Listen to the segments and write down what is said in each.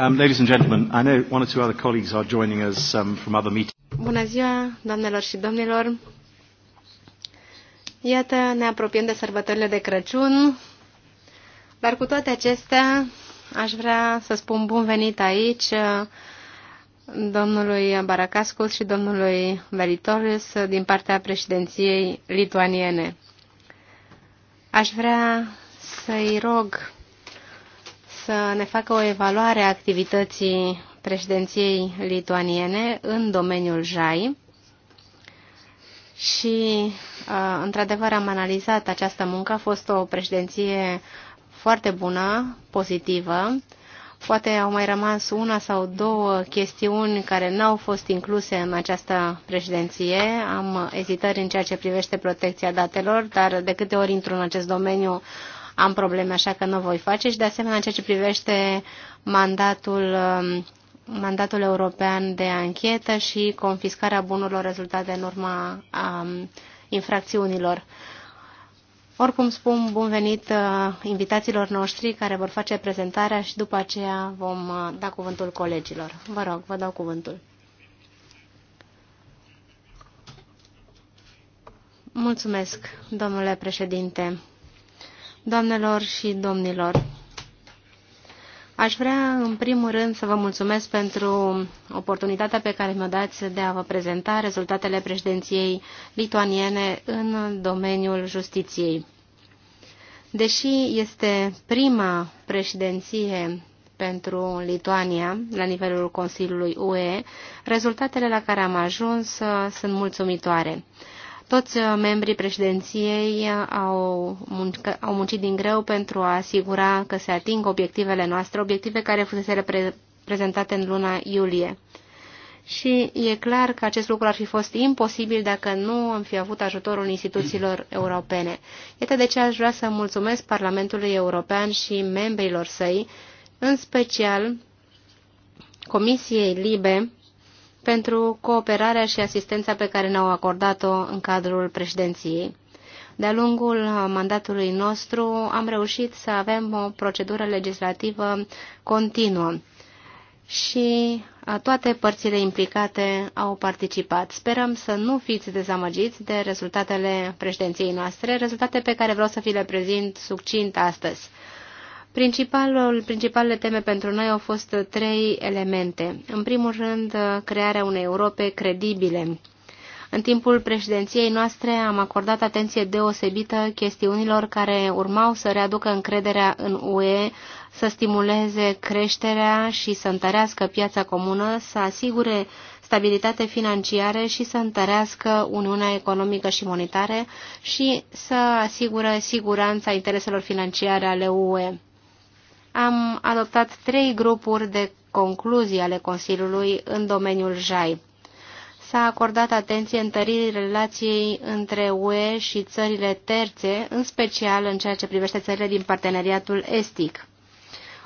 Um, ladies and gentlemen, I know one or two other colleagues are joining us um, from other meetings. Bună ziua, doamnelor și domnilor. Iată, ne apropiem de sărbătorile de Crăciun, dar cu toate acestea aș vrea să spun bun venit aici uh, domnului Baracascus și domnului Veritorius uh, din partea președinției lituaniene. Aș vrea să-i rog să ne facă o evaluare a activității președinției lituaniene în domeniul JAI și, uh, într-adevăr, am analizat această muncă. A fost o președinție foarte bună, pozitivă. Poate au mai rămas una sau două chestiuni care n-au fost incluse în această președinție. Am ezitări în ceea ce privește protecția datelor, dar de câte ori intru în acest domeniu am probleme, așa că nu voi face și de asemenea în ceea ce privește mandatul um, mandatul european de anchetă și confiscarea bunurilor rezultate în urma a, um, infracțiunilor. Oricum spun, bun venit uh, invitațiilor noștri care vor face prezentarea și după aceea vom uh, da cuvântul colegilor. Vă rog, vă dau cuvântul. Mulțumesc, domnule președinte doamnelor și domnilor. Aș vrea, în primul rând, să vă mulțumesc pentru oportunitatea pe care mi-o dați de a vă prezenta rezultatele președinției lituaniene în domeniul justiției. Deși este prima președinție pentru Lituania la nivelul Consiliului UE, rezultatele la care am ajuns uh, sunt mulțumitoare. Toți uh, membrii președinției uh, au, munc au muncit din greu pentru a asigura că se ating obiectivele noastre, obiective care fusese pre prezentate în luna iulie. Și e clar că acest lucru ar fi fost imposibil dacă nu am fi avut ajutorul instituțiilor europene. Iată de ce aș vrea să mulțumesc Parlamentului European și membrilor săi, în special Comisiei Libe, pentru cooperarea și asistența pe care ne-au acordat-o în cadrul președinției. De-a lungul mandatului nostru am reușit să avem o procedură legislativă continuă și toate părțile implicate au participat. Sperăm să nu fiți dezamăgiți de rezultatele președinției noastre, rezultate pe care vreau să vi le prezint succint astăzi. Principalul, principalele teme pentru noi au fost trei elemente. În primul rând, crearea unei Europe credibile. În timpul președinției noastre am acordat atenție deosebită chestiunilor care urmau să readucă încrederea în UE, să stimuleze creșterea și să întărească piața comună, să asigure stabilitate financiară și să întărească Uniunea Economică și monetară și să asigure siguranța intereselor financiare ale UE am adoptat trei grupuri de concluzii ale Consiliului în domeniul JAI. S-a acordat atenție întăririi relației între UE și țările terțe, în special în ceea ce privește țările din parteneriatul estic.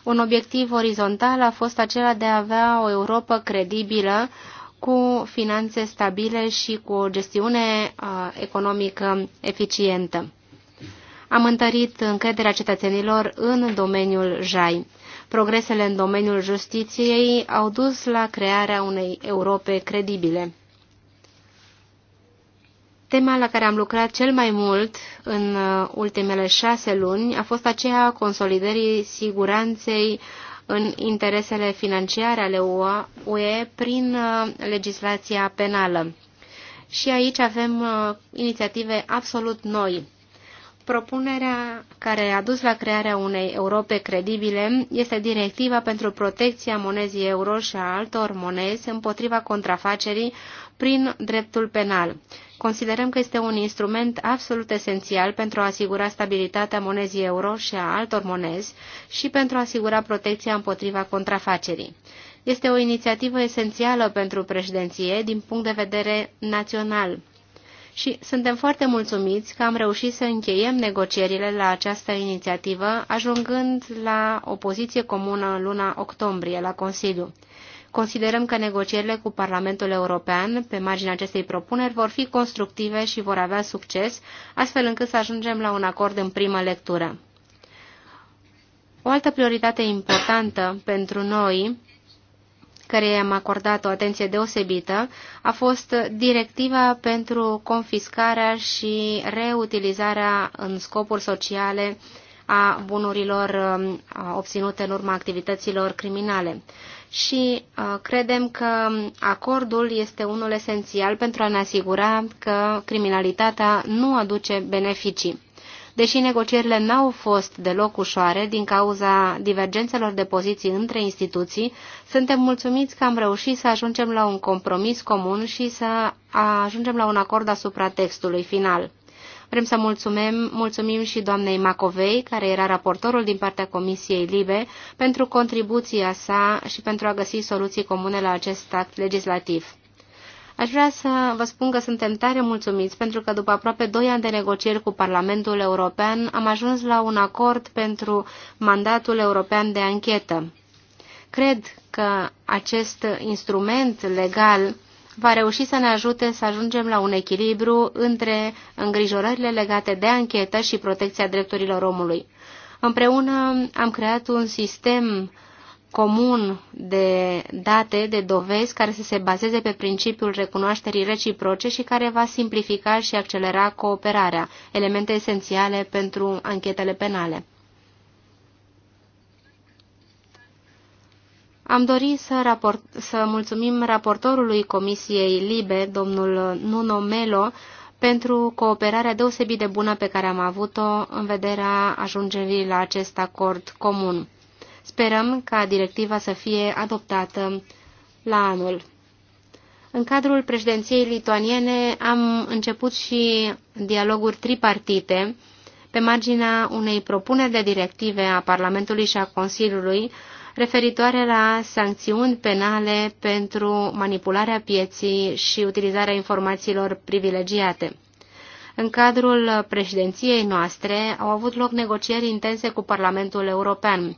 Un obiectiv orizontal a fost acela de a avea o Europa credibilă, cu finanțe stabile și cu o gestiune uh, economică eficientă. Am întărit încrederea cetățenilor în domeniul JAI. Progresele în domeniul justiției au dus la crearea unei Europe credibile. Tema la care am lucrat cel mai mult în ultimele șase luni a fost aceea a consolidării siguranței în interesele financiare ale UE prin uh, legislația penală. Și aici avem uh, inițiative absolut noi. Propunerea care a dus la crearea unei Europe credibile este directiva pentru protecția monezii euro și a altor monezi împotriva contrafacerii prin dreptul penal. Considerăm că este un instrument absolut esențial pentru a asigura stabilitatea monezii euro și a altor monezi și pentru a asigura protecția împotriva contrafacerii. Este o inițiativă esențială pentru președinție din punct de vedere național și suntem foarte mulțumiți că am reușit să încheiem negocierile la această inițiativă, ajungând la o poziție comună în luna octombrie la Consiliu. Considerăm că negocierile cu Parlamentul European pe marginea acestei propuneri vor fi constructive și vor avea succes, astfel încât să ajungem la un acord în primă lectură. O altă prioritate importantă pentru noi care am acordat o atenție deosebită, a fost directiva pentru confiscarea și reutilizarea în scopuri sociale a bunurilor um, obținute în urma activităților criminale. Și uh, credem că acordul este unul esențial pentru a ne asigura că criminalitatea nu aduce beneficii deși negocierile n-au fost deloc ușoare din cauza divergențelor de poziții între instituții, suntem mulțumiți că am reușit să ajungem la un compromis comun și să ajungem la un acord asupra textului final. Vrem să mulțumim, mulțumim și doamnei Macovei, care era raportorul din partea Comisiei Libe, pentru contribuția sa și pentru a găsi soluții comune la acest act legislativ. Aș vrea să vă spun că suntem tare mulțumiți pentru că după aproape doi ani de negocieri cu Parlamentul European am ajuns la un acord pentru mandatul european de anchetă. Cred că acest instrument legal va reuși să ne ajute să ajungem la un echilibru între îngrijorările legate de anchetă și protecția drepturilor omului. Împreună am creat un sistem uh, comun de date, de dovezi, care să se bazeze pe principiul recunoașterii reciproce și care va simplifica și accelera cooperarea, elemente esențiale pentru anchetele penale. Am dorit să, raport, să mulțumim raportorului Comisiei Libe, domnul Nuno Melo, pentru cooperarea deosebit de bună pe care am avut-o în vederea ajungerii la acest acord comun. Sperăm ca directiva să fie adoptată la anul. În cadrul președinției lituaniene am început și dialoguri tripartite pe marginea unei propuneri de directive a Parlamentului și a Consiliului referitoare la sancțiuni penale pentru manipularea pieții și utilizarea informațiilor privilegiate. În cadrul președinției noastre au avut loc negocieri intense cu Parlamentul European.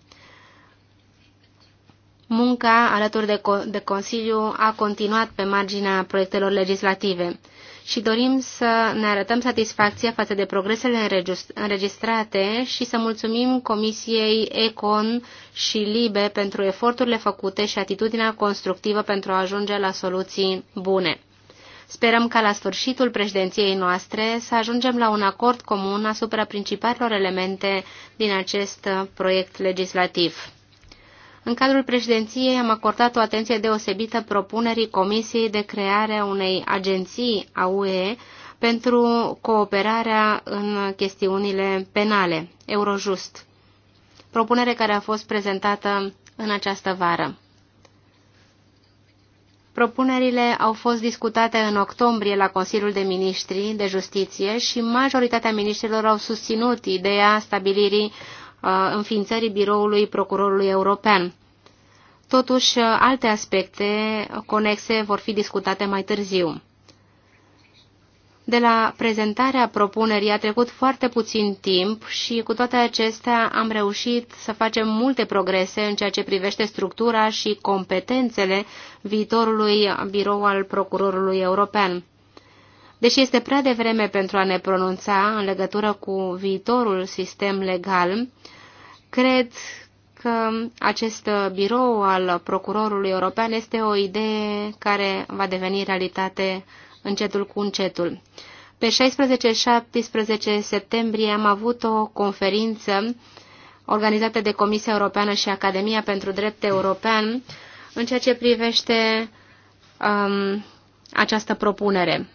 Munca alături de, co de Consiliu a continuat pe marginea proiectelor legislative și dorim să ne arătăm satisfacția față de progresele înregistrate și să mulțumim Comisiei Econ și LIBE pentru eforturile făcute și atitudinea constructivă pentru a ajunge la soluții bune. Sperăm ca la sfârșitul președinției noastre să ajungem la un acord comun asupra principalelor elemente din acest proiect legislativ. În cadrul președinției am acordat o atenție deosebită propunerii Comisiei de creare unei agenții a UE pentru cooperarea în chestiunile penale, Eurojust, propunere care a fost prezentată în această vară. Propunerile au fost discutate în octombrie la Consiliul de Ministri de Justiție și majoritatea ministrilor au susținut ideea stabilirii uh, înființării biroului procurorului european. Totuși, alte aspecte conexe vor fi discutate mai târziu. De la prezentarea propunerii a trecut foarte puțin timp și cu toate acestea am reușit să facem multe progrese în ceea ce privește structura și competențele viitorului birou al procurorului european. Deși este prea devreme pentru a ne pronunța în legătură cu viitorul sistem legal, cred că acest birou al procurorului european este o idee care va deveni realitate încetul cu încetul. Pe 16-17 septembrie am avut o conferință organizată de Comisia Europeană și Academia pentru Drept European în ceea ce privește um, această propunere.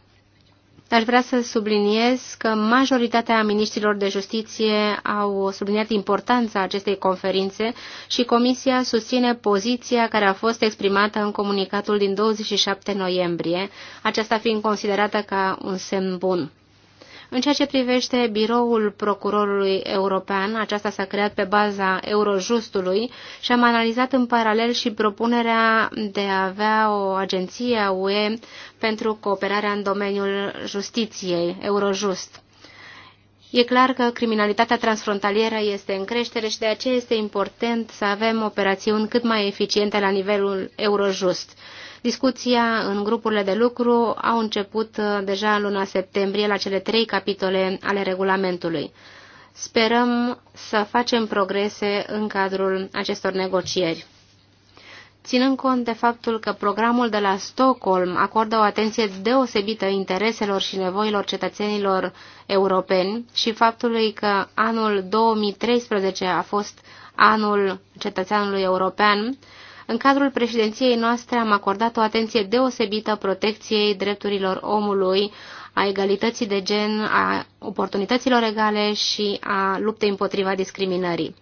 Aș vrea să subliniez că majoritatea miniștrilor de justiție au subliniat importanța acestei conferințe și Comisia susține poziția care a fost exprimată în comunicatul din 27 noiembrie, aceasta fiind considerată ca un semn bun. În ceea ce privește biroul procurorului european, aceasta s-a creat pe baza Eurojustului și am analizat în paralel și propunerea de a avea o agenție a UE pentru cooperarea în domeniul justiției, Eurojust. E clar că criminalitatea transfrontalieră este în creștere și de aceea este important să avem operațiuni cât mai eficiente la nivelul Eurojust. Discuția în grupurile de lucru a început uh, deja în luna septembrie la cele trei capitole ale regulamentului. Sperăm să facem progrese în cadrul acestor negocieri ținând cont de faptul că programul de la Stockholm acordă o atenție deosebită intereselor și nevoilor cetățenilor europeni și faptului că anul 2013 a fost anul cetățeanului european, în cadrul președinției noastre am acordat o atenție deosebită protecției drepturilor omului, a egalității de gen, a oportunităților egale și a luptei împotriva discriminării.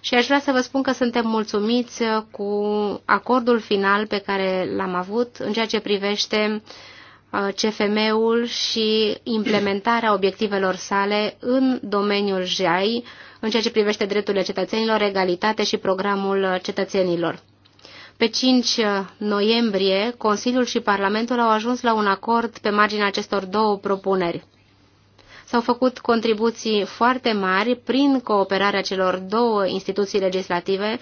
Și aș vrea să vă spun că suntem mulțumiți cu acordul final pe care l-am avut în ceea ce privește uh, CFM-ul și implementarea obiectivelor sale în domeniul JAI, în ceea ce privește drepturile cetățenilor, egalitate și programul uh, cetățenilor. Pe 5 uh, noiembrie, Consiliul și Parlamentul au ajuns la un acord pe marginea acestor două propuneri. S-au făcut contribuții foarte mari prin cooperarea celor două instituții legislative,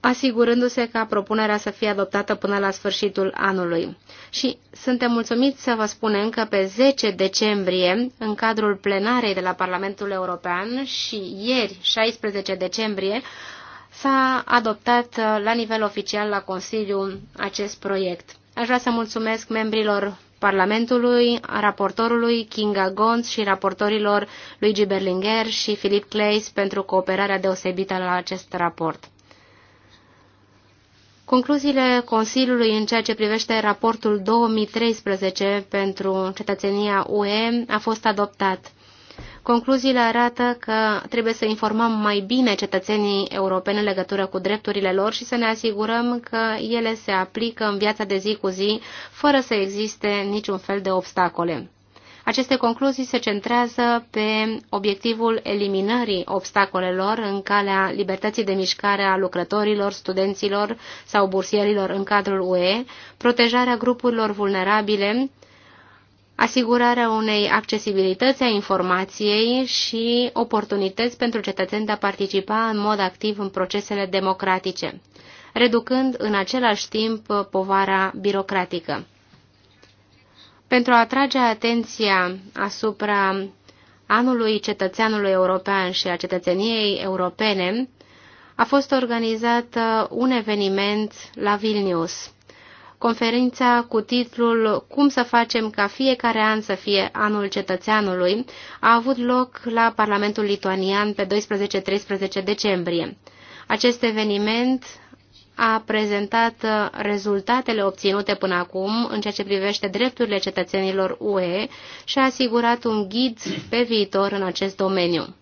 asigurându-se ca propunerea să fie adoptată până la sfârșitul anului. Și suntem mulțumiți să vă spunem că pe 10 decembrie, în cadrul plenarei de la Parlamentul European și ieri, 16 decembrie, s-a adoptat uh, la nivel oficial la Consiliu acest proiect. Aș vrea să mulțumesc membrilor Parlamentului, raportorului Kinga Gonț și raportorilor Luigi Berlinger și Philip Clays pentru cooperarea deosebită la acest raport. Concluziile Consiliului în ceea ce privește raportul 2013 pentru cetățenia UE a fost adoptat. Concluziile arată că trebuie să informăm mai bine cetățenii europeni în legătură cu drepturile lor și să ne asigurăm că ele se aplică în viața de zi cu zi, fără să existe niciun fel de obstacole. Aceste concluzii se centrează pe obiectivul eliminării obstacolelor în calea libertății de mișcare a lucrătorilor, studenților sau bursierilor în cadrul UE, protejarea grupurilor vulnerabile, asigurarea unei accesibilități a informației și oportunități pentru cetățeni de a participa în mod activ în procesele democratice, reducând în același timp uh, povara birocratică. Pentru a atrage atenția asupra anului cetățeanului european și a cetățeniei europene, a fost organizat uh, un eveniment la Vilnius conferința cu titlul Cum să facem ca fiecare an să fie anul cetățeanului a avut loc la Parlamentul Lituanian pe 12-13 decembrie. Acest eveniment a prezentat rezultatele obținute până acum în ceea ce privește drepturile cetățenilor UE și a asigurat un ghid pe viitor în acest domeniu.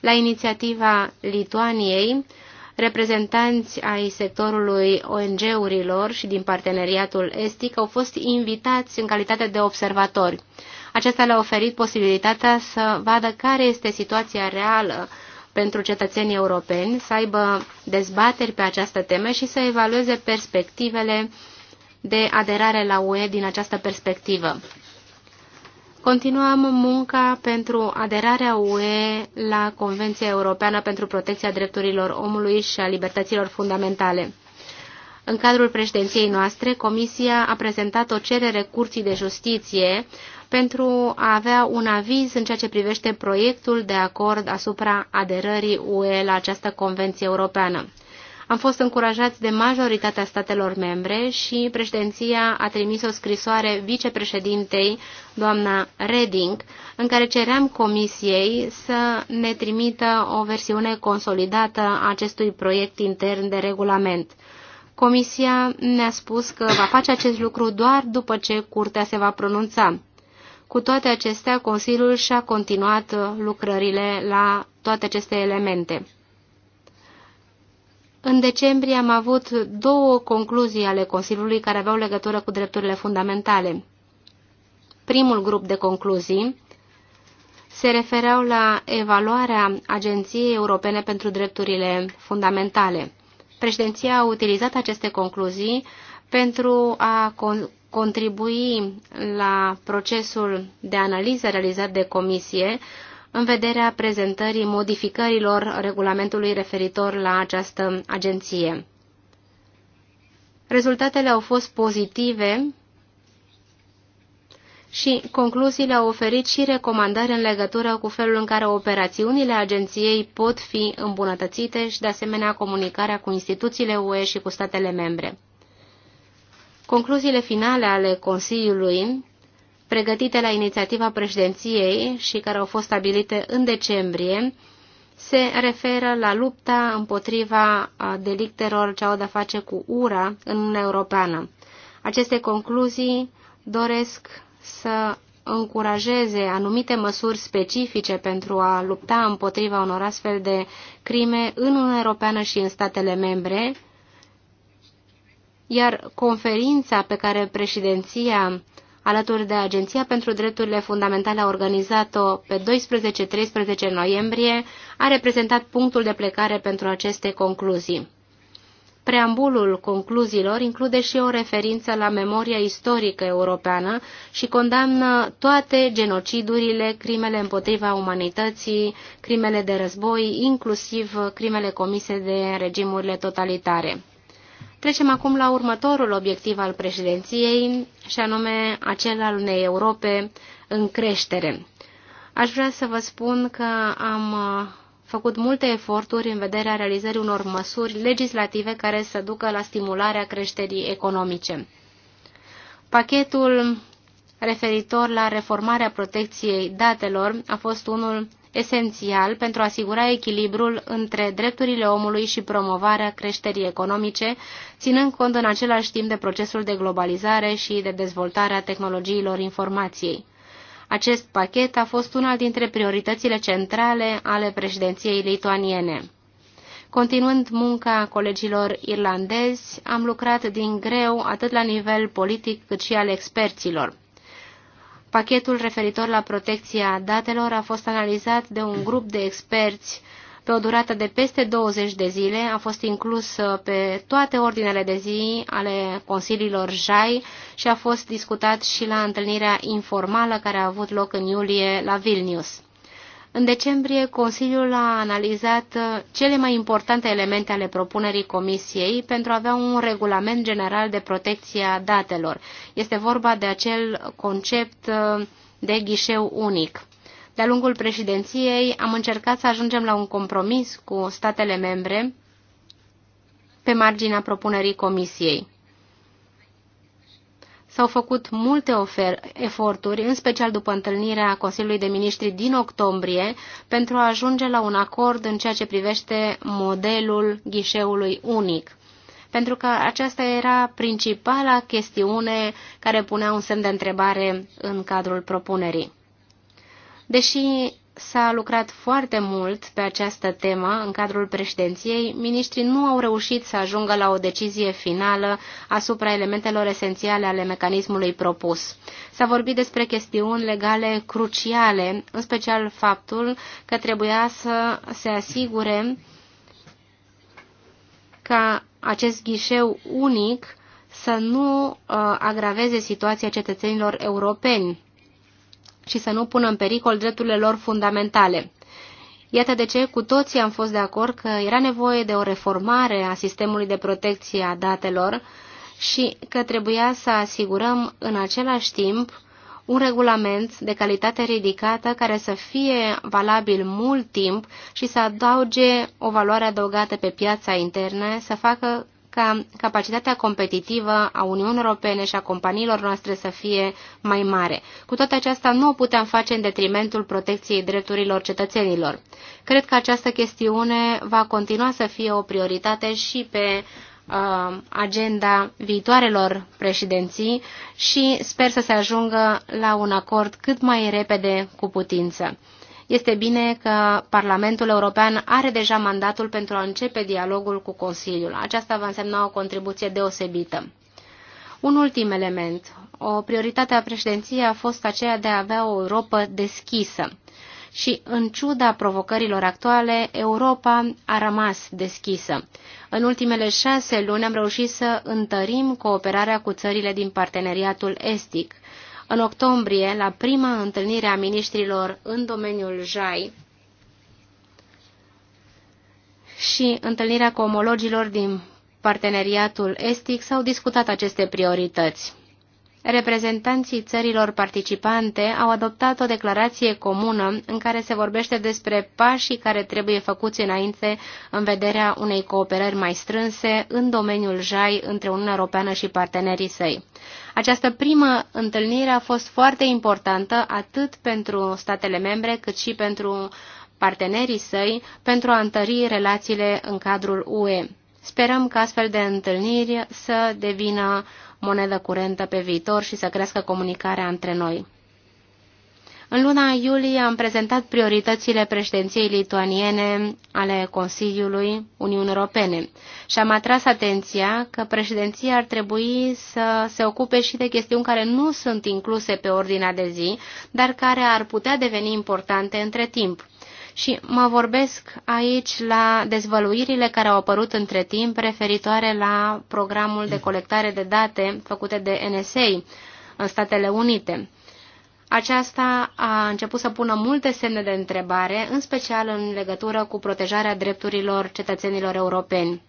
La inițiativa Lituaniei, reprezentanți ai sectorului ONG-urilor și din parteneriatul estic au fost invitați în calitate de observatori. Acesta le-a oferit posibilitatea să vadă care este situația reală pentru cetățenii europeni, să aibă dezbateri pe această temă și să evalueze perspectivele de aderare la UE din această perspectivă. Continuăm munca pentru aderarea UE la Convenția Europeană pentru Protecția Drepturilor Omului și a Libertăților Fundamentale. În cadrul președinției noastre, Comisia a prezentat o cerere Curții de Justiție pentru a avea un aviz în ceea ce privește proiectul de acord asupra aderării UE la această Convenție Europeană. Am fost încurajați de majoritatea statelor membre și președinția a trimis o scrisoare vicepreședintei, doamna Reding, în care ceream comisiei să ne trimită o versiune consolidată a acestui proiect intern de regulament. Comisia ne-a spus că va face acest lucru doar după ce curtea se va pronunța. Cu toate acestea, Consiliul și-a continuat lucrările la toate aceste elemente. În decembrie am avut două concluzii ale Consiliului care aveau legătură cu drepturile fundamentale. Primul grup de concluzii se refereau la evaluarea Agenției Europene pentru Drepturile Fundamentale. Președinția a utilizat aceste concluzii pentru a con contribui la procesul de analiză realizat de comisie în vederea prezentării modificărilor regulamentului referitor la această agenție. Rezultatele au fost pozitive și concluziile au oferit și recomandări în legătură cu felul în care operațiunile agenției pot fi îmbunătățite și, de asemenea, comunicarea cu instituțiile UE și cu statele membre. Concluziile finale ale Consiliului pregătite la inițiativa președinției și care au fost stabilite în decembrie, se referă la lupta împotriva delictelor ce au de-a face cu ura în Uniunea Europeană. Aceste concluzii doresc să încurajeze anumite măsuri specifice pentru a lupta împotriva unor astfel de crime în Uniunea Europeană și în statele membre, iar conferința pe care președinția alături de Agenția pentru Drepturile Fundamentale a organizat-o pe 12-13 noiembrie, a reprezentat punctul de plecare pentru aceste concluzii. Preambulul concluziilor include și o referință la memoria istorică europeană și condamnă toate genocidurile, crimele împotriva umanității, crimele de război, inclusiv crimele comise de regimurile totalitare. Trecem acum la următorul obiectiv al președinției, și anume acela al unei Europe în creștere. Aș vrea să vă spun că am uh, făcut multe eforturi în vederea realizării unor măsuri legislative care să ducă la stimularea creșterii economice. Pachetul referitor la reformarea protecției datelor a fost unul esențial pentru a asigura echilibrul între drepturile omului și promovarea creșterii economice, ținând cont în același timp de procesul de globalizare și de dezvoltarea tehnologiilor informației. Acest pachet a fost una dintre prioritățile centrale ale președinției lituaniene. Continuând munca colegilor irlandezi, am lucrat din greu atât la nivel politic cât și al experților. Pachetul referitor la protecția datelor a fost analizat de un grup de experți pe o durată de peste 20 de zile, a fost inclus uh, pe toate ordinele de zi ale consiliilor JAI și a fost discutat și la întâlnirea informală care a avut loc în iulie la Vilnius. În decembrie, Consiliul a analizat uh, cele mai importante elemente ale propunerii Comisiei pentru a avea un regulament general de protecție a datelor. Este vorba de acel concept uh, de ghișeu unic. De-a lungul președinției am încercat să ajungem la un compromis cu statele membre pe marginea propunerii Comisiei. S-au făcut multe eforturi, în special după întâlnirea Consiliului de Ministri din octombrie, pentru a ajunge la un acord în ceea ce privește modelul ghișeului unic. Pentru că aceasta era principala chestiune care punea un semn de întrebare în cadrul propunerii. Deși s-a lucrat foarte mult pe această temă în cadrul președinției, ministrii nu au reușit să ajungă la o decizie finală asupra elementelor esențiale ale mecanismului propus. S-a vorbit despre chestiuni legale cruciale, în special faptul că trebuia să se asigure ca acest ghișeu unic să nu uh, agraveze situația cetățenilor europeni și să nu pună în pericol drepturile lor fundamentale. Iată de ce cu toții am fost de acord că era nevoie de o reformare a sistemului de protecție a datelor și că trebuia să asigurăm în același timp un regulament de calitate ridicată care să fie valabil mult timp și să adauge o valoare adăugată pe piața internă, să facă ca capacitatea competitivă a Uniunii Europene și a companiilor noastre să fie mai mare. Cu toate acestea, nu o putem face în detrimentul protecției drepturilor cetățenilor. Cred că această chestiune va continua să fie o prioritate și pe uh, agenda viitoarelor președinții și sper să se ajungă la un acord cât mai repede cu putință. Este bine că Parlamentul European are deja mandatul pentru a începe dialogul cu Consiliul. Aceasta va însemna o contribuție deosebită. Un ultim element. O prioritate a președinției a fost aceea de a avea o Europă deschisă. Și, în ciuda provocărilor actuale, Europa a rămas deschisă. În ultimele șase luni am reușit să întărim cooperarea cu țările din parteneriatul estic. În octombrie, la prima întâlnire a miniștrilor în domeniul JAI și întâlnirea cu omologilor din parteneriatul estic, s-au discutat aceste priorități. Reprezentanții țărilor participante au adoptat o declarație comună în care se vorbește despre pașii care trebuie făcuți înainte în vederea unei cooperări mai strânse în domeniul JAI între Uniunea Europeană și partenerii săi. Această primă întâlnire a fost foarte importantă atât pentru statele membre cât și pentru partenerii săi pentru a întări relațiile în cadrul UE. Sperăm că astfel de întâlniri să devină monedă curentă pe viitor și să crească comunicarea între noi. În luna iulie am prezentat prioritățile președinției lituaniene ale Consiliului Uniunii Europene și am atras atenția că președinția ar trebui să se ocupe și de chestiuni care nu sunt incluse pe ordinea de zi, dar care ar putea deveni importante între timp. Și mă vorbesc aici la dezvăluirile care au apărut între timp referitoare la programul de colectare de date făcute de NSA în Statele Unite. Aceasta a început să pună multe semne de întrebare, în special în legătură cu protejarea drepturilor cetățenilor europeni.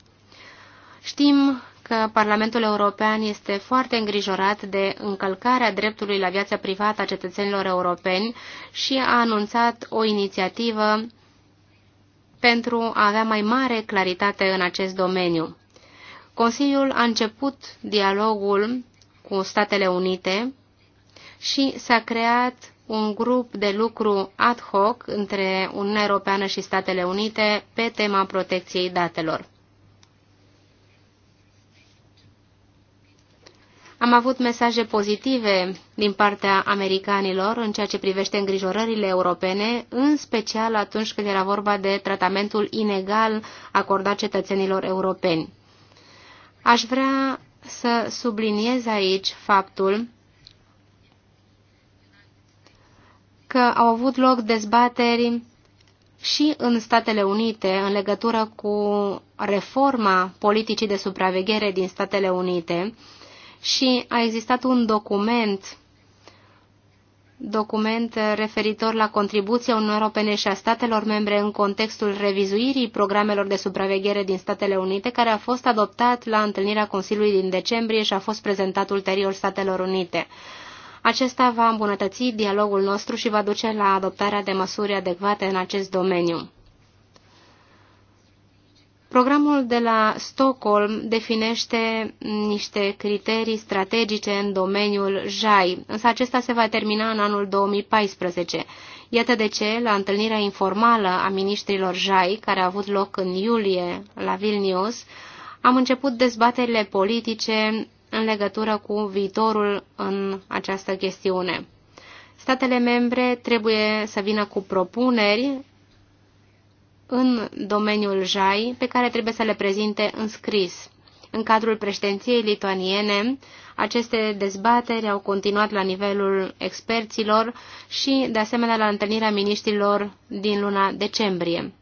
Știm că Parlamentul European este foarte îngrijorat de încălcarea dreptului la viața privată a cetățenilor europeni și a anunțat o inițiativă pentru a avea mai mare claritate în acest domeniu. Consiliul a început dialogul cu Statele Unite și s-a creat un grup de lucru ad hoc între Uniunea Europeană și Statele Unite pe tema protecției datelor. Am avut mesaje pozitive din partea americanilor în ceea ce privește îngrijorările europene, în special atunci când era vorba de tratamentul inegal acordat cetățenilor europeni. Aș vrea să subliniez aici faptul că au avut loc dezbateri și în Statele Unite în legătură cu reforma politicii de supraveghere din Statele Unite și a existat un document document referitor la contribuția Uniunii Europene și a statelor membre în contextul revizuirii programelor de supraveghere din Statele Unite, care a fost adoptat la întâlnirea Consiliului din decembrie și a fost prezentat ulterior Statelor Unite. Acesta va îmbunătăți dialogul nostru și va duce la adoptarea de măsuri adecvate în acest domeniu. Programul de la Stockholm definește niște criterii strategice în domeniul JAI, însă acesta se va termina în anul 2014. Iată de ce, la întâlnirea informală a ministrilor JAI, care a avut loc în iulie la Vilnius, am început dezbaterile politice în legătură cu viitorul în această chestiune. Statele membre trebuie să vină cu propuneri în domeniul JAI pe care trebuie să le prezinte în scris. În cadrul președinției lituaniene, aceste dezbateri au continuat la nivelul experților și, de asemenea, la întâlnirea miniștrilor din luna decembrie.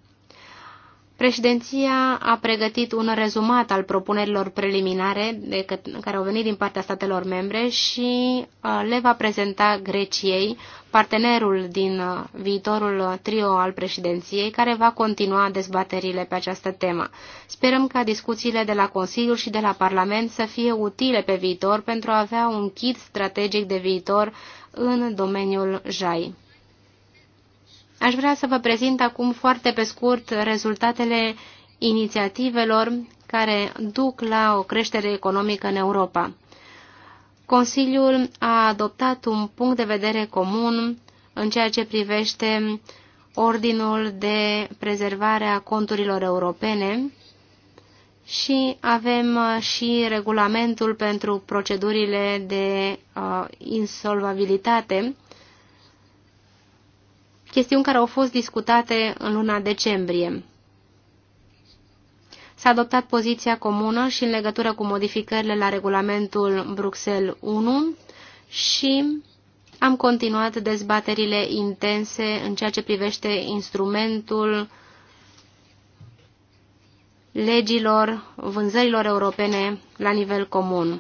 Președinția a pregătit un rezumat al propunerilor preliminare de că, care au venit din partea statelor membre și uh, le va prezenta Greciei, partenerul din uh, viitorul trio al președinției, care va continua dezbaterile pe această temă. Sperăm ca discuțiile de la Consiliu și de la Parlament să fie utile pe viitor pentru a avea un kit strategic de viitor în domeniul JAI. Aș vrea să vă prezint acum foarte pe scurt rezultatele inițiativelor care duc la o creștere economică în Europa. Consiliul a adoptat un punct de vedere comun în ceea ce privește ordinul de prezervare a conturilor europene și avem și regulamentul pentru procedurile de uh, insolvabilitate chestiuni care au fost discutate în luna decembrie. S-a adoptat poziția comună și în legătură cu modificările la regulamentul Bruxelles 1 și am continuat dezbaterile intense în ceea ce privește instrumentul legilor vânzărilor europene la nivel comun.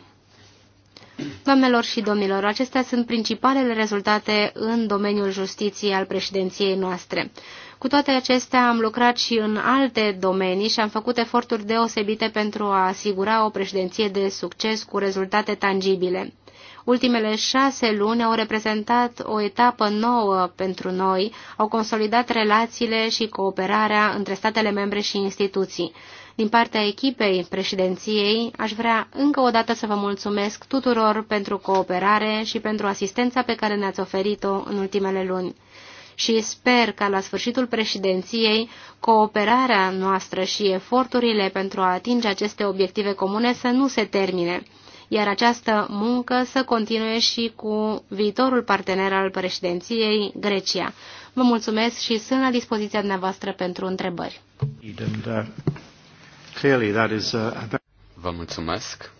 Doamnelor și domnilor, acestea sunt principalele rezultate în domeniul justiției al președinției noastre. Cu toate acestea, am lucrat și în alte domenii și am făcut eforturi deosebite pentru a asigura o președinție de succes cu rezultate tangibile. Ultimele șase luni au reprezentat o etapă nouă pentru noi, au consolidat relațiile și cooperarea între statele membre și instituții. Din partea echipei președinției, aș vrea încă o dată să vă mulțumesc tuturor pentru cooperare și pentru asistența pe care ne-ați oferit-o în ultimele luni. Și sper ca la sfârșitul președinției, cooperarea noastră și eforturile pentru a atinge aceste obiective comune să nu se termine iar această muncă să continue și cu viitorul partener al președinției, Grecia. Vă mulțumesc și sunt la dispoziția dumneavoastră pentru întrebări. Da. Uh, Vă mulțumesc.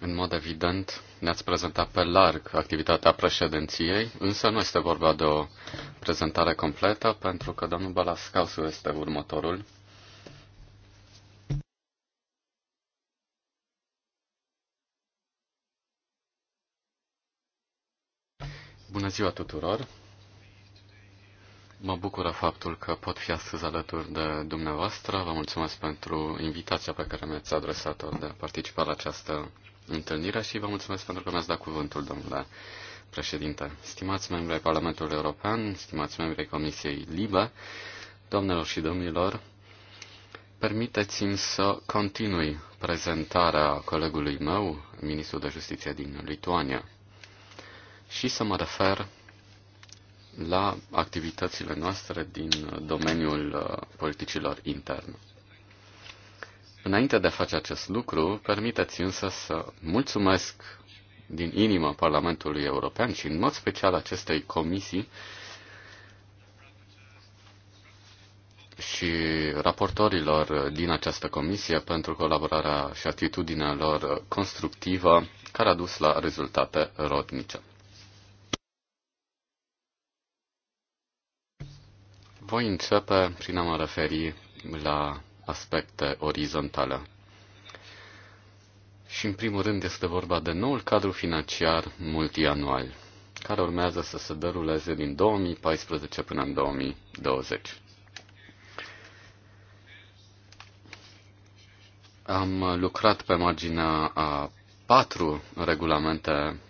În mod evident, ne-ați prezentat pe larg activitatea președinției, însă nu este vorba de o prezentare completă, pentru că domnul Balascausu este următorul. Bună ziua tuturor! Mă bucură faptul că pot fi astăzi alături de dumneavoastră. Vă mulțumesc pentru invitația pe care mi-ați adresat-o de a participa la această întâlnire și vă mulțumesc pentru că mi-ați dat cuvântul, domnule președinte. Stimați membri ai Parlamentului European, stimați membri ai Comisiei Libe, doamnelor și domnilor, permiteți-mi să continui prezentarea colegului meu, ministrul de justiție din Lituania, și să mă refer la activitățile noastre din domeniul uh, politicilor interne. Înainte de a face acest lucru, permiteți însă să mulțumesc din inima Parlamentului European și în mod special acestei comisii și raportorilor din această comisie pentru colaborarea și atitudinea lor constructivă care a dus la rezultate rodnice. Voi începe prin a mă referi la aspecte orizontale. Și în primul rând este vorba de noul cadru financiar multianual, care urmează să se deruleze din 2014 până în 2020. Am lucrat pe marginea a patru regulamente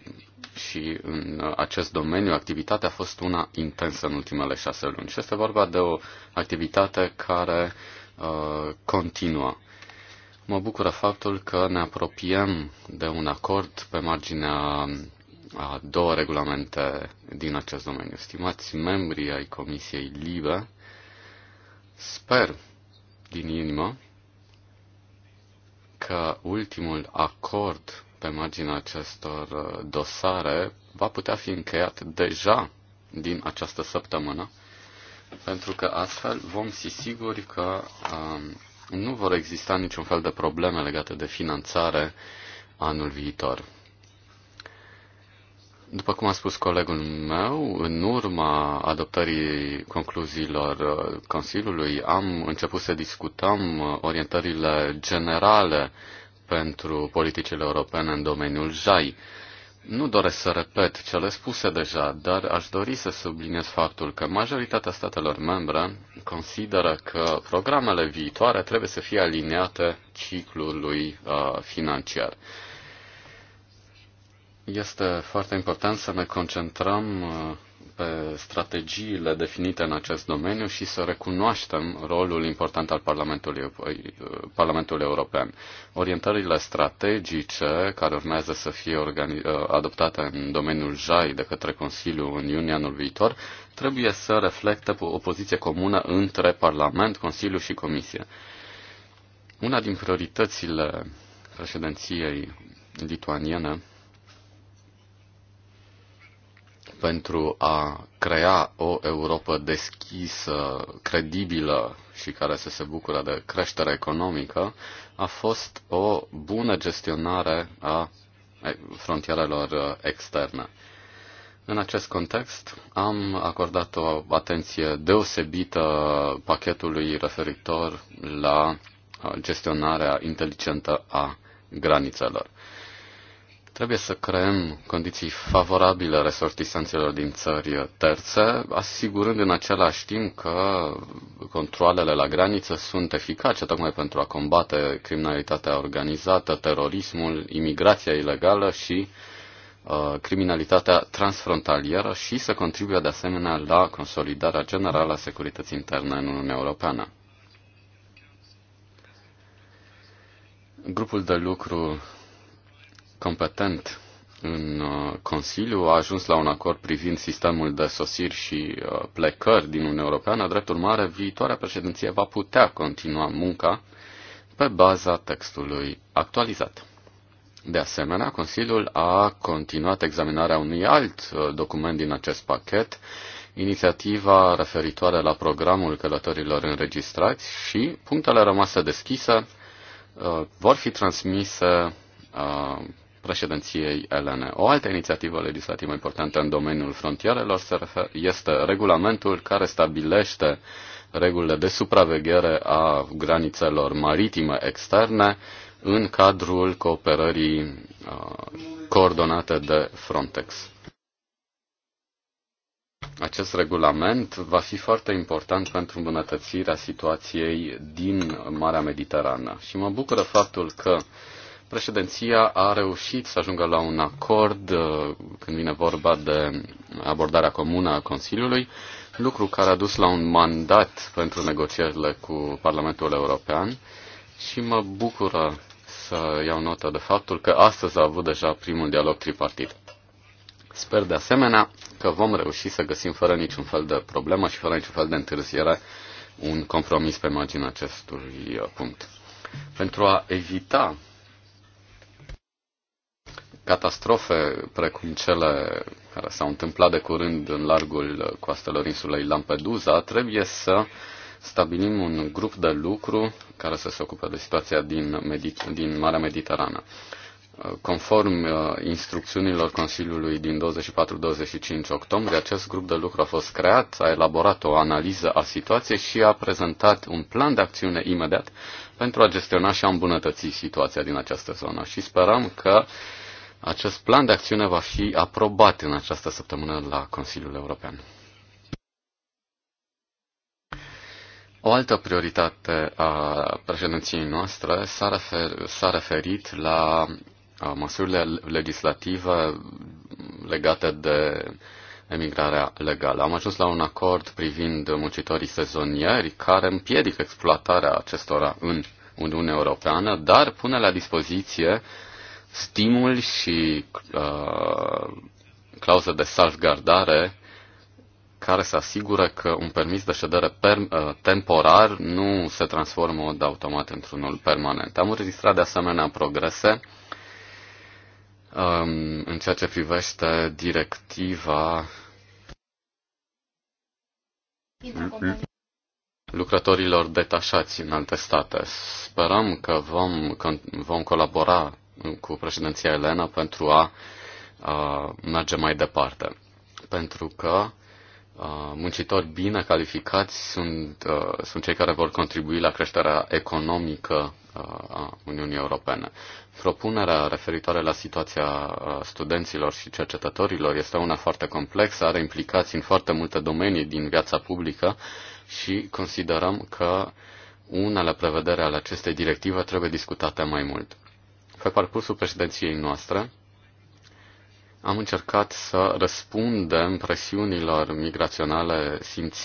și în acest domeniu activitatea a fost una intensă în ultimele șase luni. Și este vorba de o activitate care uh, continuă. Mă bucură faptul că ne apropiem de un acord pe marginea a două regulamente din acest domeniu. Stimați membrii ai Comisiei Libe, sper din inimă că ultimul acord pe marginea acestor uh, dosare va putea fi încheiat deja din această săptămână, pentru că astfel vom fi siguri că um, nu vor exista niciun fel de probleme legate de finanțare anul viitor. După cum a spus colegul meu, în urma adoptării concluziilor uh, Consiliului am început să discutăm uh, orientările generale pentru politicile europene în domeniul JAI. Nu doresc să repet cele spuse deja, dar aș dori să subliniez faptul că majoritatea statelor membre consideră că programele viitoare trebuie să fie aliniate ciclului uh, financiar. Este foarte important să ne concentrăm uh, pe strategiile definite în acest domeniu și să recunoaștem rolul important al Parlamentului, Parlamentului European. Orientările strategice care urmează să fie uh, adoptate în domeniul JAI de către Consiliu în iunie anul viitor trebuie să reflecte o poziție comună între Parlament, Consiliu și Comisie. Una din prioritățile președinției lituaniene pentru a crea o Europa deschisă, credibilă și care să se bucure de creștere economică a fost o bună gestionare a frontierelor externe. În acest context, am acordat o atenție deosebită pachetului referitor la gestionarea inteligentă a granițelor. Trebuie să creăm condiții favorabile resortisanților din țări terțe, asigurând în același timp că controlele la graniță sunt eficace tocmai pentru a combate criminalitatea organizată, terorismul, imigrația ilegală și uh, criminalitatea transfrontalieră și să contribuie de asemenea la consolidarea generală a securității interne în Uniunea Europeană. Grupul de lucru competent în uh, Consiliu a ajuns la un acord privind sistemul de sosiri și uh, plecări din Uniunea Europeană. Drept urmare, viitoarea președinție va putea continua munca pe baza textului actualizat. De asemenea, Consiliul a continuat examinarea unui alt uh, document din acest pachet, inițiativa referitoare la programul călătorilor înregistrați și punctele rămase deschise vor fi transmise președinției elene. O altă inițiativă legislativă importantă în domeniul frontierelor este regulamentul care stabilește regulile de supraveghere a granițelor maritime externe în cadrul cooperării uh, coordonate de Frontex. Acest regulament va fi foarte important pentru îmbunătățirea situației din Marea Mediterană și mă bucură faptul că Președinția a reușit să ajungă la un acord uh, când vine vorba de abordarea comună a Consiliului, lucru care a dus la un mandat pentru negocierile cu Parlamentul European și mă bucură să iau notă de faptul că astăzi a avut deja primul dialog tripartit. Sper de asemenea că vom reuși să găsim fără niciun fel de problemă și fără niciun fel de întârziere un compromis pe marginea acestui uh, punct. Pentru a evita catastrofe precum cele care s-au întâmplat de curând în largul coastelor insulei Lampedusa, trebuie să stabilim un grup de lucru care să se ocupe de situația din, Medi- din Marea Mediterană. Conform uh, instrucțiunilor Consiliului din 24-25 octombrie, acest grup de lucru a fost creat, a elaborat o analiză a situației și a prezentat un plan de acțiune imediat pentru a gestiona și a îmbunătăți situația din această zonă. Și sperăm că uh, acest plan de acțiune va fi aprobat în această săptămână la Consiliul European. O altă prioritate a președinției noastre s-a, refer, s-a referit la măsurile legislative legate de emigrarea legală. Am ajuns la un acord privind muncitorii sezonieri care împiedică exploatarea acestora în Uniunea Europeană, dar pune la dispoziție stimul și uh, clauze de salvgardare care se asigură că un permis de ședere per, uh, temporar nu se transformă de automat într-unul permanent. Am înregistrat de asemenea progrese um, în ceea ce privește directiva lucrătorilor detașați în alte state. Sperăm că vom, că vom colabora cu președinția Elena pentru a merge mai departe. Pentru că muncitori bine calificați sunt, sunt cei care vor contribui la creșterea economică a Uniunii Europene. Propunerea referitoare la situația studenților și cercetătorilor este una foarte complexă, are implicații în foarte multe domenii din viața publică și considerăm că unele prevedere ale acestei directive trebuie discutate mai mult. Pe parcursul președinției noastre am încercat să răspundem presiunilor migraționale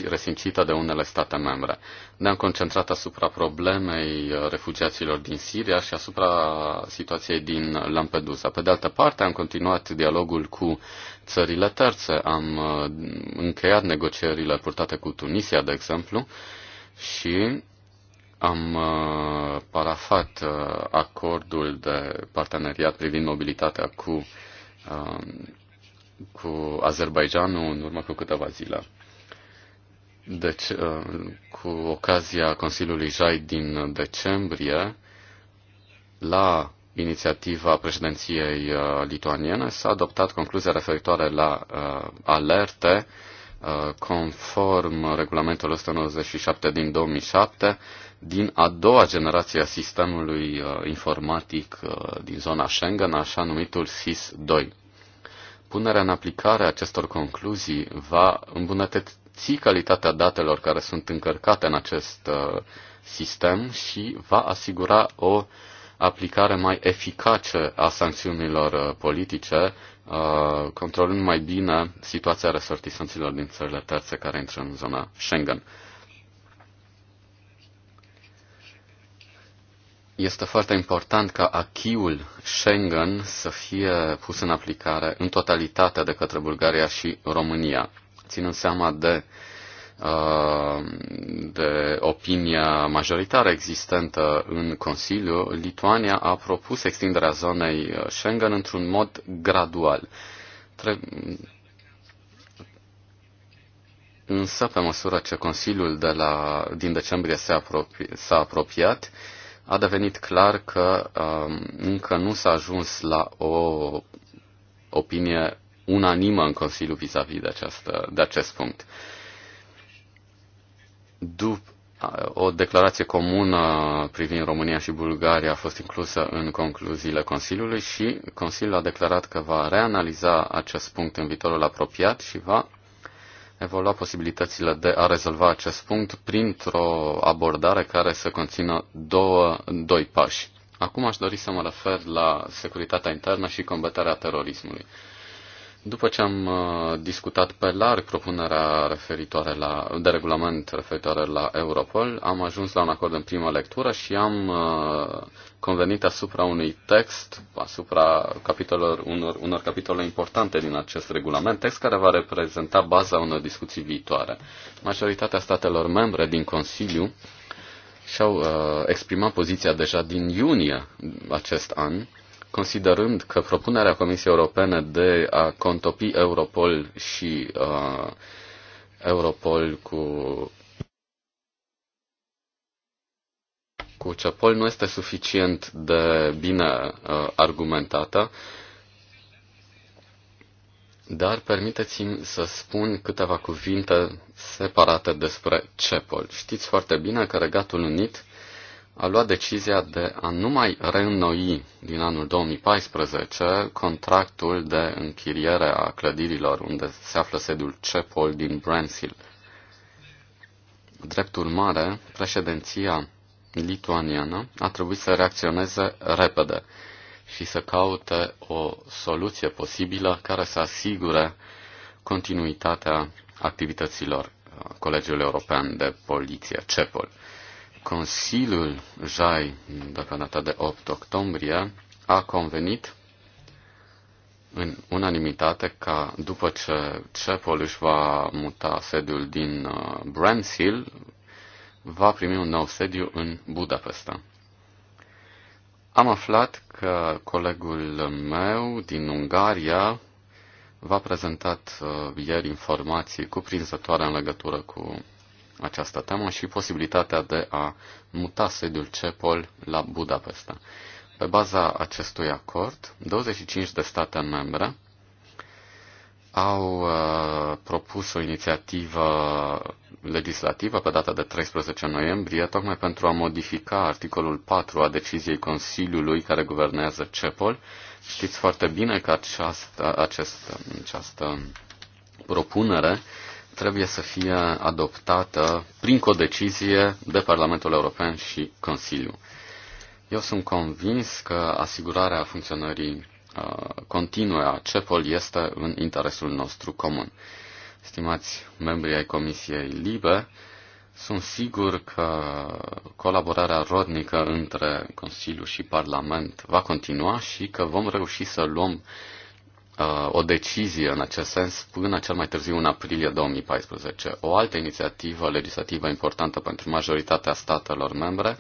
resimțite de unele state membre. Ne-am concentrat asupra problemei refugiaților din Siria și asupra situației din Lampedusa. Pe de altă parte, am continuat dialogul cu țările terțe, am uh, încheiat negocierile purtate cu Tunisia, de exemplu, și am uh, parafat uh, acordul de parteneriat privind mobilitatea cu, um, cu Azerbaijanul în urmă cu câteva zile. Deci, uh, cu ocazia Consiliului JAI din decembrie, la inițiativa președinției lituaniene s-a adoptat concluzia referitoare la alerte conform regulamentul 197 din 2007 din a doua generație a sistemului uh, informatic uh, din zona Schengen, așa numitul SIS-2. Punerea în aplicare a acestor concluzii va îmbunătăți calitatea datelor care sunt încărcate în acest uh, sistem și va asigura o aplicare mai eficace a sancțiunilor politice, controlând mai bine situația resortisanților din țările terțe care intră în zona Schengen. Este foarte important ca achiul Schengen să fie pus în aplicare în totalitate de către Bulgaria și România, ținând seama de, uh, de opinia majoritară existentă în Consiliu, Lituania a propus extinderea zonei Schengen într-un mod gradual. Tre- Însă, pe măsură ce Consiliul de la, din decembrie s-a apropiat, uh, a devenit clar că um, încă nu s-a ajuns la o opinie unanimă în Consiliu vis-a-vis -vis de, această, de acest punct. După o declarație comună privind România și Bulgaria a fost inclusă în concluziile Consiliului și Consiliul a declarat că va reanaliza acest punct în viitorul apropiat și va evolua posibilitățile de a rezolva acest punct printr-o abordare care să conțină două, doi pași. Acum aș dori să mă refer la securitatea internă și combaterea terorismului. După ce am uh, discutat pe larg propunerea referitoare la, de regulament referitoare la Europol, am ajuns la un acord în prima lectură și am uh, convenit asupra unui text, asupra capitolelor, unor, unor capitole importante din acest regulament, text care va reprezenta baza unor discuții viitoare. Majoritatea statelor membre din Consiliu și-au uh, exprimat poziția deja din iunie acest an considerând că propunerea Comisiei Europene de a contopi Europol și uh, Europol cu cu CEPOL nu este suficient de bine uh, argumentată, dar permiteți-mi să spun câteva cuvinte separate despre CEPOL. Știți foarte bine că Regatul Unit a luat decizia de a nu mai reînnoi din anul 2014 contractul de închiriere a clădirilor unde se află sediul CEPOL din Bransil. Drept urmare, președinția lituaniană a trebuit să reacționeze repede și să caute o soluție posibilă care să asigure continuitatea activităților uh, Colegiului European de Poliție, CEPOL. Consiliul JAI, dacă data de 8 octombrie, a convenit în unanimitate ca după ce CEPOL își va muta sediul din uh, Bransil, va primi un nou sediu în Budapesta. Am aflat că colegul meu din Ungaria v-a prezentat uh, ieri informații cuprinzătoare în legătură cu această temă și posibilitatea de a muta sediul CEPOL la Budapesta. Pe baza acestui acord, 25 de state membre au uh, propus o inițiativă legislativă pe data de 13 noiembrie, tocmai pentru a modifica articolul 4 a deciziei Consiliului care guvernează CEPOL. Știți foarte bine că această, acest, această propunere uh, trebuie să fie adoptată prin codecizie de Parlamentul European și Consiliu. Eu sunt convins că asigurarea funcționării uh, continue a CEPOL este în interesul nostru comun. Stimați membrii ai Comisiei Libe, sunt sigur că colaborarea rodnică între Consiliu și Parlament va continua și că vom reuși să luăm Uh, o decizie în acest sens până cel mai târziu în aprilie 2014. O altă inițiativă legislativă importantă pentru majoritatea statelor membre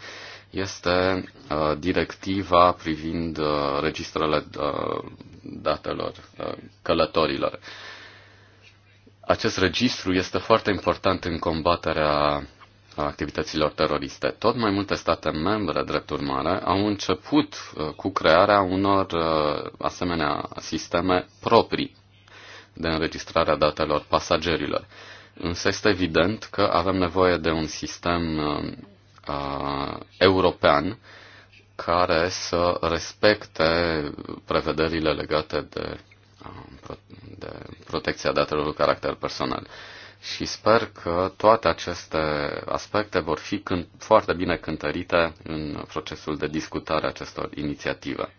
este uh, directiva privind uh, registrele uh, datelor uh, călătorilor. Acest registru este foarte important în combaterea activităților teroriste. Tot mai multe state membre, drept urmare, au început uh, cu crearea unor uh, asemenea sisteme proprii de înregistrare a datelor pasagerilor. Însă este evident că avem nevoie de un sistem uh, uh european care să respecte prevederile legate de, uh, de protecția datelor cu caracter personal. Uh, și sper că toate aceste aspecte vor fi cânt, foarte bine cântărite în procesul de discutare a acestor inițiative.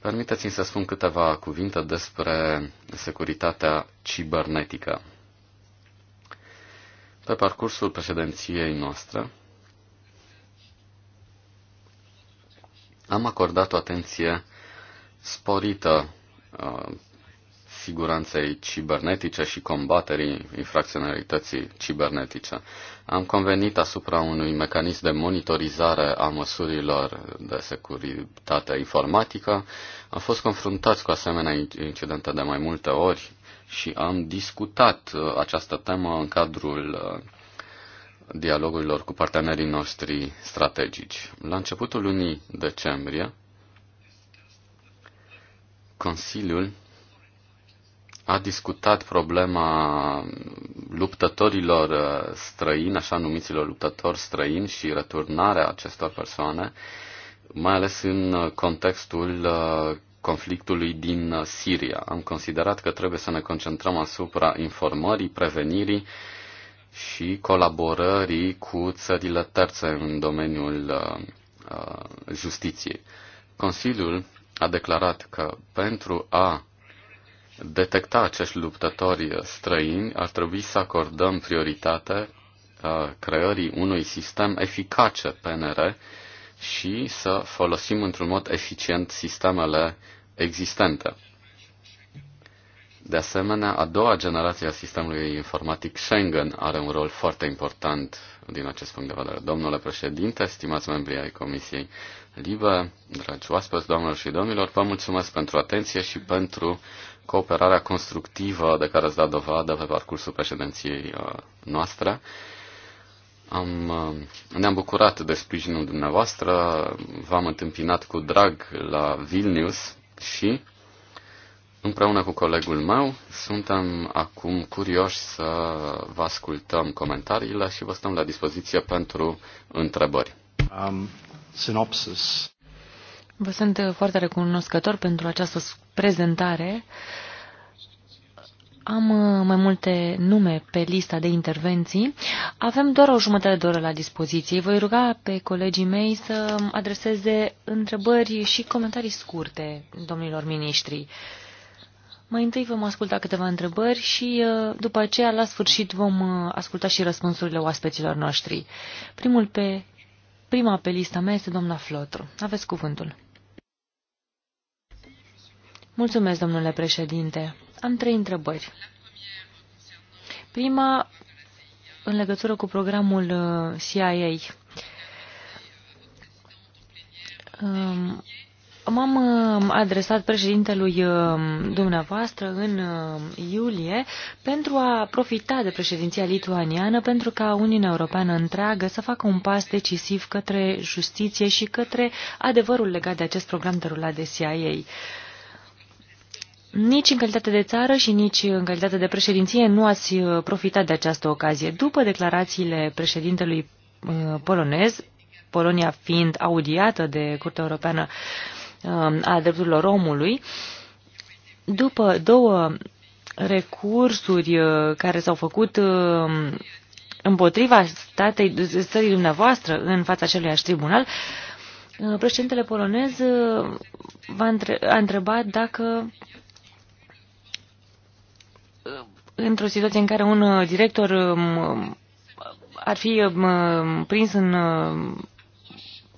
Permiteți-mi să spun câteva cuvinte despre securitatea cibernetică. Pe parcursul președinției noastre am acordat o atenție sporită uh, siguranței cibernetice și combaterii infracționalității cibernetice. Am convenit asupra unui mecanism de monitorizare a măsurilor de securitate informatică. Am fost confruntați cu asemenea incidente de mai multe ori și am discutat uh, această temă în cadrul uh, dialogurilor cu partenerii noștri strategici. La începutul lunii decembrie, Consiliul a discutat problema luptătorilor uh, străini, așa numiților luptători străini și returnarea acestor persoane, mai ales în contextul uh, conflictului din uh, Siria. Am considerat că trebuie să ne concentrăm asupra informării, prevenirii și colaborării cu țările terțe în domeniul justiției. Consiliul a declarat că pentru a detecta acești luptători străini, ar trebui să acordăm prioritate uh, creării unui sistem eficace PNR și să folosim într-un mod eficient sistemele existente. De asemenea, a doua generație a sistemului informatic Schengen are un rol foarte important din acest punct de vedere. Domnule președinte, stimați membri ai Comisiei Libe, dragi oaspeți, doamnelor și domnilor, vă mulțumesc pentru atenție și pentru cooperarea constructivă de care ați dat dovadă pe parcursul președinției uh, noastre. Am, uh, ne-am bucurat de sprijinul dumneavoastră, v-am întâmpinat cu drag la Vilnius și, împreună cu colegul meu, suntem acum curioși să vă ascultăm comentariile și vă stăm la dispoziție pentru întrebări. Um, synopsis. Vă sunt foarte recunoscător pentru această prezentare. Am uh, mai multe nume pe lista de intervenții. Avem doar o jumătate de oră la dispoziție. Voi ruga pe colegii mei să adreseze întrebări și comentarii scurte domnilor miniștri. Mai întâi vom asculta câteva întrebări și uh, după aceea, la sfârșit, vom uh, asculta și răspunsurile oaspeților noștri. Primul pe, prima pe lista mea este doamna Flotru. Aveți cuvântul. Mulțumesc, domnule președinte. Am trei întrebări. Prima, în legătură cu programul uh, CIA. Um, m-am uh, adresat președintelui uh, dumneavoastră în iulie pentru a profita de președinția lituaniană pentru ca Uniunea Europeană întreagă să facă un pas decisiv către justiție și către adevărul legat de acest program derulat de CIA. Nici în calitate de țară și nici în calitate de președinție nu ați uh, profitat de această ocazie. După declarațiile președintelui uh, polonez, Polonia fiind audiată de Curtea Europeană um, a Drepturilor Omului, după două recursuri uh, care s-au făcut um, împotriva stării dumneavoastră în fața acelui tribunal, președintele polonez a întrebat dacă într-o situație în care un uh, director um, ar fi um, prins în, uh,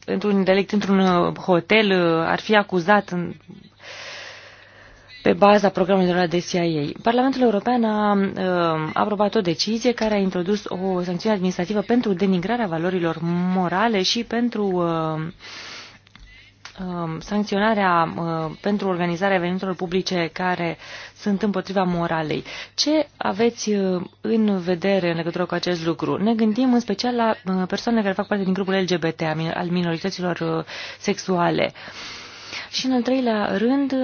într-un delict într-un uh, hotel, ar fi acuzat în, pe baza programelor de CIA. Parlamentul European a um, aprobat o decizie care a introdus o sancțiune administrativă pentru denigrarea valorilor morale și pentru uh, Um, sancționarea uh, pentru organizarea evenimentelor publice care sunt împotriva moralei. Ce aveți uh, în vedere în legătură cu acest lucru? Ne gândim în special la uh, persoane care fac parte din grupul LGBT, al minorităților sexuale. Și în al treilea rând,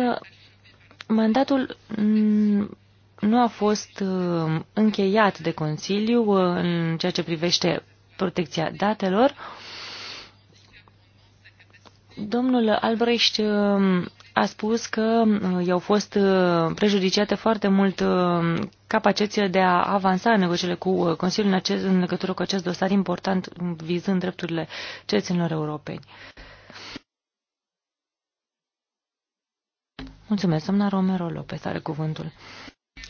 mandatul mm, nu a fost încheiat de Consiliu în ceea ce privește protecția datelor. Uh, Domnul Albrecht um, a spus că um, i-au fost uh, prejudiciate foarte mult um, capacitățile de a avansa în negocierile cu uh, Consiliul în, acest, în legătură cu acest dosar important vizând drepturile cetățenilor europeni. Mulțumesc, doamna Romero Lopez are cuvântul.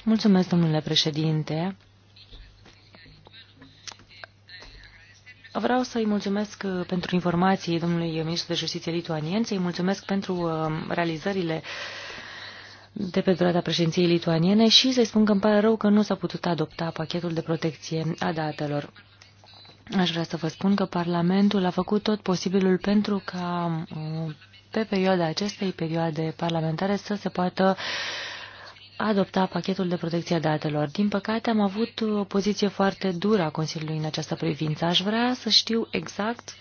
Mulțumesc, domnule președinte. Vreau să-i mulțumesc uh, pentru informații domnului ministru de justiție lituanien, să-i mulțumesc pentru uh, realizările de pe durata președinției lituaniene și să-i spun că îmi pare rău că nu s-a putut adopta pachetul de protecție a datelor. Aș vrea să vă spun că Parlamentul a făcut tot posibilul pentru ca uh, pe perioada acestei perioade parlamentare să se poată uh, adopta pachetul de protecție a datelor. Din păcate, am avut o poziție foarte dură a Consiliului în această privință. Aș vrea să știu exact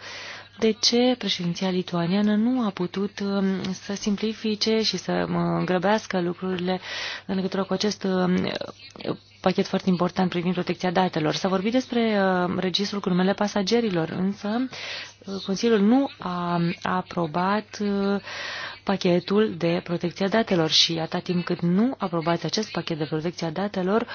de ce președinția lituaniană nu a putut um, să simplifice și să um, grăbească lucrurile în legătură cu acest um, pachet foarte important privind protecția datelor. S-a vorbit despre uh, registrul cu numele pasagerilor, însă uh, Consiliul nu a aprobat uh, pachetul de protecția datelor și atâta timp cât nu aprobați acest pachet de protecția datelor,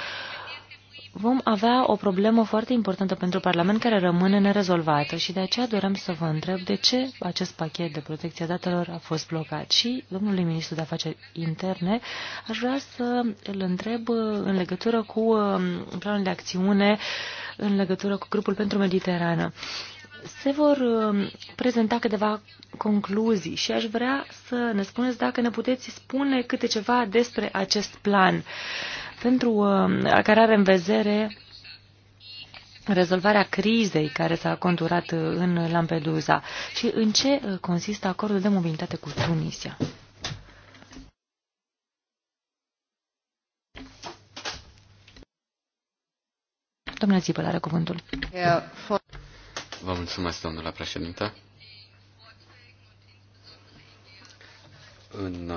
vom avea o problemă foarte importantă pentru Parlament care rămâne nerezolvată și de aceea dorem să vă întreb de ce acest pachet de protecție a datelor a fost blocat. Și domnului ministru de afaceri interne aș vrea să îl întreb în legătură cu um, planul de acțiune în legătură cu grupul pentru Mediterană. Se vor um, prezenta câteva concluzii și aș vrea să ne spuneți dacă ne puteți spune câte ceva despre acest plan. Uh, pentru uh, care are în vedere rezolvarea crizei care s-a conturat uh, în Lampedusa și în ce uh, consistă acordul de mobilitate cu Tunisia. Domnule Zipăl are cuvântul. Vă mulțumesc, domnule președinte. În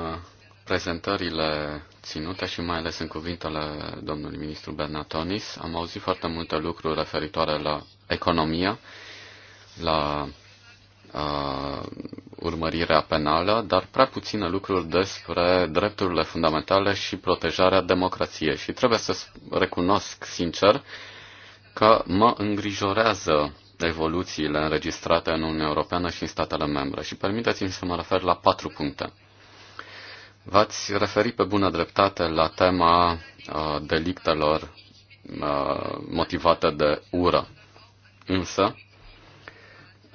prezentările ținute și mai ales în cuvintele domnului ministru Bernatonis am auzit foarte multe lucruri referitoare la economia, la uh, urmărirea penală, dar prea puține lucruri despre drepturile fundamentale și protejarea democrației. Și trebuie să recunosc sincer că mă îngrijorează evoluțiile înregistrate în Uniunea Europeană și în statele membre. Și permiteți-mi să mă refer la patru puncte. V-ați referit pe bună dreptate la tema uh, delictelor uh, motivate de ură. Însă,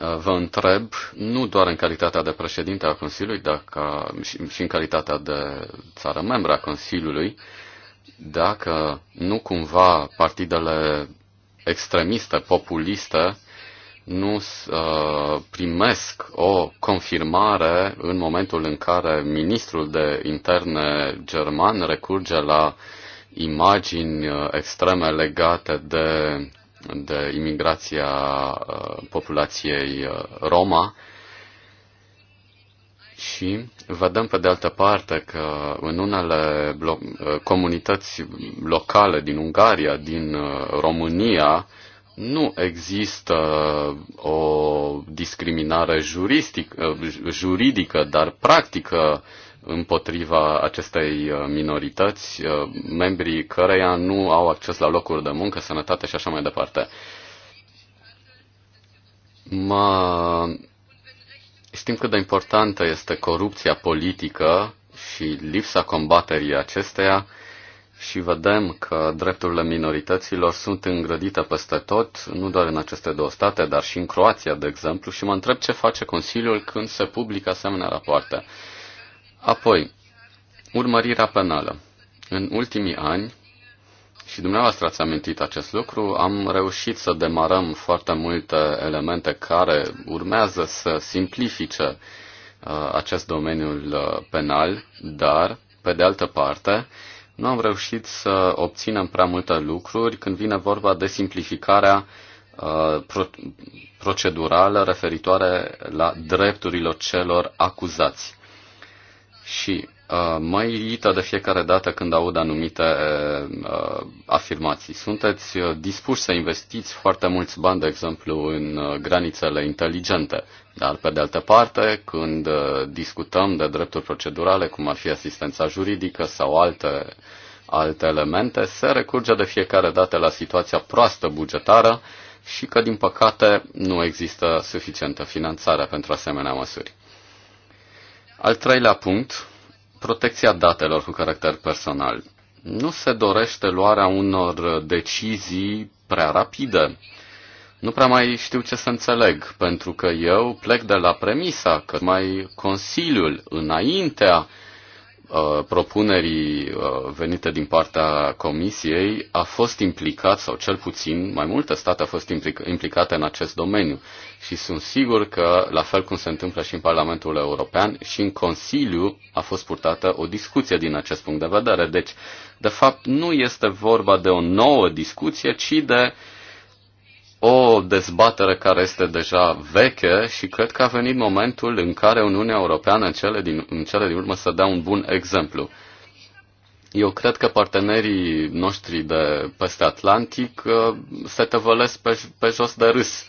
uh, vă întreb, nu doar în calitatea de președinte a Consiliului, dacă, și, și în calitatea de țară membra a Consiliului, dacă nu cumva partidele extremiste, populiste, nu uh, primesc o confirmare în momentul în care ministrul de interne german recurge la imagini uh, extreme legate de, de imigrația uh, populației uh, Roma. Și vedem pe de altă parte că în unele uh, comunități locale din Ungaria, din România, nu există o discriminare juristică, juridică, dar practică împotriva acestei uh, minorități, uh, membrii căreia nu au acces la locuri de muncă, sănătate și așa mai departe. Mă... Știm cât de importantă este corupția politică și lipsa combaterii acesteia și vedem că drepturile minorităților sunt îngrădite peste tot, nu doar în aceste două state, dar și în Croația, de exemplu, și mă întreb ce face Consiliul când se publică asemenea rapoarte. Apoi, urmărirea penală. În ultimii ani, și dumneavoastră ați amintit acest lucru, am reușit să demarăm foarte multe elemente care urmează să simplifice uh, acest domeniul uh, penal, dar, pe de altă parte, nu am reușit să obținem prea multe lucruri când vine vorba de simplificarea uh, procedurală referitoare la drepturilor celor acuzați. Și Uh, mă irită de fiecare dată când aud anumite uh, afirmații. Sunteți uh, dispuși să investiți foarte mulți bani, de exemplu, în granițele inteligente, dar, pe de altă parte, când discutăm de drepturi procedurale, cum ar fi asistența juridică sau alte, alte elemente, se recurge de fiecare dată la situația proastă bugetară și că, din păcate, nu există suficientă finanțare pentru asemenea măsuri. Al treilea punct protecția datelor cu caracter personal. Nu se dorește luarea unor decizii prea rapide. Nu prea mai știu ce să înțeleg, pentru că eu plec de la premisa că mai Consiliul, înaintea Uh, propunerii uh, venite din partea Comisiei a fost implicat, sau cel puțin mai multe state au fost implicate în acest domeniu. Și sunt sigur că, la fel cum se întâmplă și în Parlamentul European, și în Consiliu a fost purtată o discuție din acest punct de vedere. Deci, de fapt, nu este vorba de o nouă discuție, ci de uh, o dezbatere care este deja veche și cred că a venit momentul în care Uniunea Europeană în cele din, în cele din urmă să dea un bun exemplu. Eu cred că partenerii noștri de peste Atlantic uh, se tăvălesc pe, pe jos de râs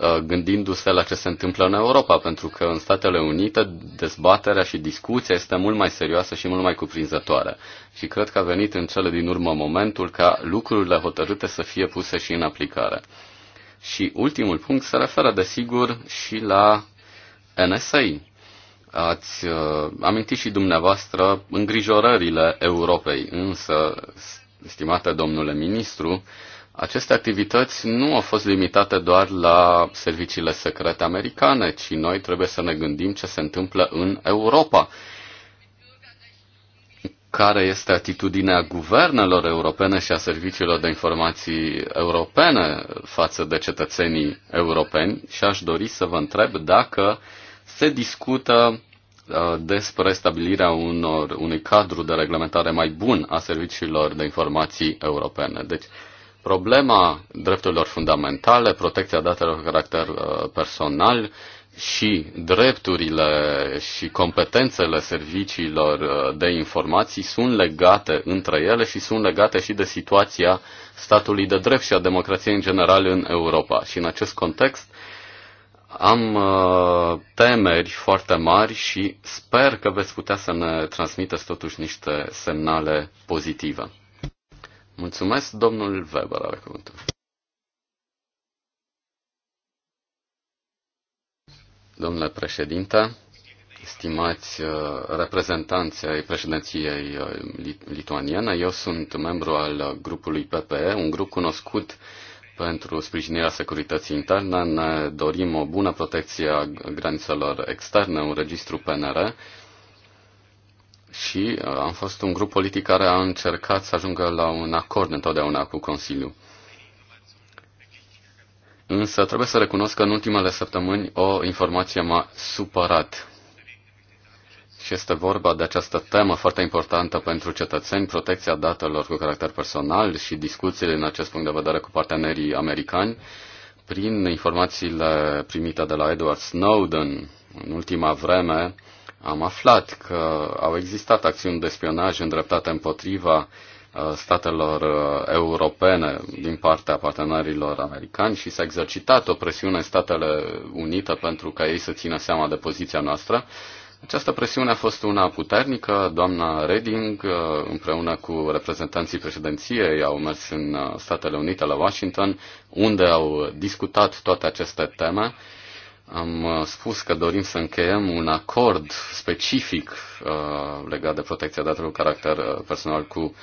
uh, gândindu-se la ce se întâmplă în Europa, pentru că în Statele Unite dezbaterea și discuția este mult mai serioasă și mult mai cuprinzătoare. Și cred că a venit în cele din urmă momentul ca lucrurile hotărâte să fie puse și în aplicare. Și ultimul punct se referă, desigur, și la NSA. Ați uh, amintit și dumneavoastră îngrijorările Europei, însă, stimate domnule ministru, aceste activități nu au fost limitate doar la serviciile secrete americane, ci noi trebuie să ne gândim ce se întâmplă în Europa care este atitudinea guvernelor europene și a serviciilor de informații europene față de cetățenii europeni și aș dori să vă întreb dacă se discută uh, despre stabilirea unor, unui cadru de reglementare mai bun a serviciilor de informații europene. Deci, problema drepturilor fundamentale, protecția datelor cu caracter uh, personal, și drepturile și competențele serviciilor uh, de informații sunt legate între ele și sunt legate și de situația statului de drept și a democrației în general în Europa. Și în acest context am uh, temeri foarte mari și sper că veți putea să ne transmiteți totuși niște semnale pozitive. Mulțumesc, domnul Weber, are cuvântul. Domnule președinte, stimați uh, reprezentanți ai președinției uh, lituaniene, eu sunt membru al grupului PPE, un grup cunoscut pentru sprijinirea securității interne. Ne dorim o bună protecție a granițelor externe, un registru PNR și uh, am fost un grup politic care a încercat să ajungă la un acord întotdeauna cu Consiliul. Însă trebuie să recunosc că în ultimele săptămâni o informație m-a supărat. Și este vorba de această temă foarte importantă pentru cetățeni, protecția datelor cu caracter personal și discuțiile în acest punct de vedere cu partenerii americani. Prin informațiile primite de la Edward Snowden în ultima vreme, am aflat că au existat acțiuni de spionaj îndreptate împotriva Uh, statelor uh, europene din partea partenerilor americani și s-a exercitat o presiune în Statele Unite pentru ca ei să țină seama de poziția noastră. Această presiune a fost una puternică. Doamna Reding, uh, împreună cu reprezentanții președinției, au mers în Statele Unite, la Washington, unde au discutat toate aceste teme. Am spus că dorim să încheiem un acord specific uh, legat de protecția datelor caracter personal cu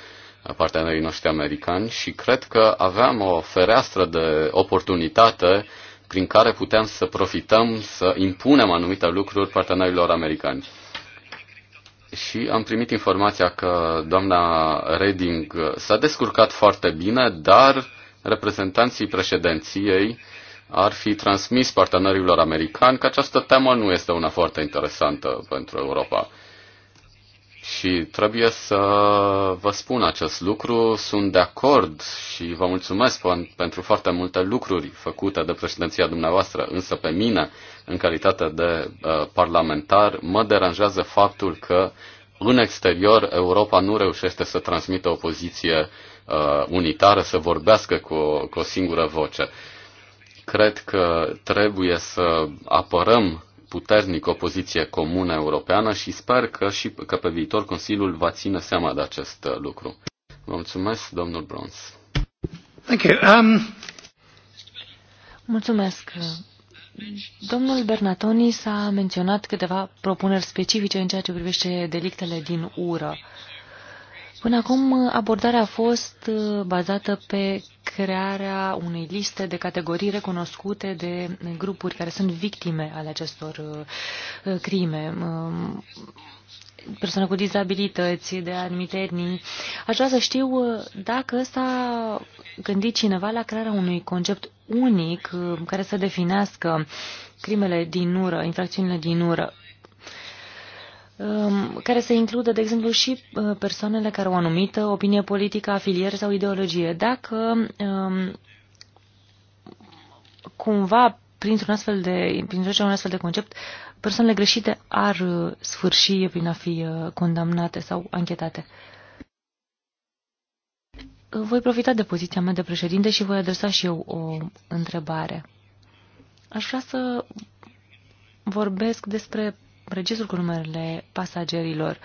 partenerii noștri americani și cred că aveam o fereastră de oportunitate prin care putem să profităm, să impunem anumite lucruri partenerilor americani. Și am primit informația că doamna Reding s-a descurcat foarte bine, dar reprezentanții președinției ar fi transmis partenerilor americani că această temă nu este una foarte interesantă pentru Europa. Și trebuie să vă spun acest lucru. Sunt de acord și vă mulțumesc pentru foarte multe lucruri făcute de președinția dumneavoastră, însă pe mine, în calitate de uh, parlamentar, mă deranjează faptul că în exterior Europa nu reușește să transmită o poziție uh, unitară, să vorbească cu o, cu o singură voce. Cred că trebuie să apărăm puternic o poziție comună europeană și sper că, și, că pe viitor Consiliul va ține seama de acest uh, lucru. Vă mulțumesc, domnul Brons. Thank you. Um... Mulțumesc. Domnul Bernatoni s-a menționat câteva propuneri specifice în ceea ce privește delictele din ură. Uh, Până acum, abordarea a fost uh, bazată pe crearea unei liste de categorii recunoscute de grupuri care sunt victime ale acestor uh, uh, crime um, persoane cu dizabilități, de anumite etnii. Aș vrea să știu dacă s-a gândit cineva la crearea unui concept unic care să definească crimele din ură, infracțiunile din ură, Um, care să includă, de exemplu, și uh, persoanele care au o anumită opinie politică, afiliere sau ideologie. Dacă um, cumva, printr-un astfel de, printr-un astfel de concept, persoanele greșite ar uh, sfârși prin a fi uh, condamnate sau anchetate. Voi profita de poziția mea de președinte și voi adresa și eu o întrebare. Aș vrea să vorbesc despre registrul cu numerele pasagerilor.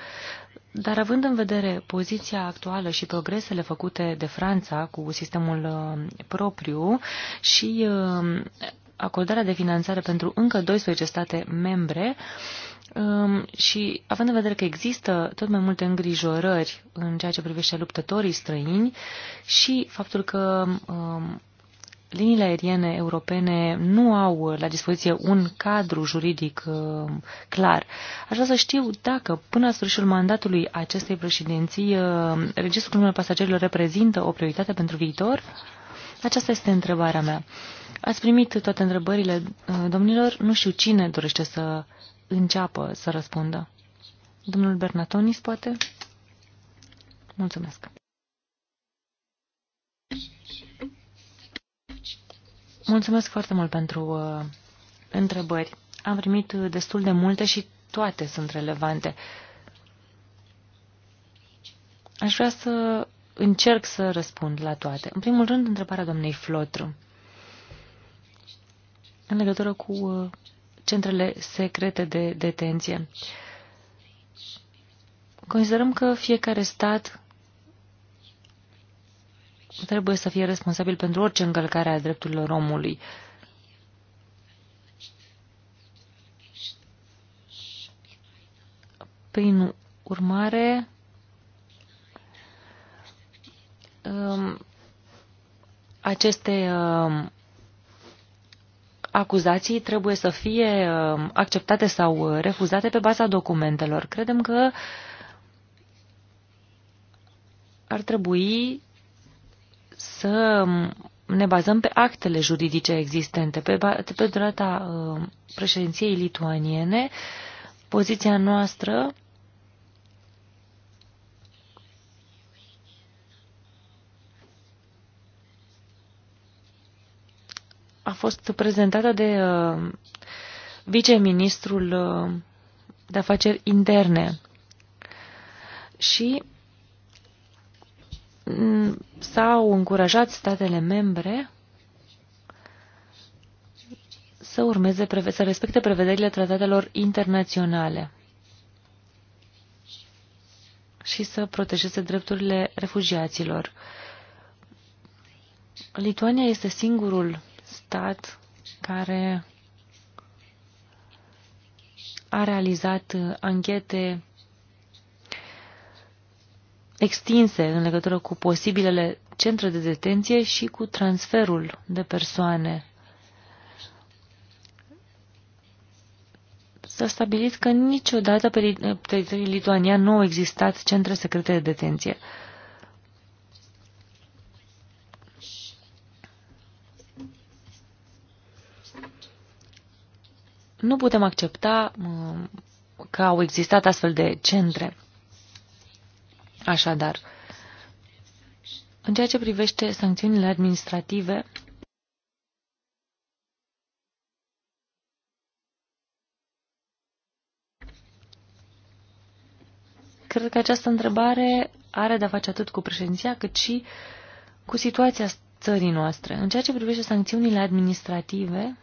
Dar având în vedere poziția actuală și progresele făcute de Franța cu sistemul uh, propriu și uh, acordarea de finanțare pentru încă 12 state membre, um, și având în vedere că există tot mai multe îngrijorări în ceea ce privește luptătorii străini și faptul că um, liniile aeriene europene nu au la dispoziție un cadru juridic uh, clar. Aș vrea să știu dacă până la sfârșitul mandatului acestei președinții uh, registrul numele pasagerilor reprezintă o prioritate pentru viitor? Aceasta este întrebarea mea. Ați primit toate întrebările, uh, domnilor. Nu știu cine dorește să înceapă să răspundă. Domnul Bernatonis, poate? Mulțumesc. Mulțumesc foarte mult pentru uh, întrebări. Am primit destul de multe și toate sunt relevante. Aș vrea să încerc să răspund la toate. În primul rând, întrebarea doamnei Flotru. În legătură cu uh, centrele secrete de detenție. Considerăm că fiecare stat trebuie să fie responsabil pentru orice încălcare a drepturilor omului. Prin urmare, um, aceste um, acuzații trebuie să fie um, acceptate sau refuzate pe baza documentelor. Credem că ar trebui să ne bazăm pe actele juridice existente. Pe, pe durata uh, președinției lituaniene, poziția noastră a fost prezentată de uh, viceministrul uh, de afaceri interne și Mm, s-au încurajat statele membre să urmeze, să respecte prevederile tratatelor internaționale și să protejeze drepturile refugiaților. Lituania este singurul stat care a realizat uh, anchete extinse în legătură cu posibilele centre de detenție și cu transferul de persoane. S-a stabilit că niciodată pe teritoriul lituanian nu au existat centre secrete de detenție. Nu putem accepta uh, că au existat astfel de centre. Așadar, în ceea ce privește sancțiunile administrative, cred că această întrebare are de-a face atât cu președinția, cât și cu situația țării noastre. În ceea ce privește sancțiunile administrative,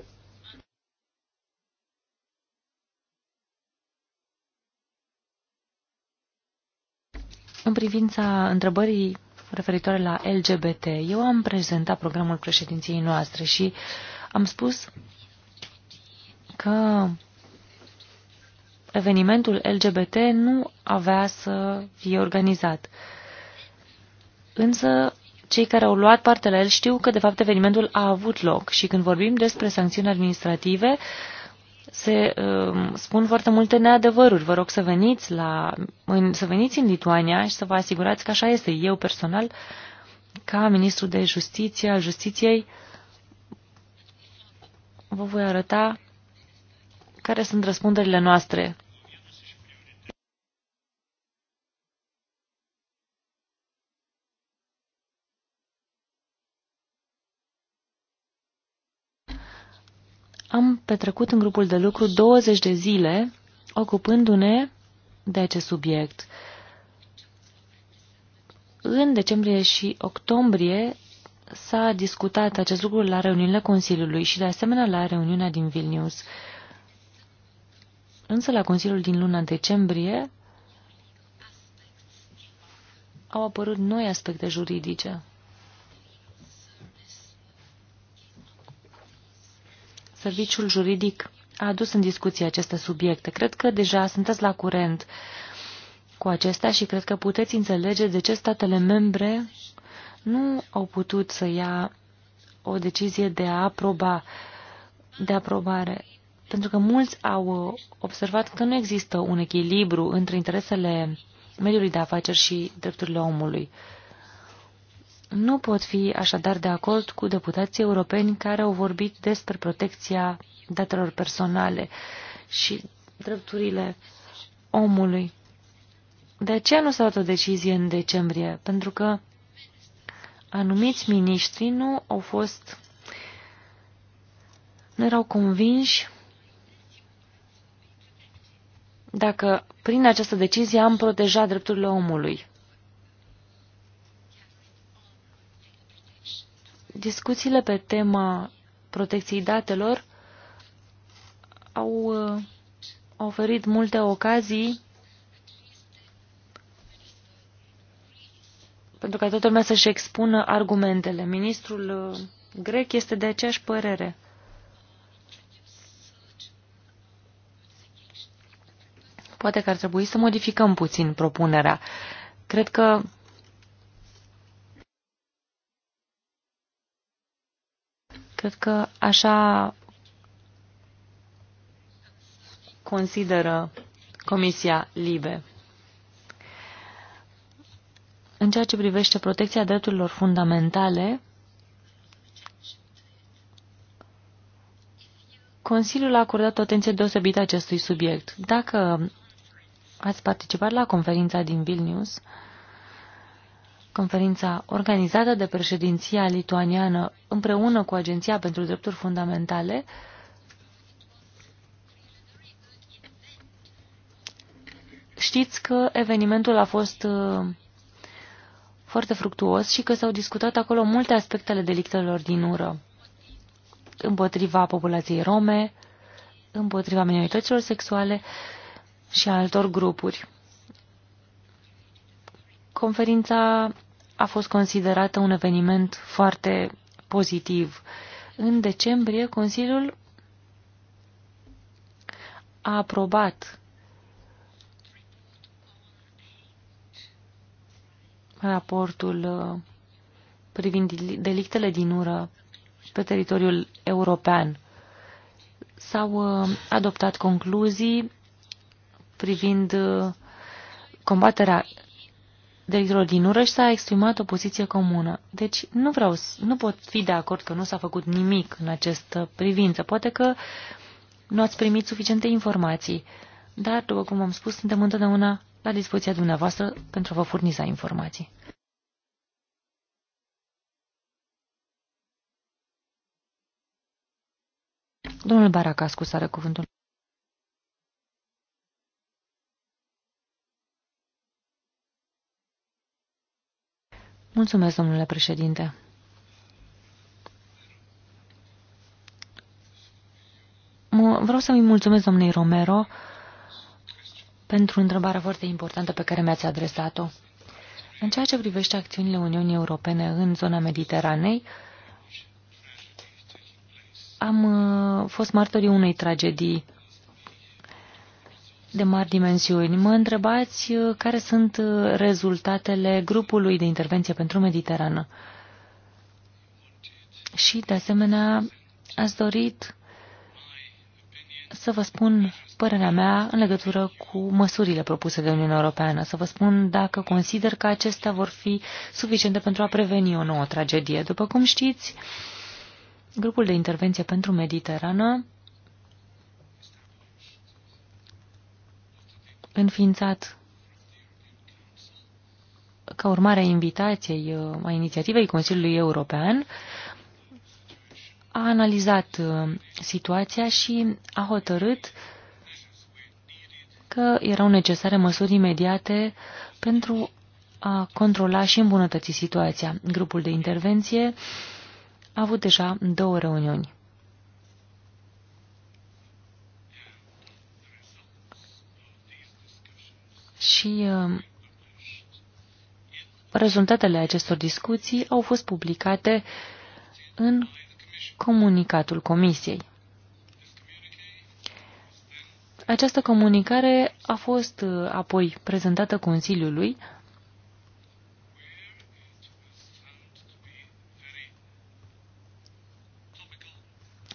În privința întrebării referitoare la LGBT, eu am prezentat programul președinției noastre și am spus că evenimentul LGBT nu avea să fie organizat. Însă, cei care au luat parte la el știu că, de fapt, evenimentul a avut loc și când vorbim despre sancțiuni administrative, se uh, spun foarte multe neadevăruri. Vă rog să veniți, la, în, să veniți în Lituania și să vă asigurați că așa este. Eu personal, ca ministru de justiție, al justiției, vă voi arăta care sunt răspunderile noastre Am petrecut în grupul de lucru 20 de zile ocupându-ne de acest subiect. În decembrie și octombrie s-a discutat acest lucru la reuniunile Consiliului și de asemenea la reuniunea din Vilnius. Însă la Consiliul din luna decembrie au apărut noi aspecte juridice. serviciul juridic a adus în discuție aceste subiecte. Cred că deja sunteți la curent cu acestea și cred că puteți înțelege de ce statele membre nu au putut să ia o decizie de a aproba, de aprobare. Pentru că mulți au observat că nu există un echilibru între interesele mediului de afaceri și drepturile omului. Nu pot fi așadar de acord cu deputații europeni care au vorbit despre protecția datelor personale și drepturile omului. De aceea nu s-a luat o decizie în decembrie, pentru că anumiți miniștri nu au fost, nu erau convinși dacă prin această decizie am protejat drepturile omului. discuțiile pe tema protecției datelor uh, au oferit multe ocazii pentru ca toată lumea să-și expună argumentele. Ministrul uh, grec este de aceeași părere. Poate că ar trebui să modificăm puțin propunerea. Cred că Cred că așa consideră Comisia Libe. În ceea ce privește protecția drepturilor fundamentale, Consiliul a acordat o atenție deosebită acestui subiect. Dacă ați participat la conferința din Vilnius, conferința organizată de președinția lituaniană împreună cu Agenția pentru Drepturi Fundamentale Știți că evenimentul a fost uh, foarte fructuos și că s-au discutat acolo multe aspecte ale delictelor din ură împotriva populației rome, împotriva minorităților sexuale și altor grupuri. Conferința a fost considerată un eveniment foarte pozitiv. În decembrie, Consiliul a aprobat raportul uh, privind delictele din ură pe teritoriul european. S-au uh, adoptat concluzii privind uh, combaterea directorul din Ureș s-a exprimat o poziție comună. Deci nu, vreau, nu pot fi de acord că nu s-a făcut nimic în această privință. Poate că nu ați primit suficiente informații, dar, după cum am spus, suntem întotdeauna la dispoziția dumneavoastră pentru a vă furniza informații. Domnul Baracascu, a cuvântul. Mulțumesc, domnule președinte. Vreau să-i mulțumesc domnului Romero pentru întrebarea foarte importantă pe care mi-ați adresat-o. În ceea ce privește acțiunile Uniunii Europene în zona Mediteranei, am uh, fost martorii unei tragedii de mari dimensiuni. Mă întrebați uh, care sunt uh, rezultatele grupului de intervenție pentru Mediterană. Și, de asemenea, ați dorit să vă spun părerea mea în legătură cu măsurile propuse de Uniunea Europeană, să vă spun dacă consider că acestea vor fi suficiente pentru a preveni o nouă tragedie. După cum știți, grupul de intervenție pentru Mediterană înființat ca urmare a invitației, a inițiativei Consiliului European, a analizat uh, situația și a hotărât că erau necesare măsuri imediate pentru a controla și îmbunătăți situația. Grupul de intervenție a avut deja două reuniuni. și uh, rezultatele acestor discuții au fost publicate în comunicatul Comisiei. Această comunicare a fost uh, apoi prezentată Consiliului,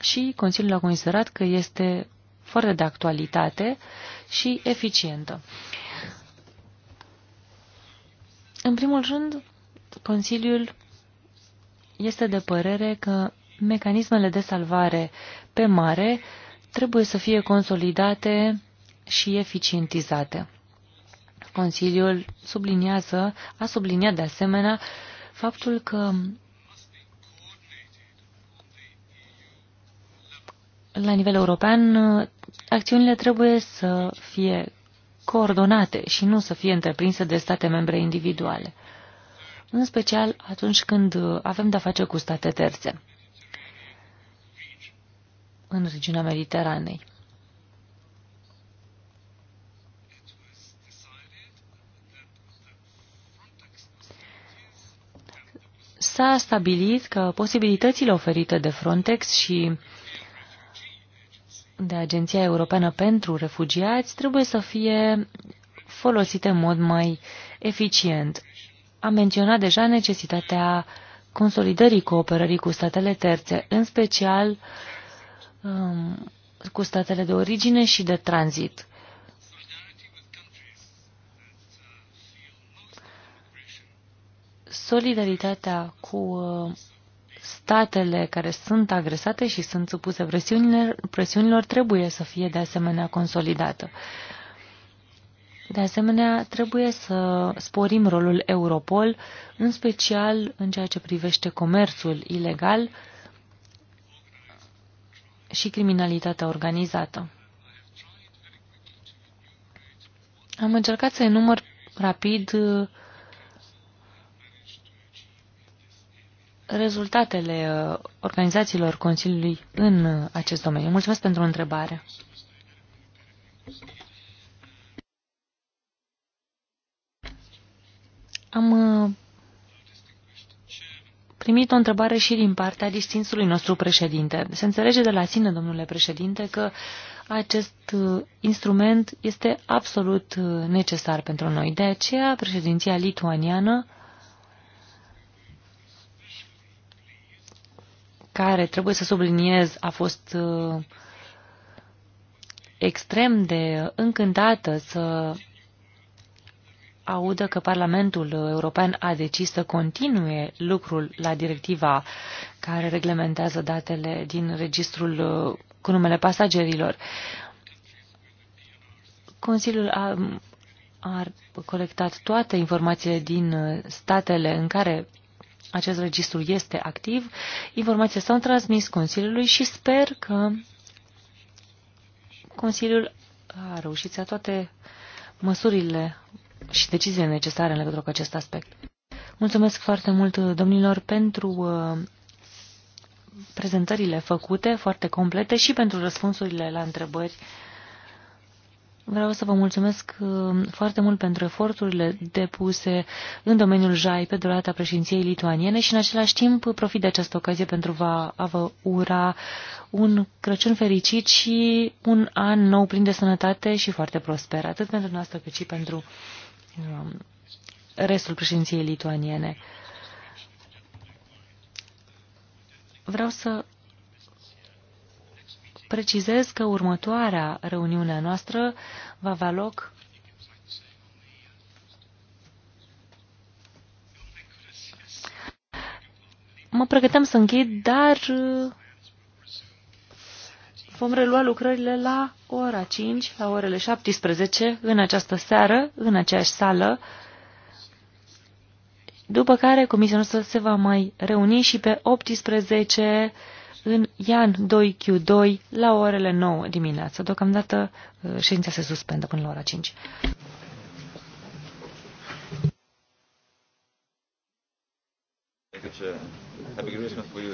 și Consiliul a considerat că este foarte de actualitate și eficientă. În primul rând, Consiliul este de părere că mecanismele de salvare pe mare trebuie să fie consolidate și eficientizate. Consiliul subliniază, a subliniat de asemenea faptul că la nivel european acțiunile trebuie să fie coordonate și nu să fie întreprinse de state membre individuale, în special atunci când uh, avem de-a face cu state terțe în regiunea Mediteranei. S-a stabilit că posibilitățile oferite de Frontex și de Agenția Europeană pentru Refugiați trebuie să fie folosite în mod mai eficient. Am menționat deja necesitatea consolidării cooperării cu statele terțe, în special um, cu statele de origine și de tranzit. Solidaritatea cu uh, statele care sunt agresate și sunt supuse presiunilor, presiunilor trebuie să fie de asemenea consolidată. De asemenea, trebuie să sporim rolul Europol, în special în ceea ce privește comerțul ilegal și criminalitatea organizată. Am încercat să enumăr rapid uh, rezultatele uh, organizațiilor Consiliului în uh, acest domeniu? Mulțumesc pentru întrebare. Am uh, primit o întrebare și din partea distinsului nostru președinte. Se înțelege de la sine, domnule președinte, că acest instrument este absolut necesar pentru noi. De aceea, președinția lituaniană care, trebuie să subliniez, a fost uh, extrem de încântată să audă că Parlamentul European a decis să continue lucrul la directiva care reglementează datele din registrul uh, cu numele pasagerilor. Consiliul a, a colectat toate informațiile din uh, statele în care acest registru este activ. Informații s-au transmis Consiliului și sper că Consiliul a reușit să toate măsurile și deciziile necesare în legătură cu acest aspect. Mulțumesc foarte mult, domnilor, pentru uh, prezentările făcute, foarte complete, și pentru răspunsurile la întrebări Vreau să vă mulțumesc uh, foarte mult pentru eforturile depuse în domeniul JAI pe durata președinției lituaniene și în același timp profit de această ocazie pentru a vă ura un Crăciun fericit și un an nou plin de sănătate și foarte prosper, atât pentru noastră cât și pentru um, restul președinției lituaniene. Vreau să precizez că următoarea reuniune a noastră va avea loc Mă pregăteam să închid, dar uh, vom relua lucrările la ora 5, la orele 17, în această seară, în aceeași sală, după care comisia noastră se va mai reuni și pe 18 în Ian 2Q2 la orele 9 dimineața. Deocamdată uh, ședința se suspendă până la ora 5. Have Christmas for you.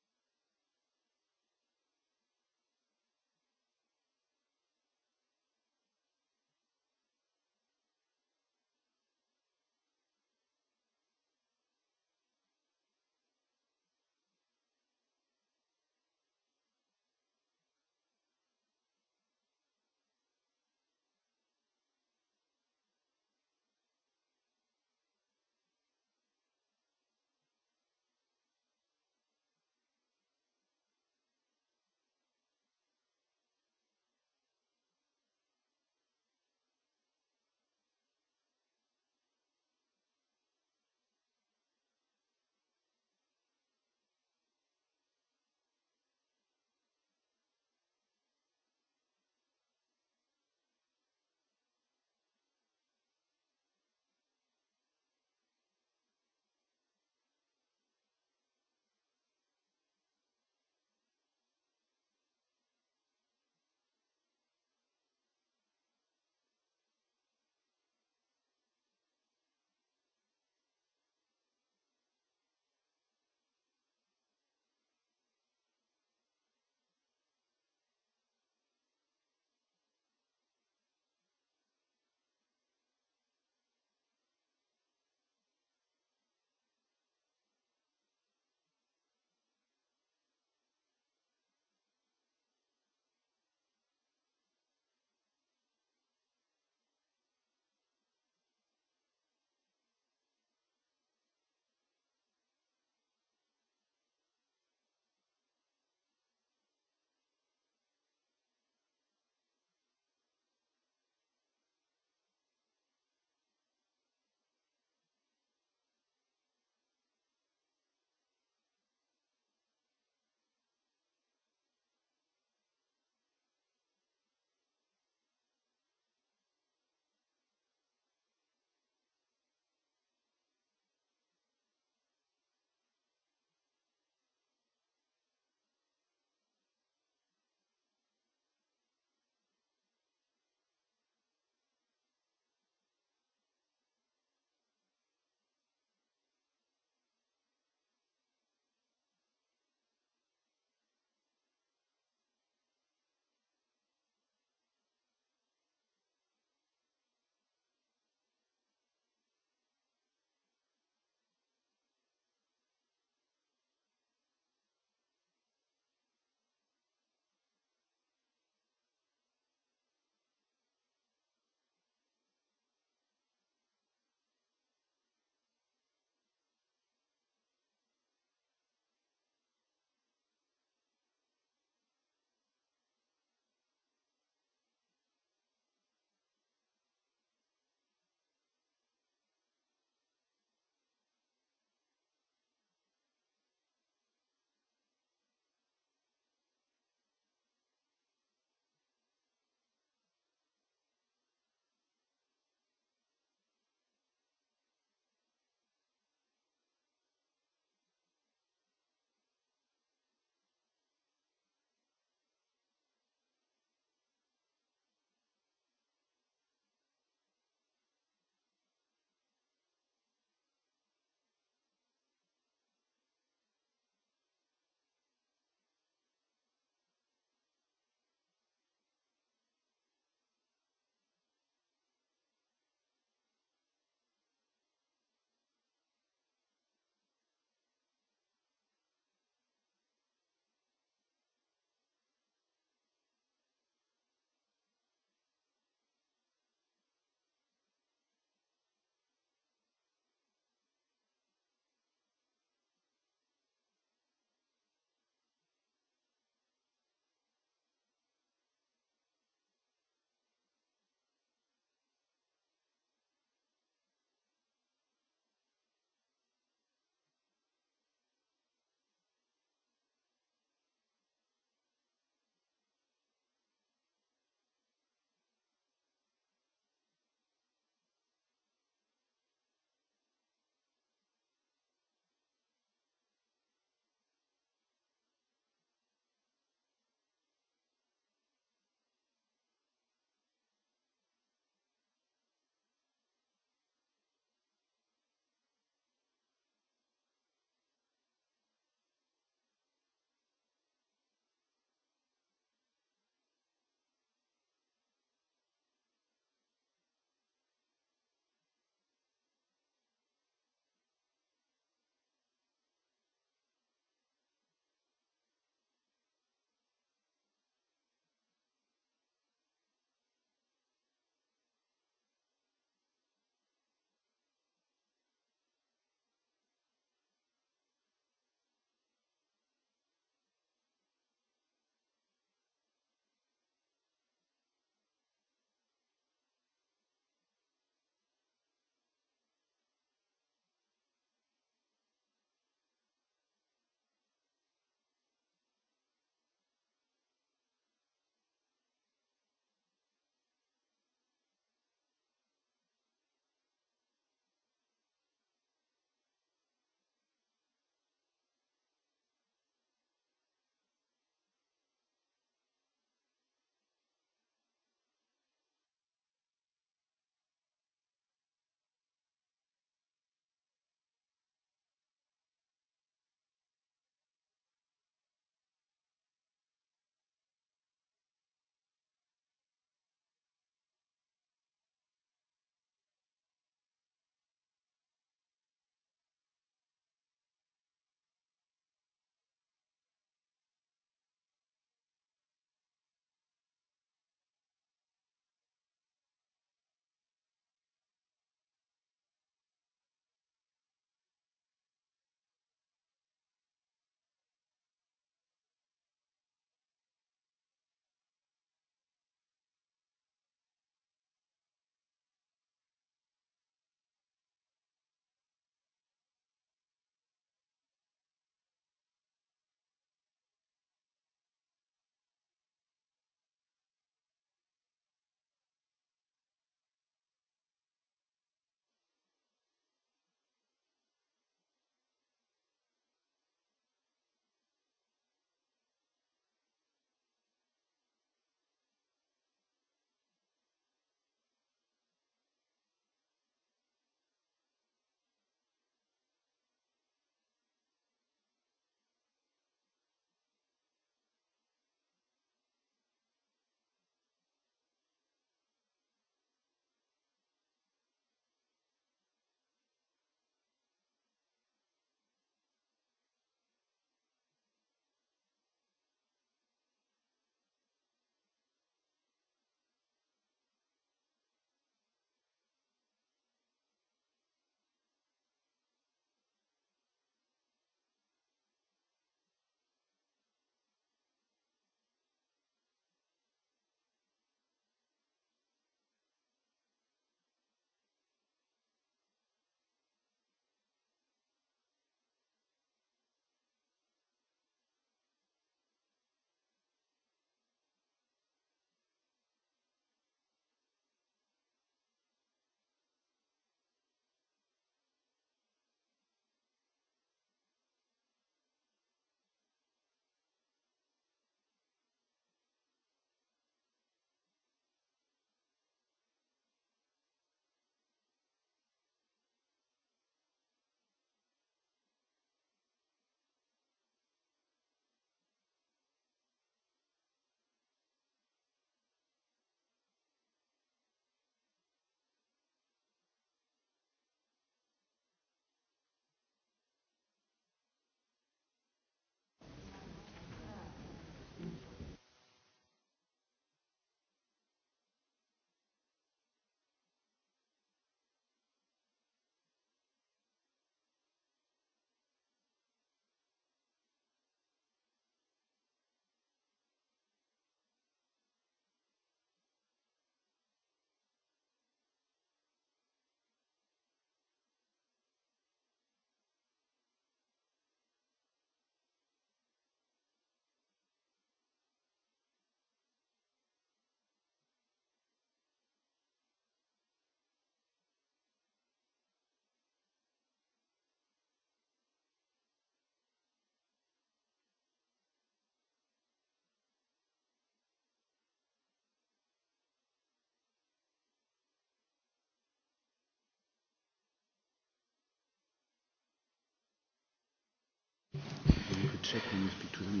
check and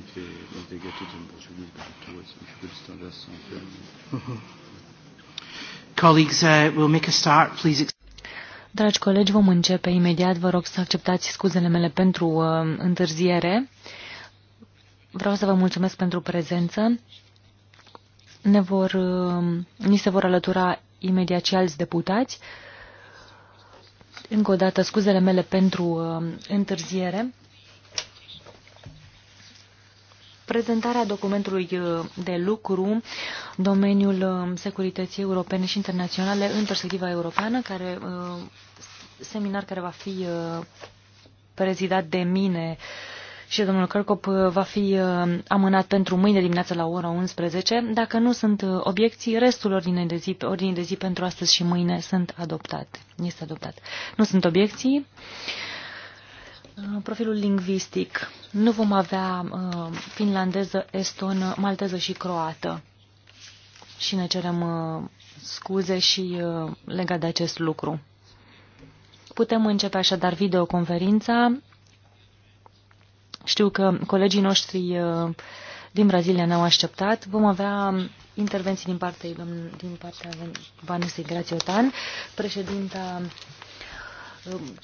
Colleagues, uh, we'll make a start, please. Dragi colegi, vom începe imediat. Vă rog să acceptați scuzele mele pentru uh, întârziere. Vreau să vă mulțumesc pentru prezență. Ne vor, uh, ni se vor alătura imediat și alți deputați. Încă o dată, scuzele mele pentru uh, întârziere prezentarea documentului uh, de lucru, domeniul um, securității europene și internaționale în perspectiva europeană, care, uh, seminar care va fi uh, prezidat de mine și domnul Cărcop va fi amânat pentru mâine dimineață la ora 11. Dacă nu sunt obiecții, restul ordinei de zi, ordinei de zi pentru astăzi și mâine sunt adoptate. Este adoptat. Nu sunt obiecții. Uh, profilul lingvistic. Nu vom avea uh, finlandeză, estonă, malteză și croată. Și ne cerem uh, scuze și legat de acest lucru. Putem începe așadar videoconferința. Știu că colegii noștri din Brazilia ne-au așteptat. Vom avea um, intervenții din partea, din partea Vanessa Grațiotan, președinta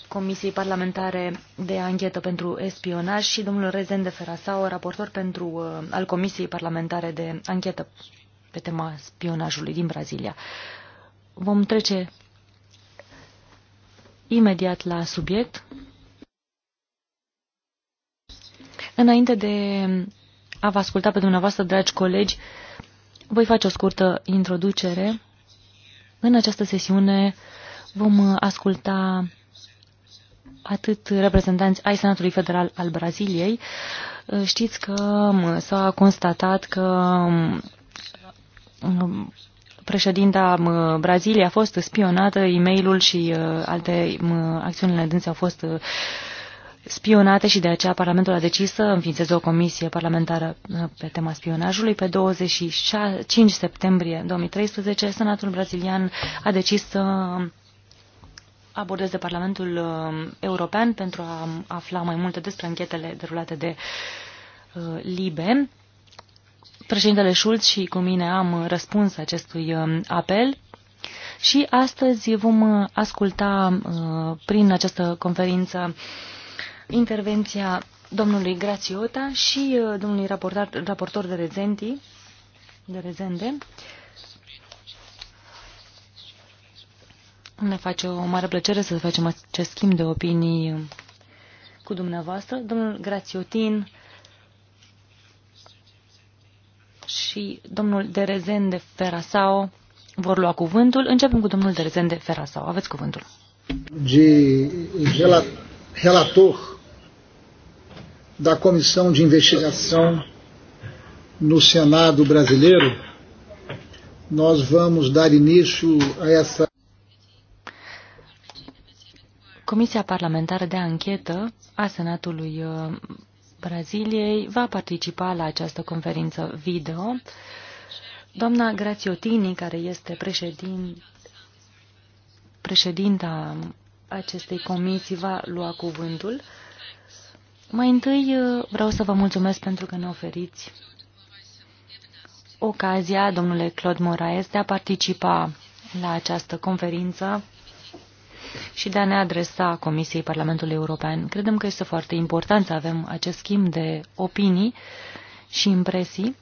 Comisiei Parlamentare de Anchetă pentru Espionaj și domnul Rezende Ferasau, raportor pentru, uh, al Comisiei Parlamentare de Anchetă pe tema spionajului din Brazilia. Vom trece imediat la subiect. Înainte de a vă asculta pe dumneavoastră, dragi colegi, voi face o scurtă introducere. În această sesiune vom asculta atât reprezentanți ai Senatului Federal al Braziliei. Uh, știți că um, s-a constatat că um, um, președinta Braziliei a fost spionată, e mail și uh, alte acțiunile dânse au fost uh, spionate și de aceea Parlamentul a decis să înființeze o comisie parlamentară pe tema spionajului. Pe 25 septembrie 2013, Senatul brazilian a decis să abordez de Parlamentul um, European pentru a afla mai multe despre anchetele derulate de uh, LIBE. Președintele Schulz și cu mine am răspuns acestui um, apel și astăzi vom uh, asculta uh, prin această conferință intervenția domnului Grațiota și domnului raportor, raportor de Rezenti, de Rezende, Ne face o mare plăcere să facem acest schimb de opinii cu dumneavoastră. Domnul Grațiotin și domnul Derezen de Ferasau vor lua cuvântul. Începem cu domnul Derezen de Ferasau. Aveți cuvântul. De relator da Comissão de Investigação no Senado Brasileiro, nós vamos dar início a essa Comisia Parlamentară de Anchetă a Senatului uh, Braziliei va participa la această conferință video. Doamna Grațiotini, care este președin, președinta acestei comisii, va lua cuvântul. Mai întâi uh, vreau să vă mulțumesc pentru că ne oferiți ocazia, domnule Claude Moraes, de a participa la această conferință și de a ne adresa Comisiei Parlamentului European. Credem că este foarte important să avem acest schimb de opinii și impresii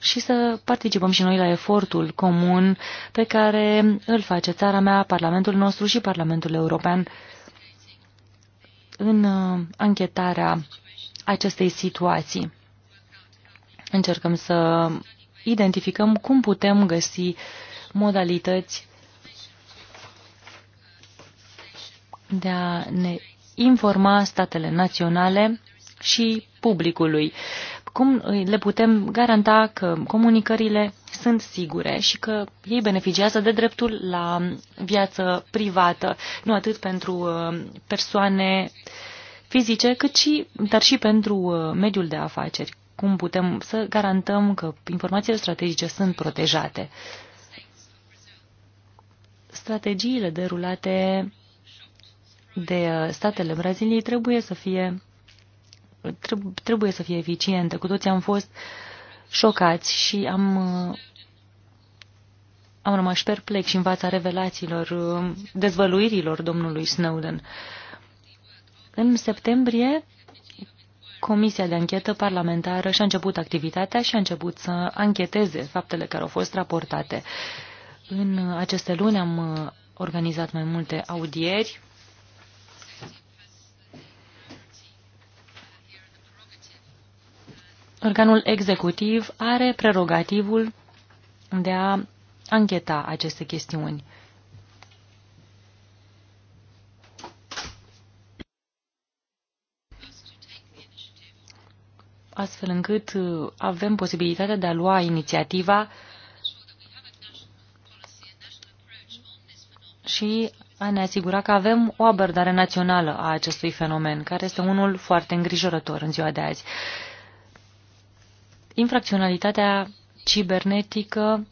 și să participăm și noi la efortul comun pe care îl face țara mea, Parlamentul nostru și Parlamentul European în uh, anchetarea acestei situații. Încercăm să identificăm cum putem găsi modalități de a ne informa statele naționale și publicului. Cum le putem garanta că comunicările sunt sigure și că ei beneficiază de dreptul la viață privată, nu atât pentru uh, persoane fizice, cât și, dar și pentru uh, mediul de afaceri. Cum putem să garantăm că informațiile strategice sunt protejate? Strategiile derulate de uh, statele Braziliei trebuie să fie trebuie să fie eficiente. Cu toții am fost șocați și am, uh, am rămas perplex și în fața revelațiilor, uh, dezvăluirilor domnului Snowden. În septembrie, Comisia de anchetă parlamentară și-a început activitatea și a început să ancheteze faptele care au fost raportate. În aceste luni am organizat mai multe audieri organul executiv are prerogativul de a ancheta aceste chestiuni. astfel încât uh, avem posibilitatea de a lua inițiativa și a ne asigura că avem o abordare națională a acestui fenomen, care este unul foarte îngrijorător în ziua de azi infracționalitatea cibernetică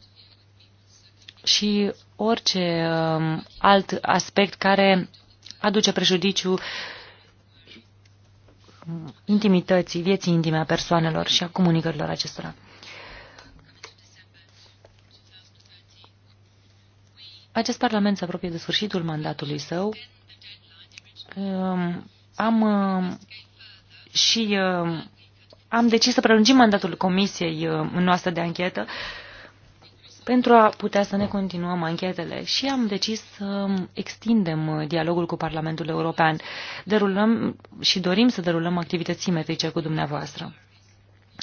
și orice um, alt aspect care aduce prejudiciu um, intimității, vieții intime a persoanelor și a comunicărilor acestora. Acest Parlament se apropie de sfârșitul mandatului său. Um, am și am decis să prelungim mandatul comisiei uh, noastre de anchetă pentru a putea să ne continuăm anchetele și am decis să extindem uh, dialogul cu Parlamentul European. Derulăm și dorim să derulăm activități simetrice cu dumneavoastră.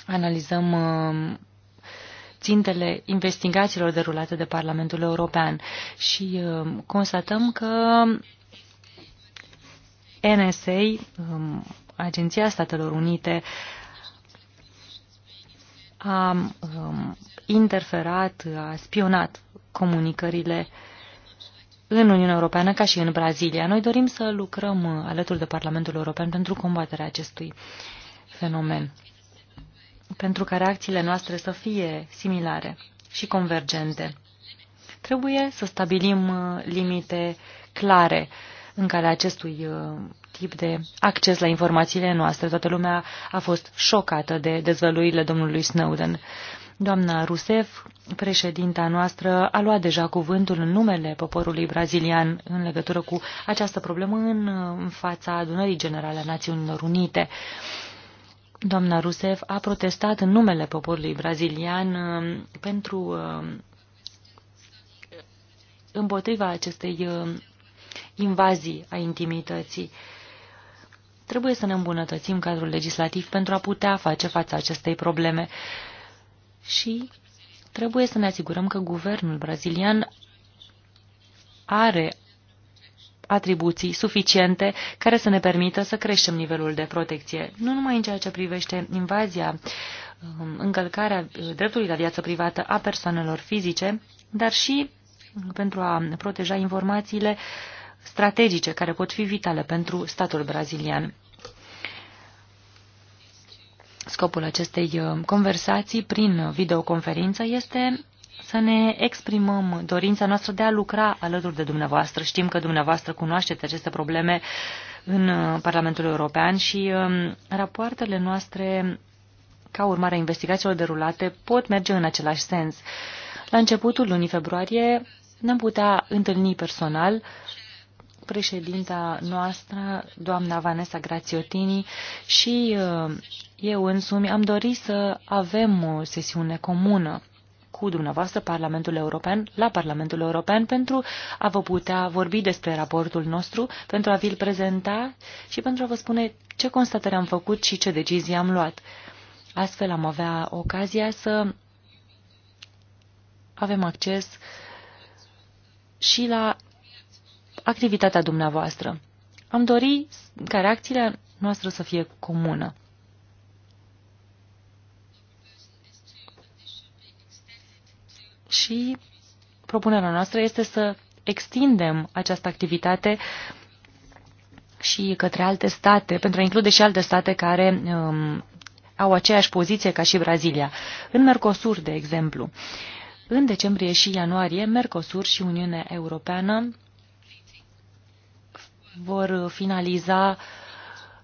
Analizăm uh, țintele investigațiilor derulate de Parlamentul European și constatăm că NSA, um, Agenția Statelor Unite, a um, interferat, a spionat comunicările în Uniunea Europeană ca și în Brazilia. Noi dorim să lucrăm uh, alături de Parlamentul European pentru combaterea acestui fenomen, pentru ca reacțiile noastre să fie similare și convergente. Trebuie să stabilim uh, limite clare în care acestui uh, tip de acces la informațiile noastre. Toată lumea a fost șocată de dezvăluirile domnului Snowden. Doamna Rusev, președinta noastră, a luat deja cuvântul în numele poporului brazilian în legătură cu această problemă în fața adunării generale a Națiunilor Unite. Doamna Rusev a protestat în numele poporului brazilian um, pentru um, împotriva acestei um, invazii a intimității. Trebuie să ne îmbunătățim cadrul legislativ pentru a putea face față acestei probleme și trebuie să ne asigurăm că guvernul brazilian are atribuții suficiente care să ne permită să creștem nivelul de protecție, nu numai în ceea ce privește invazia, um, încălcarea uh, dreptului la viață privată a persoanelor fizice, dar și pentru a proteja informațiile strategice care pot fi vitale pentru statul brazilian. Scopul acestei uh, conversații prin videoconferință este să ne exprimăm dorința noastră de a lucra alături de dumneavoastră. Știm că dumneavoastră cunoașteți aceste probleme în uh, Parlamentul European și um, rapoartele noastre ca urmare a investigațiilor derulate pot merge în același sens. La începutul lunii februarie ne-am putea întâlni personal președinta noastră, doamna Vanessa Grațiotini, și uh, eu însumi am dorit să avem o sesiune comună cu dumneavoastră Parlamentul European, la Parlamentul European, pentru a vă putea vorbi despre raportul nostru, pentru a vi-l prezenta și pentru a vă spune ce constatări am făcut și ce decizii am luat. Astfel am avea ocazia să avem acces și la activitatea dumneavoastră. Am dorit ca reacțiile noastră să fie comună. și propunerea noastră este să extindem această activitate și către alte state, pentru a include și alte state care um, au aceeași poziție ca și Brazilia. În Mercosur, de exemplu, în decembrie și ianuarie, Mercosur și Uniunea Europeană vor finaliza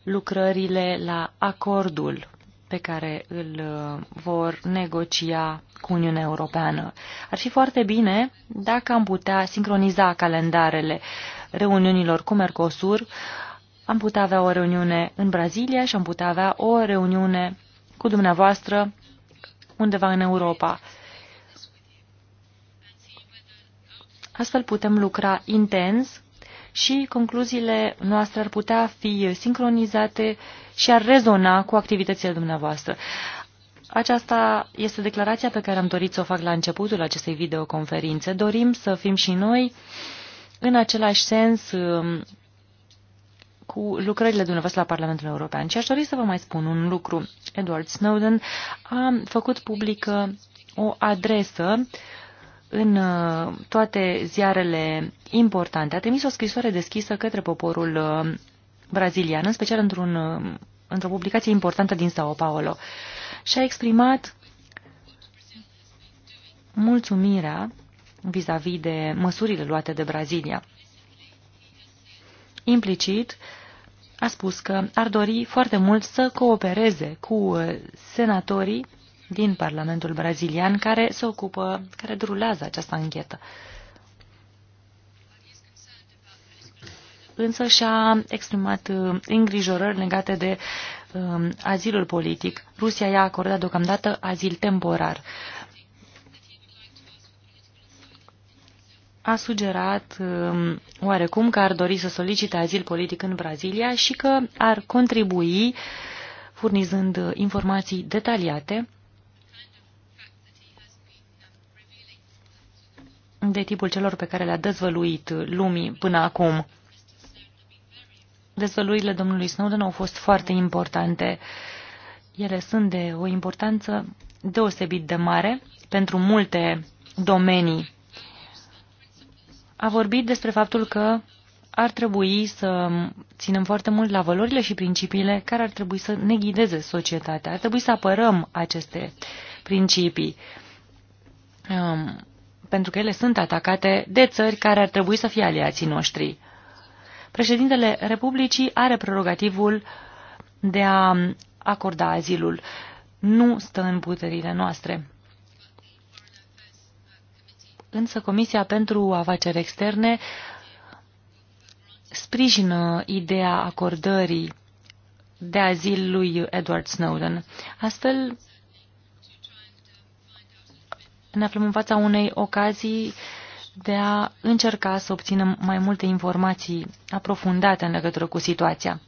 lucrările la acordul pe care îl uh, vor negocia cu Uniunea Europeană. Ar fi foarte bine dacă am putea sincroniza calendarele reuniunilor cu Mercosur, am putea avea o reuniune în Brazilia și am putea avea o reuniune cu dumneavoastră undeva în Europa. Astfel putem lucra intens și concluziile noastre ar putea fi sincronizate și ar rezona cu activitățile dumneavoastră. Aceasta este declarația pe care am dorit să o fac la începutul acestei videoconferințe. Dorim să fim și noi în același sens um, cu lucrările dumneavoastră la Parlamentul European. Și aș dori să vă mai spun un lucru. Edward Snowden a făcut publică o adresă în uh, toate ziarele importante. A trimis o scrisoare deschisă către poporul uh, brazilian, în special într-un, uh, într-o publicație importantă din Sao Paulo. Și a exprimat mulțumirea vis-a-vis -vis de măsurile luate de Brazilia. Implicit, a spus că ar dori foarte mult să coopereze cu senatorii din Parlamentul brazilian care se ocupă, care drulează această anchetă. Însă și-a exprimat uh, îngrijorări legate de um, azilul politic. Rusia i-a acordat deocamdată azil temporar. a sugerat um, oarecum că ar dori să solicite azil politic în Brazilia și că ar contribui, furnizând uh, informații detaliate, de tipul celor pe care le-a dezvăluit lumii până acum. Dezvăluirile domnului Snowden au fost foarte importante. Ele sunt de o importanță deosebit de mare pentru multe domenii. A vorbit despre faptul că ar trebui să ținem foarte mult la valorile și principiile care ar trebui să ne ghideze societatea. Ar trebui să apărăm aceste principii. Um, pentru că ele sunt atacate de țări care ar trebui să fie aliații noștri. Președintele Republicii are prerogativul de a acorda azilul. Nu stă în puterile noastre. Însă Comisia pentru Afaceri Externe sprijină ideea acordării de azil lui Edward Snowden. Astfel, ne aflăm în fața unei ocazii de a încerca să obținem mai multe informații aprofundate în legătură cu situația.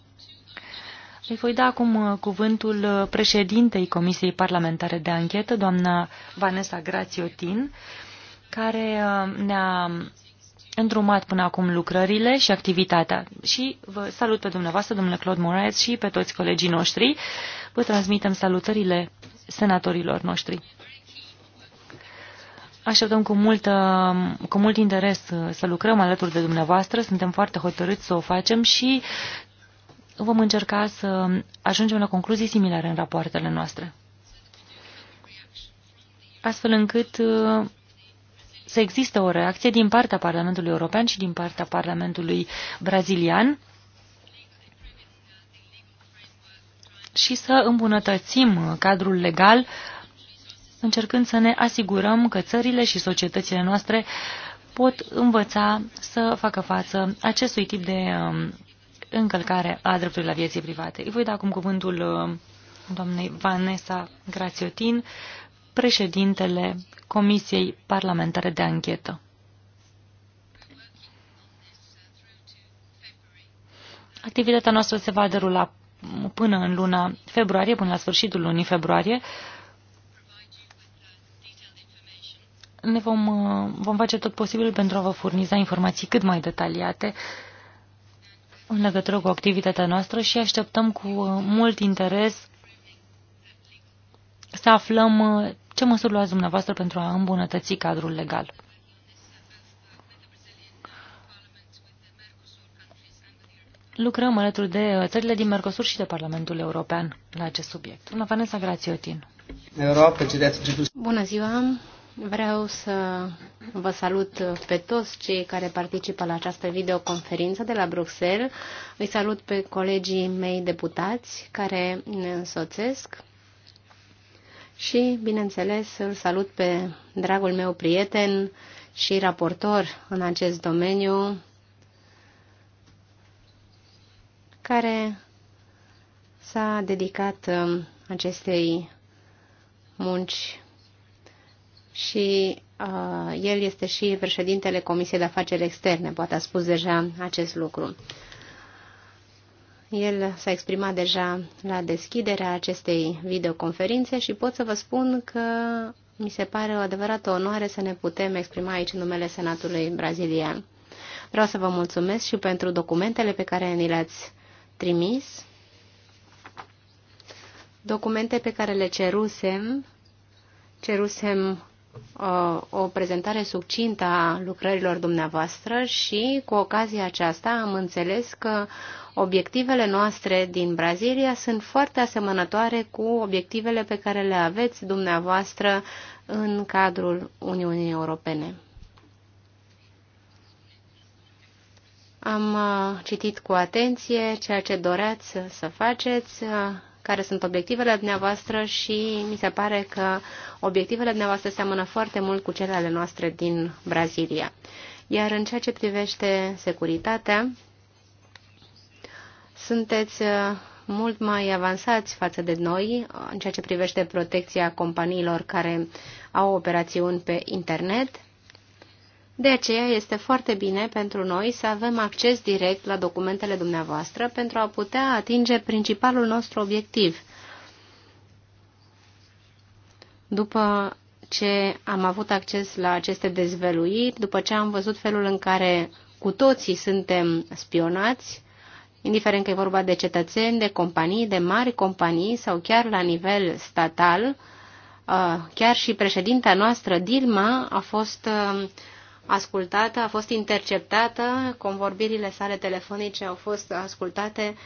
Îi voi da acum uh, cuvântul uh, președintei Comisiei Parlamentare de Anchetă, doamna Vanessa Grațiotin, care uh, ne-a îndrumat până acum lucrările și activitatea. Și vă salut pe dumneavoastră, domnule Claude Moraes, și pe toți colegii noștri. Vă transmitem salutările senatorilor noștri. Așteptăm cu mult, cu mult interes uh, să lucrăm alături de dumneavoastră. Suntem foarte hotărâți să o facem și vom încerca să ajungem la concluzii similare în rapoartele noastre. Astfel încât uh, să existe o reacție din partea Parlamentului European și din partea Parlamentului Brazilian și să îmbunătățim uh, cadrul legal uh, încercând să ne asigurăm că țările și societățile noastre pot învăța să facă față acestui tip de um, încălcare a dreptului la vieții private. Îi voi da acum cuvântul um, doamnei Vanessa Grațiotin, președintele Comisiei Parlamentare de Anchetă. Activitatea noastră se va derula până în luna februarie, până la sfârșitul lunii februarie, ne vom, uh, vom face tot posibilul pentru a vă furniza informații cât mai detaliate în legătură cu activitatea noastră și așteptăm cu uh, mult interes să aflăm uh, ce măsuri luați dumneavoastră pentru a îmbunătăți cadrul legal. Lucrăm alături de țările din Mercosur și de Parlamentul European la acest subiect. Una Vanessa Grațiotin. Europa, Bună ziua! Vreau să vă salut pe toți cei care participă la această videoconferință de la Bruxelles. Îi salut pe colegii mei deputați care ne însoțesc și, bineînțeles, îl salut pe dragul meu prieten și raportor în acest domeniu, care s-a dedicat um, acestei munci și uh, el este și președintele Comisiei de Afaceri Externe, poate a spus deja acest lucru. El s-a exprimat deja la deschiderea acestei videoconferințe și pot să vă spun că mi se pare o adevărată onoare să ne putem exprima aici numele Senatului brazilian. Vreau să vă mulțumesc și pentru documentele pe care ni le-ați trimis, documente pe care le cerusem, cerusem Uh, o prezentare succintă a lucrărilor dumneavoastră și cu ocazia aceasta am înțeles că obiectivele noastre din Brazilia sunt foarte asemănătoare cu obiectivele pe care le aveți dumneavoastră în cadrul Uniunii Europene. Am uh, citit cu atenție ceea ce doreați să faceți, uh, care sunt obiectivele dumneavoastră și mi se pare că obiectivele dumneavoastră seamănă foarte mult cu cele ale noastre din Brazilia. Iar în ceea ce privește securitatea, sunteți uh, mult mai avansați față de noi în ceea ce privește protecția companiilor care au operațiuni pe internet de aceea este foarte bine pentru noi să avem acces direct la documentele dumneavoastră pentru a putea atinge principalul nostru obiectiv. După ce am avut acces la aceste dezvăluiri, după ce am văzut felul în care cu toții suntem spionați, indiferent că e vorba de cetățeni, de companii, de mari companii sau chiar la nivel statal, uh, chiar și președinta noastră, Dilma, a fost uh, ascultată, a fost interceptată, convorbirile sale telefonice au fost ascultate.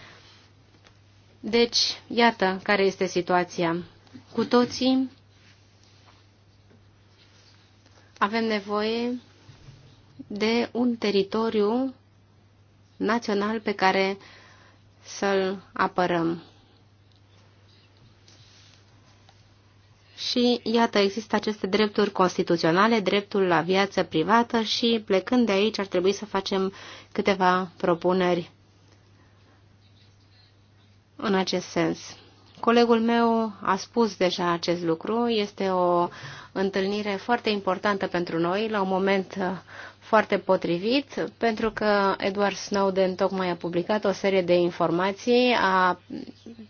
Deci, iată care este situația. Cu toții avem nevoie de un teritoriu național pe care să-l apărăm. Și iată, există aceste drepturi constituționale, dreptul la viață privată și plecând de aici ar trebui să facem câteva propuneri în acest sens. Colegul meu a spus deja acest lucru. Este o întâlnire foarte importantă pentru noi, la un moment foarte potrivit pentru că Edward Snowden tocmai a publicat o serie de informații, a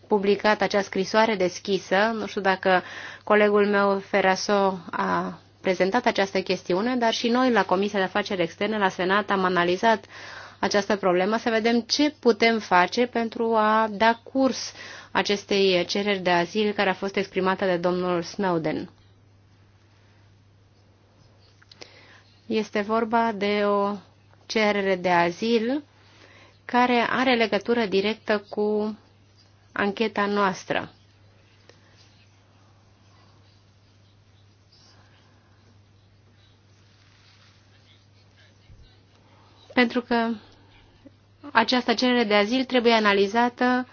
publicat acea scrisoare deschisă. Nu știu dacă colegul meu Feraso a prezentat această chestiune, dar și noi la Comisia de Afaceri Externe, la Senat, am analizat această problemă, să vedem ce putem face pentru a da curs acestei cereri de azil care a fost exprimată de domnul Snowden. Este vorba de o cerere de azil care are legătură directă cu ancheta noastră. Pentru că această cerere de azil trebuie analizată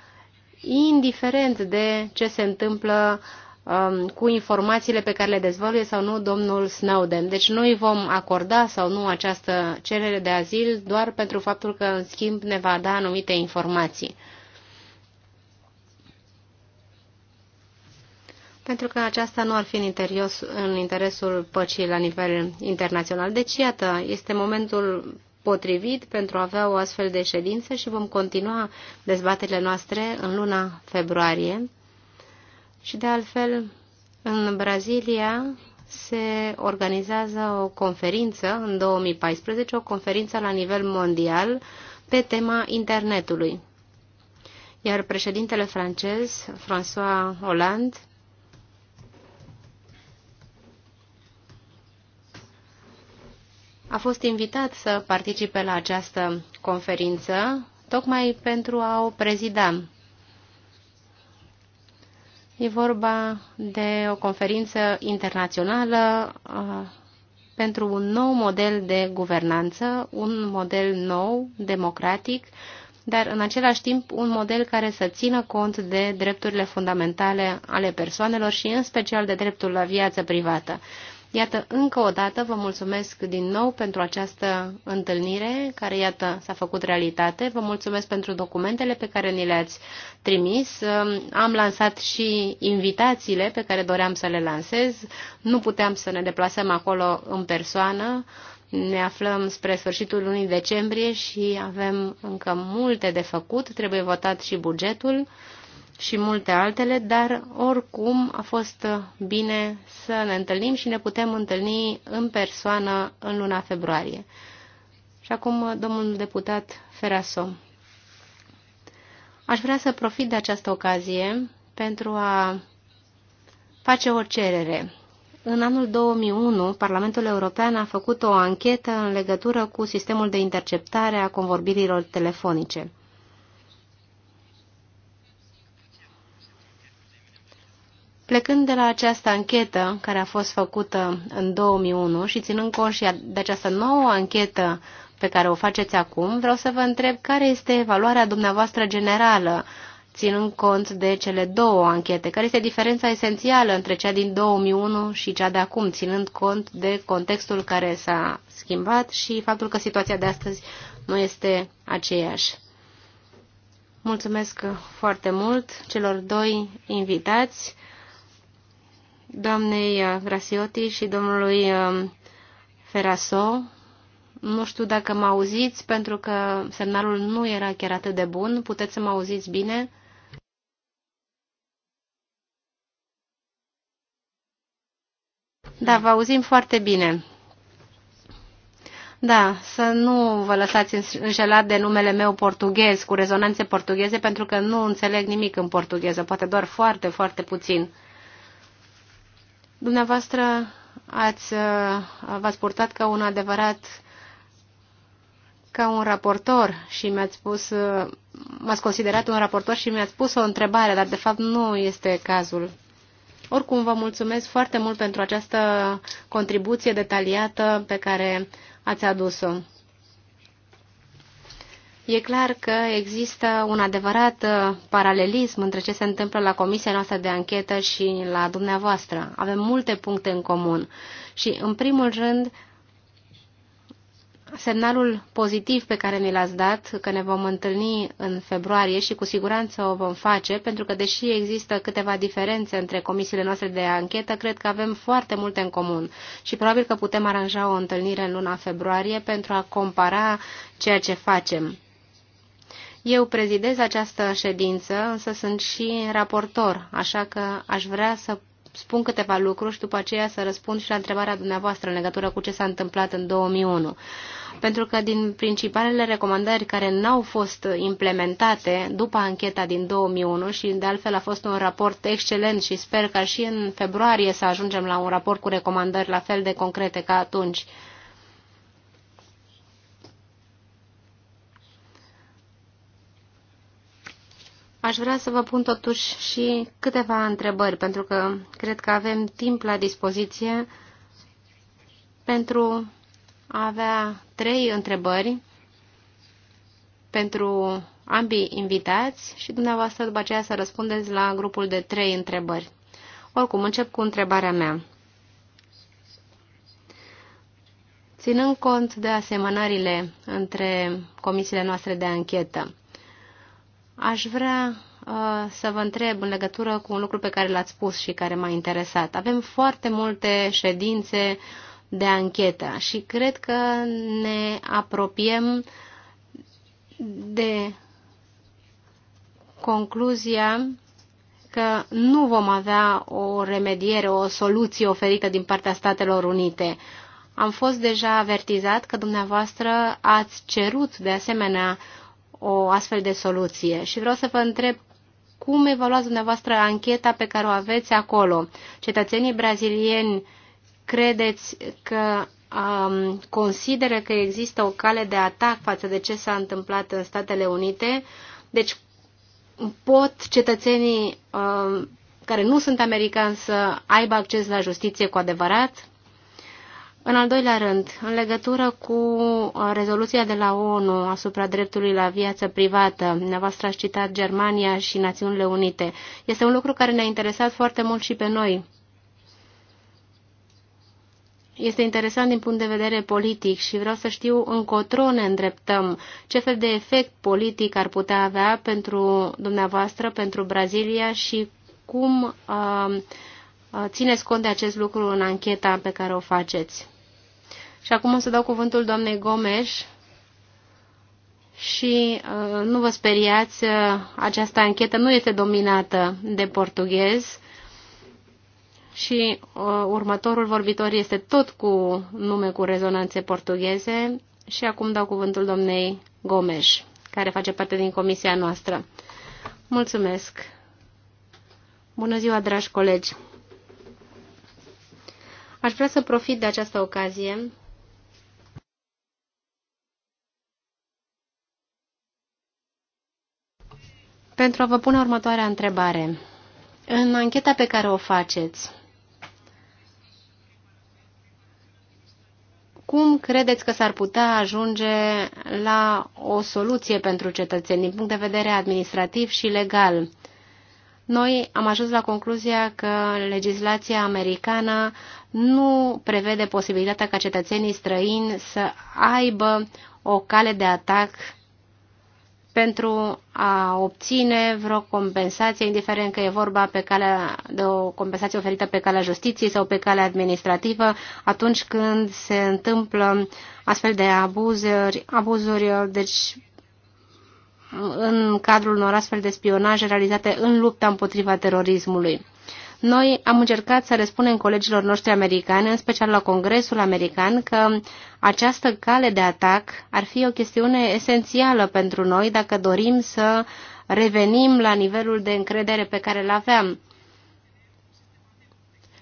indiferent de ce se întâmplă Um, cu informațiile pe care le dezvăluie sau nu domnul Snowden. Deci noi vom acorda sau nu această cerere de azil doar pentru faptul că, în schimb, ne va da anumite informații. pentru că aceasta nu ar fi în, interios, în interesul păcii la nivel internațional. Deci, iată, este momentul potrivit pentru a avea o astfel de ședință și vom continua dezbaterile noastre în luna februarie și de altfel, în Brazilia se organizează o conferință în 2014, o conferință la nivel mondial pe tema internetului. Iar președintele francez, François Hollande, a fost invitat să participe la această conferință tocmai pentru a o prezida. E vorba de o conferință internațională pentru un nou model de guvernanță, un model nou, democratic, dar în același timp un model care să țină cont de drepturile fundamentale ale persoanelor și în special de dreptul la viață privată. Iată, încă o dată vă mulțumesc din nou pentru această întâlnire care, iată, s-a făcut realitate. Vă mulțumesc pentru documentele pe care ni le-ați trimis. Am lansat și invitațiile pe care doream să le lansez. Nu puteam să ne deplasăm acolo în persoană. Ne aflăm spre sfârșitul lunii decembrie și avem încă multe de făcut. Trebuie votat și bugetul și multe altele, dar oricum a fost bine să ne întâlnim și ne putem întâlni în persoană în luna februarie. Și acum, domnul deputat Feraso. Aș vrea să profit de această ocazie pentru a face o cerere. În anul 2001, Parlamentul European a făcut o anchetă în legătură cu sistemul de interceptare a convorbirilor telefonice. Plecând de la această anchetă care a fost făcută în 2001 și ținând cont și de această nouă anchetă pe care o faceți acum, vreau să vă întreb care este evaluarea dumneavoastră generală, ținând cont de cele două anchete. Care este diferența esențială între cea din 2001 și cea de acum, ținând cont de contextul care s-a schimbat și faptul că situația de astăzi nu este aceeași. Mulțumesc foarte mult celor doi invitați doamnei uh, Grasioti și domnului um, Feraso. Nu știu dacă mă auziți, pentru că semnalul nu era chiar atât de bun. Puteți să mă auziți bine? Da, vă auzim foarte bine. Da, să nu vă lăsați înșelat de numele meu portughez, cu rezonanțe portugheze, pentru că nu înțeleg nimic în portugheză, poate doar foarte, foarte puțin. Dumneavoastră ați, uh, v-ați purtat ca un adevărat ca un raportor și mi-ați spus, uh, m-ați considerat un raportor și mi-ați pus o întrebare, dar de fapt nu este cazul. Oricum, vă mulțumesc foarte mult pentru această contribuție detaliată pe care ați adus-o. E clar că există un adevărat uh, paralelism între ce se întâmplă la comisia noastră de anchetă și la dumneavoastră. Avem multe puncte în comun și, în primul rând, semnalul pozitiv pe care ni l-ați dat, că ne vom întâlni în februarie și cu siguranță o vom face, pentru că deși există câteva diferențe între comisiile noastre de anchetă, cred că avem foarte multe în comun și probabil că putem aranja o întâlnire în luna februarie pentru a compara ceea ce facem. Eu prezidez această ședință, însă sunt și raportor, așa că aș vrea să spun câteva lucruri și după aceea să răspund și la întrebarea dumneavoastră în legătură cu ce s-a întâmplat în 2001. Pentru că din principalele recomandări care n-au fost implementate după ancheta din 2001 și de altfel a fost un raport excelent și sper ca și în februarie să ajungem la un raport cu recomandări la fel de concrete ca atunci, Aș vrea să vă pun totuși și câteva întrebări, pentru că cred că avem timp la dispoziție pentru a avea trei întrebări pentru ambii invitați și dumneavoastră după aceea să răspundeți la grupul de trei întrebări. Oricum, încep cu întrebarea mea. Ținând cont de asemănările între comisiile noastre de anchetă, Aș vrea uh, să vă întreb în legătură cu un lucru pe care l-ați spus și care m-a interesat. Avem foarte multe ședințe de anchetă și cred că ne apropiem de concluzia că nu vom avea o remediere, o soluție oferită din partea Statelor Unite. Am fost deja avertizat că dumneavoastră ați cerut de asemenea uh, o astfel de soluție. Și vreau să vă întreb cum evaluați dumneavoastră ancheta pe care o aveți acolo. Cetățenii brazilieni credeți că um, consideră că există o cale de atac față de ce s-a întâmplat în Statele Unite? Deci pot cetățenii um, care nu sunt americani să aibă acces la justiție cu adevărat? În al doilea rând, în legătură cu uh, rezoluția de la ONU asupra dreptului la viață privată, dumneavoastră ați citat Germania și Națiunile Unite, este un lucru care ne-a interesat foarte mult și pe noi. Este interesant din punct de vedere politic și vreau să știu încotro ne îndreptăm, ce fel de efect politic ar putea avea pentru dumneavoastră, pentru Brazilia și cum uh, uh Țineți cont de acest lucru în ancheta pe care o faceți. Și acum o să dau cuvântul doamnei Gomes și uh, nu vă speriați, uh, această anchetă nu este dominată de portughez și uh, următorul vorbitor este tot cu nume cu rezonanțe portugheze și acum dau cuvântul doamnei Gomes, care face parte din comisia noastră. Mulțumesc! Bună ziua, dragi colegi! Aș vrea să profit de această ocazie pentru a vă pune următoarea întrebare. În ancheta pe care o faceți, cum credeți că s-ar putea ajunge la o soluție pentru cetățeni din punct de vedere administrativ și legal? Noi am ajuns la concluzia că legislația americană nu prevede posibilitatea ca cetățenii străini să aibă o cale de atac pentru a obține vreo compensație, indiferent că e vorba pe calea de o compensație oferită pe calea justiției sau pe calea administrativă, atunci când se întâmplă astfel de abuzuri, abuzuri deci în cadrul unor astfel de spionaje realizate în lupta împotriva terorismului. Noi am încercat să răspundem colegilor noștri americani, în special la Congresul american, că această cale de atac ar fi o chestiune esențială pentru noi dacă dorim să revenim la nivelul de încredere pe care îl aveam.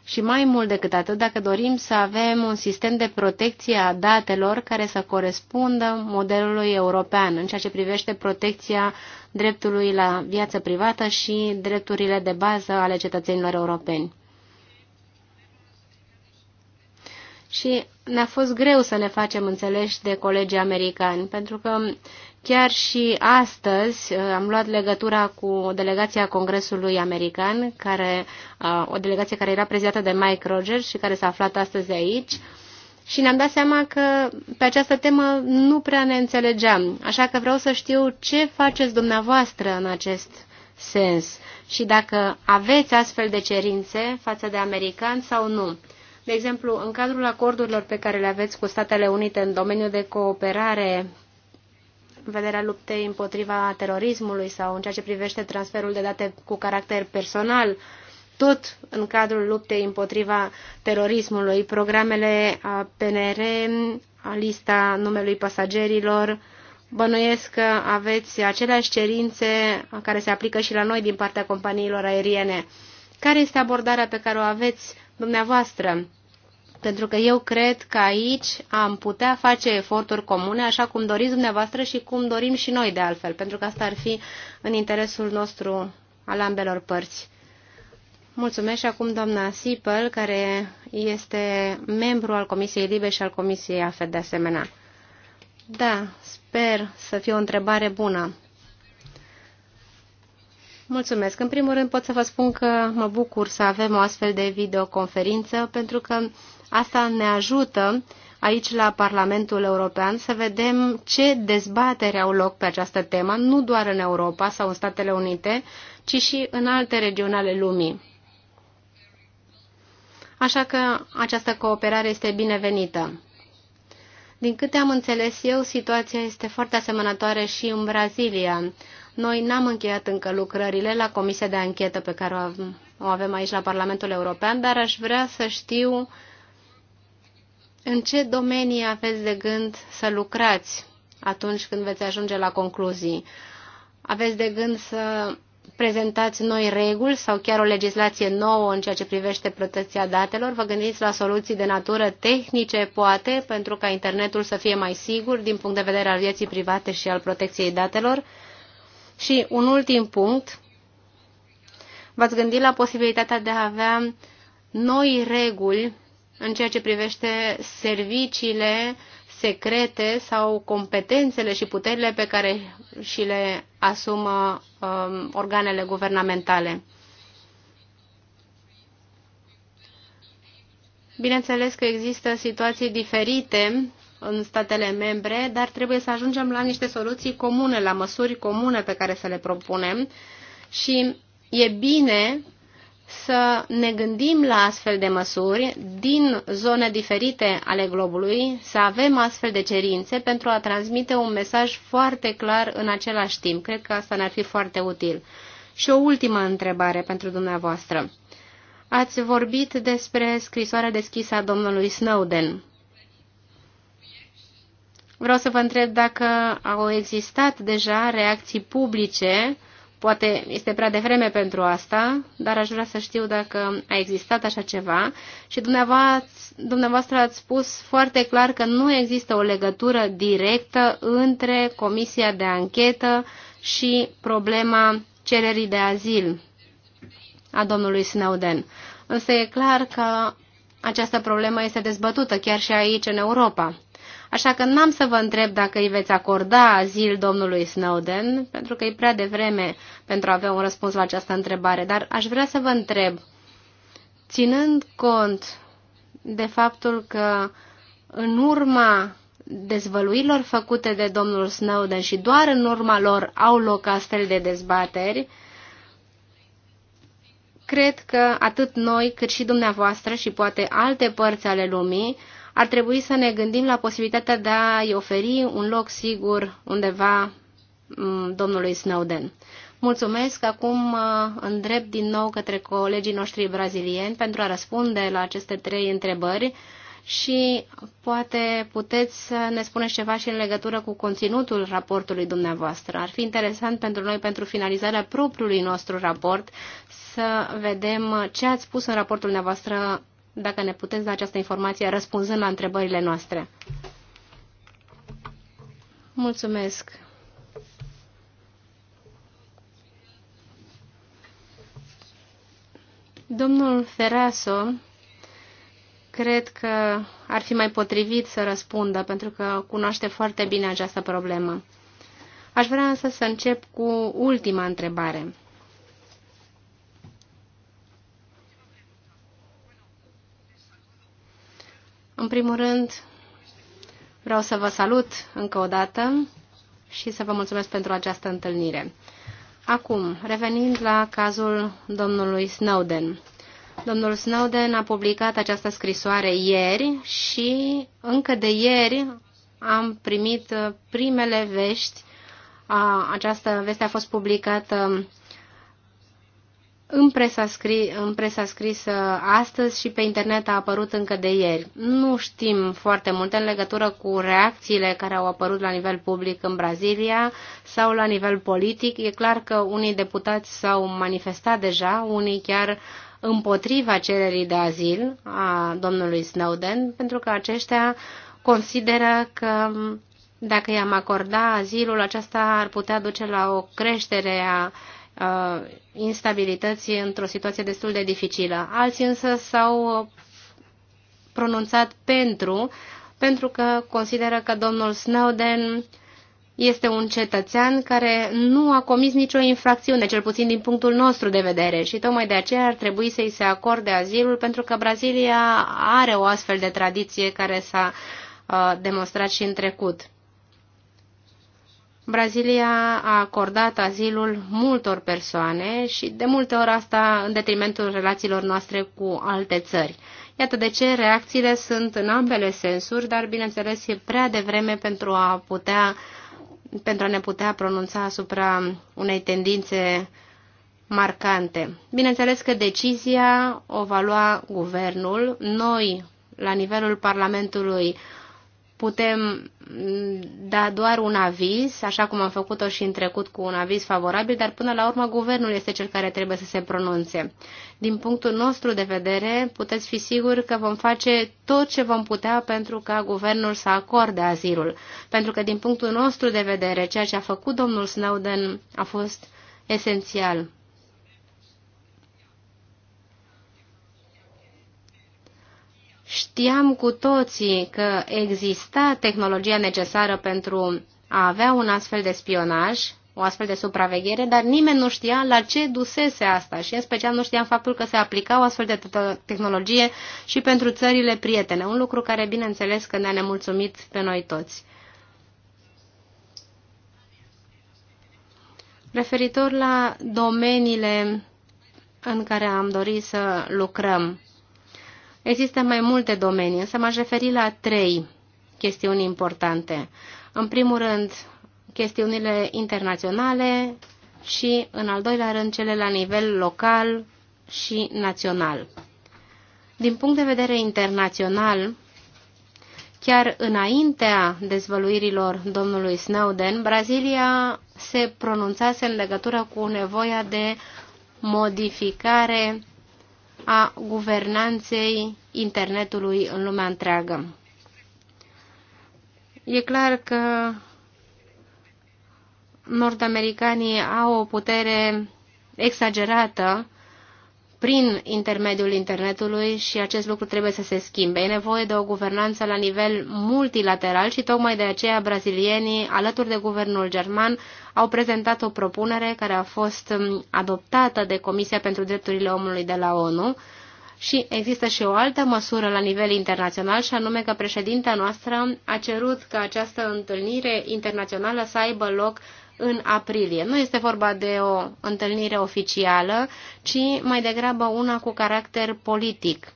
Și mai mult decât atât, dacă dorim să avem un sistem de protecție a datelor care să corespundă modelului european în ceea ce privește protecția dreptului la viață privată și drepturile de bază ale cetățenilor europeni. Și ne-a fost greu să le facem înțeleși de colegii americani, pentru că chiar și astăzi uh, am luat legătura cu o delegație a Congresului American, care, uh, o delegație care era prezidată de Mike Rogers și care s-a aflat astăzi aici, și ne-am dat seama că pe această temă nu prea ne înțelegeam. Așa că vreau să știu ce faceți dumneavoastră în acest sens și dacă aveți astfel de cerințe față de americani sau nu. De exemplu, în cadrul acordurilor pe care le aveți cu Statele Unite în domeniul de cooperare în vederea luptei împotriva terorismului sau în ceea ce privește transferul de date cu caracter personal, tot în cadrul luptei împotriva terorismului, programele PNR, lista numelui pasagerilor, Bănuiesc că aveți aceleași cerințe care se aplică și la noi din partea companiilor aeriene. Care este abordarea pe care o aveți dumneavoastră? Pentru că eu cred că aici am putea face eforturi comune, așa cum doriți dumneavoastră și cum dorim și noi de altfel, pentru că asta ar fi în interesul nostru al ambelor părți. Mulțumesc și acum doamna Sipel, care este membru al Comisiei Libe și al Comisiei AFED de asemenea. Da, sper să fie o întrebare bună. Mulțumesc. În primul rând pot să vă spun că mă bucur să avem o astfel de videoconferință, pentru că asta ne ajută aici la Parlamentul European să vedem ce dezbatere au loc pe această temă, nu doar în Europa sau în Statele Unite, ci și în alte regiuni ale lumii așa că această cooperare este binevenită. Din câte am înțeles eu, situația este foarte asemănătoare și în Brazilia. Noi n-am încheiat încă lucrările la comisia de anchetă pe care o avem aici la Parlamentul European, dar aș vrea să știu în ce domenii aveți de gând să lucrați atunci când veți ajunge la concluzii. Aveți de gând să prezentați noi reguli sau chiar o legislație nouă în ceea ce privește protecția datelor? Vă gândiți la soluții de natură tehnice, poate, pentru ca internetul să fie mai sigur din punct de vedere al vieții private și al protecției datelor? Și un ultim punct, v-ați gândit la posibilitatea de a avea noi reguli în ceea ce privește serviciile uh, secrete sau competențele și puterile pe care și le asumă um, organele guvernamentale. Bineînțeles că există situații diferite în statele membre, dar trebuie să ajungem la niște soluții comune, la măsuri comune pe care să le propunem și e bine să ne gândim la astfel de măsuri din zone diferite ale globului, să avem astfel de cerințe pentru a transmite un mesaj foarte clar în același timp. Cred că asta ne-ar fi foarte util. Și o ultimă întrebare pentru dumneavoastră. Ați vorbit despre scrisoarea deschisă a domnului Snowden. Vreau să vă întreb dacă au existat deja reacții publice Poate este prea devreme pentru asta, dar aș vrea să știu dacă a existat așa ceva și dumneavoastră ați spus foarte clar că nu există o legătură directă între Comisia de Anchetă și problema cererii de azil a domnului Snowden. Însă e clar că această problemă este dezbătută chiar și aici, în Europa. Așa că n-am să vă întreb dacă îi veți acorda azil domnului Snowden, pentru că e prea devreme pentru a avea un răspuns la această întrebare, dar aș vrea să vă întreb, ținând cont de faptul că în urma dezvăluirilor făcute de domnul Snowden și doar în urma lor au loc astfel de dezbateri, cred că atât noi cât și dumneavoastră și poate alte părți ale lumii ar trebui să ne gândim la posibilitatea de a-i oferi un loc sigur undeva mm, domnului Snowden. Mulțumesc. Acum uh, îndrept din nou către colegii noștri brazilieni pentru a răspunde la aceste trei întrebări și poate puteți să ne spuneți ceva și în legătură cu conținutul raportului dumneavoastră. Ar fi interesant pentru noi, pentru finalizarea propriului nostru raport, să vedem ce ați spus în raportul dumneavoastră dacă ne puteți da această informație răspunzând la întrebările noastre. Mulțumesc! Domnul Feraso, cred că ar fi mai potrivit să răspundă, pentru că cunoaște foarte bine această problemă. Aș vrea însă să încep cu ultima întrebare. În primul rând, vreau să vă salut încă o dată și să vă mulțumesc pentru această întâlnire. Acum, revenind la cazul domnului Snowden. Domnul Snowden a publicat această scrisoare ieri și încă de ieri am primit primele vești. Această veste a fost publicată în presa, scri, în presa scrisă astăzi și pe internet a apărut încă de ieri. Nu știm foarte multe în legătură cu reacțiile care au apărut la nivel public în Brazilia sau la nivel politic. E clar că unii deputați s-au manifestat deja, unii chiar împotriva cererii de azil a domnului Snowden, pentru că aceștia consideră că dacă i-am acorda azilul, aceasta ar putea duce la o creștere a uh, instabilității într-o situație destul de dificilă. Alții însă s-au uh, pronunțat pentru, pentru că consideră că domnul Snowden este un cetățean care nu a comis nicio infracțiune, cel puțin din punctul nostru de vedere, și tocmai de aceea ar trebui să-i se acorde azilul, pentru că Brazilia are o astfel de tradiție care s-a uh, demonstrat și în trecut. Brazilia a acordat azilul multor persoane și de multe ori asta în detrimentul relațiilor noastre cu alte țări. Iată de ce reacțiile sunt în ambele sensuri, dar bineînțeles e prea devreme pentru a, putea, pentru a ne putea pronunța asupra unei tendințe marcante. Bineînțeles că decizia o va lua guvernul. Noi, la nivelul Parlamentului, putem da doar un aviz, așa cum am făcut-o și în trecut cu un aviz favorabil, dar până la urmă guvernul este cel care trebuie să se pronunțe. Din punctul nostru de vedere, puteți fi siguri că vom face tot ce vom putea pentru ca guvernul să acorde azilul. Pentru că din punctul nostru de vedere, ceea ce a făcut domnul Snowden a fost esențial. Știam cu toții că exista tehnologia necesară pentru a avea un astfel de spionaj, o astfel de supraveghere, dar nimeni nu știa la ce dusese asta și în special nu știam faptul că se aplica o astfel de tehnologie și pentru țările prietene, un lucru care bineînțeles că ne-a nemulțumit pe noi toți. Referitor la domeniile în care am dorit să lucrăm, Există mai multe domenii, însă m-aș referi la trei chestiuni importante. În primul rând, chestiunile internaționale și, în al doilea rând, cele la nivel local și național. Din punct de vedere internațional, Chiar înaintea dezvăluirilor domnului Snowden, Brazilia se pronunțase în legătură cu nevoia de modificare a guvernanței internetului în lumea întreagă. E clar că nord-americanii au o putere exagerată prin intermediul internetului și acest lucru trebuie să se schimbe. E nevoie de o guvernanță la nivel multilateral și tocmai de aceea brazilienii, alături de guvernul german, au prezentat o propunere care a fost um, adoptată de Comisia pentru Drepturile Omului de la ONU și există și o altă măsură la nivel internațional și anume că președinta noastră a cerut ca această întâlnire internațională să aibă loc în aprilie. Nu este vorba de o întâlnire oficială, ci mai degrabă una cu caracter politic.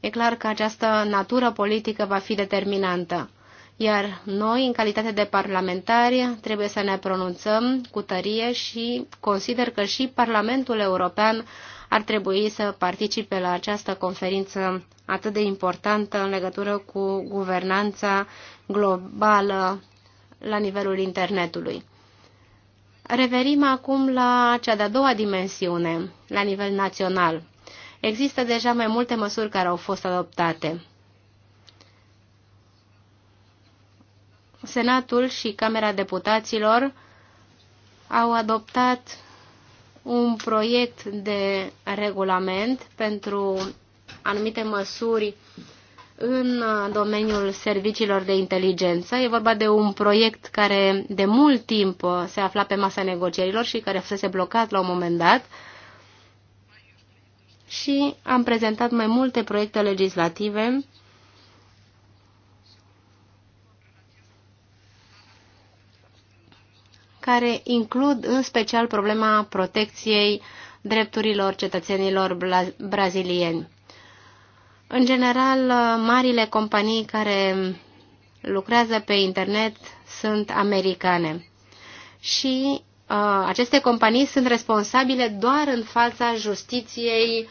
E clar că această natură politică va fi determinantă. Iar noi, în calitate de parlamentari, trebuie să ne pronunțăm cu tărie și consider că și Parlamentul European ar trebui să participe la această conferință atât de importantă în legătură cu guvernanța globală la nivelul internetului. Reverim acum la cea de-a doua dimensiune, la nivel național. Există deja mai multe măsuri care au fost adoptate. Senatul și Camera Deputaților au adoptat un proiect de regulament pentru anumite măsuri uh, în domeniul serviciilor de inteligență. E vorba de un proiect care de mult timp se afla pe masa negocierilor și care fusese blocat la un moment dat. Și am prezentat mai multe proiecte legislative care includ în special problema protecției drepturilor cetățenilor brazilieni. În general, uh, marile companii care lucrează pe internet sunt americane și uh, aceste companii sunt responsabile doar în fața justiției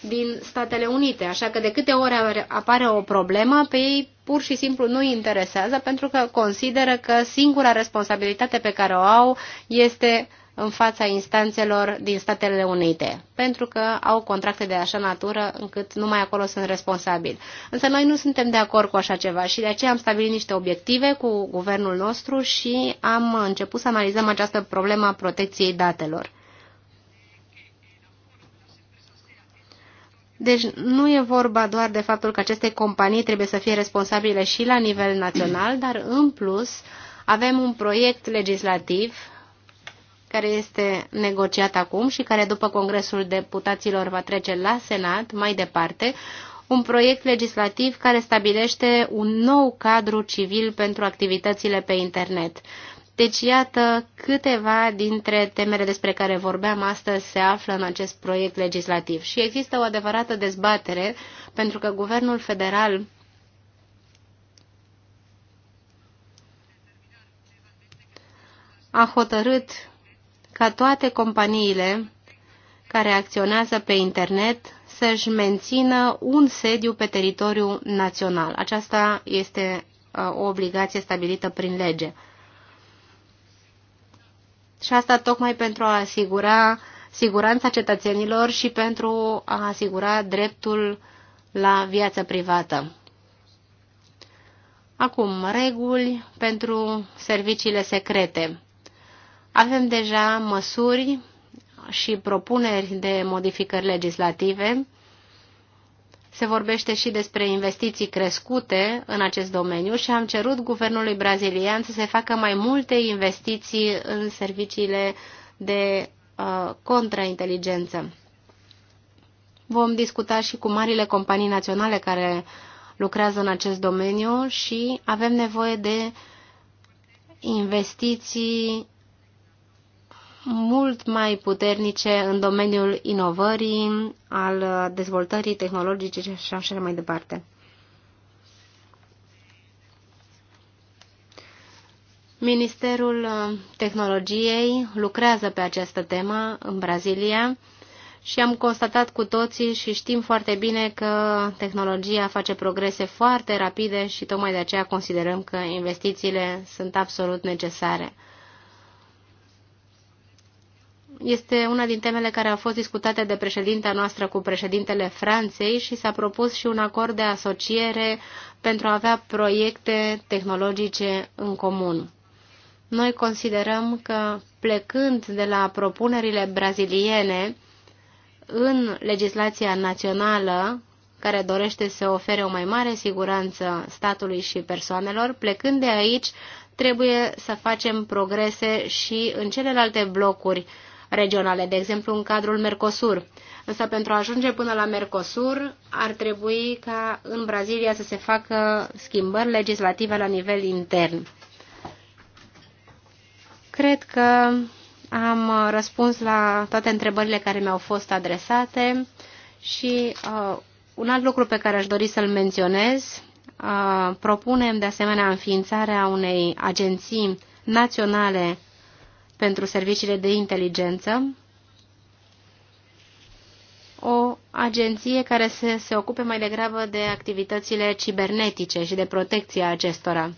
din Statele Unite. Așa că de câte ori apare o problemă, pe ei pur și simplu nu îi interesează pentru că consideră că singura responsabilitate pe care o au este în fața instanțelor din Statele Unite, pentru că au contracte de așa natură încât numai acolo sunt responsabili. Însă noi nu suntem de acord cu așa ceva și de aceea am stabilit niște obiective cu guvernul nostru și am început să analizăm această problemă a protecției datelor. Deci nu e vorba doar de faptul că aceste companii trebuie să fie responsabile și la nivel național, dar în plus avem un proiect legislativ care este negociat acum și care după Congresul Deputaților va trece la Senat mai departe, un proiect legislativ care stabilește un nou cadru civil pentru activitățile pe internet. Deci, iată, câteva dintre temele despre care vorbeam astăzi se află în acest proiect legislativ. Și există o adevărată dezbatere, pentru că Guvernul Federal a hotărât ca toate companiile care acționează pe internet să-și mențină un sediu pe teritoriul național. Aceasta este uh, o obligație stabilită prin lege. Și asta tocmai pentru a asigura siguranța cetățenilor și pentru a asigura dreptul la viață privată. Acum, reguli pentru serviciile secrete. Avem deja măsuri și propuneri de modificări legislative. Se vorbește și despre investiții crescute în acest domeniu și am cerut guvernului brazilian să se facă mai multe investiții în serviciile de uh, contrainteligență. Vom discuta și cu marile companii naționale care lucrează în acest domeniu și avem nevoie de investiții mult mai puternice în domeniul inovării, al dezvoltării tehnologice și așa, așa mai departe. Ministerul Tehnologiei lucrează pe această temă în Brazilia și am constatat cu toții și știm foarte bine că tehnologia face progrese foarte rapide și tocmai de aceea considerăm că investițiile sunt absolut necesare este una din temele care a fost discutate de președinta noastră cu președintele Franței și s-a propus și un acord de asociere pentru a avea proiecte tehnologice în comun. Noi considerăm că, plecând de la propunerile braziliene în legislația națională, care dorește să ofere o mai mare siguranță statului și persoanelor, plecând de aici, trebuie să facem progrese și în celelalte blocuri regionale, de exemplu în cadrul Mercosur. Însă pentru a ajunge până la Mercosur ar trebui ca în Brazilia să se facă schimbări legislative la nivel intern. Cred că am răspuns la toate întrebările care mi-au fost adresate și uh, un alt lucru pe care aș dori să-l menționez, uh, propunem de asemenea înființarea unei agenții naționale pentru serviciile de inteligență, o agenție care să se ocupe mai degrabă de activitățile cibernetice și de protecția acestora.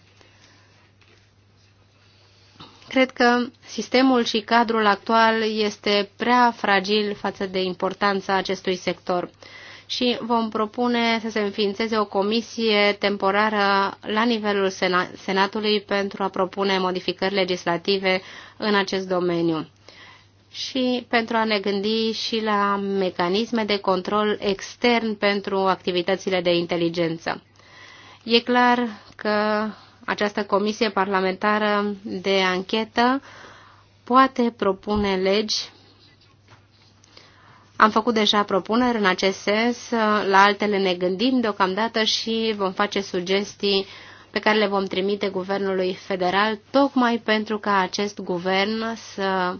Cred că sistemul și cadrul actual este prea fragil față de importanța acestui sector și vom propune să se înființeze o comisie temporară la nivelul Senatului pentru a propune modificări legislative în acest domeniu și pentru a ne gândi și la mecanisme de control extern pentru activitățile de inteligență. E clar că această comisie parlamentară de anchetă poate propune legi am făcut deja propuneri în acest sens, uh, la altele ne gândim deocamdată și vom face sugestii pe care le vom trimite guvernului federal, tocmai pentru ca acest guvern să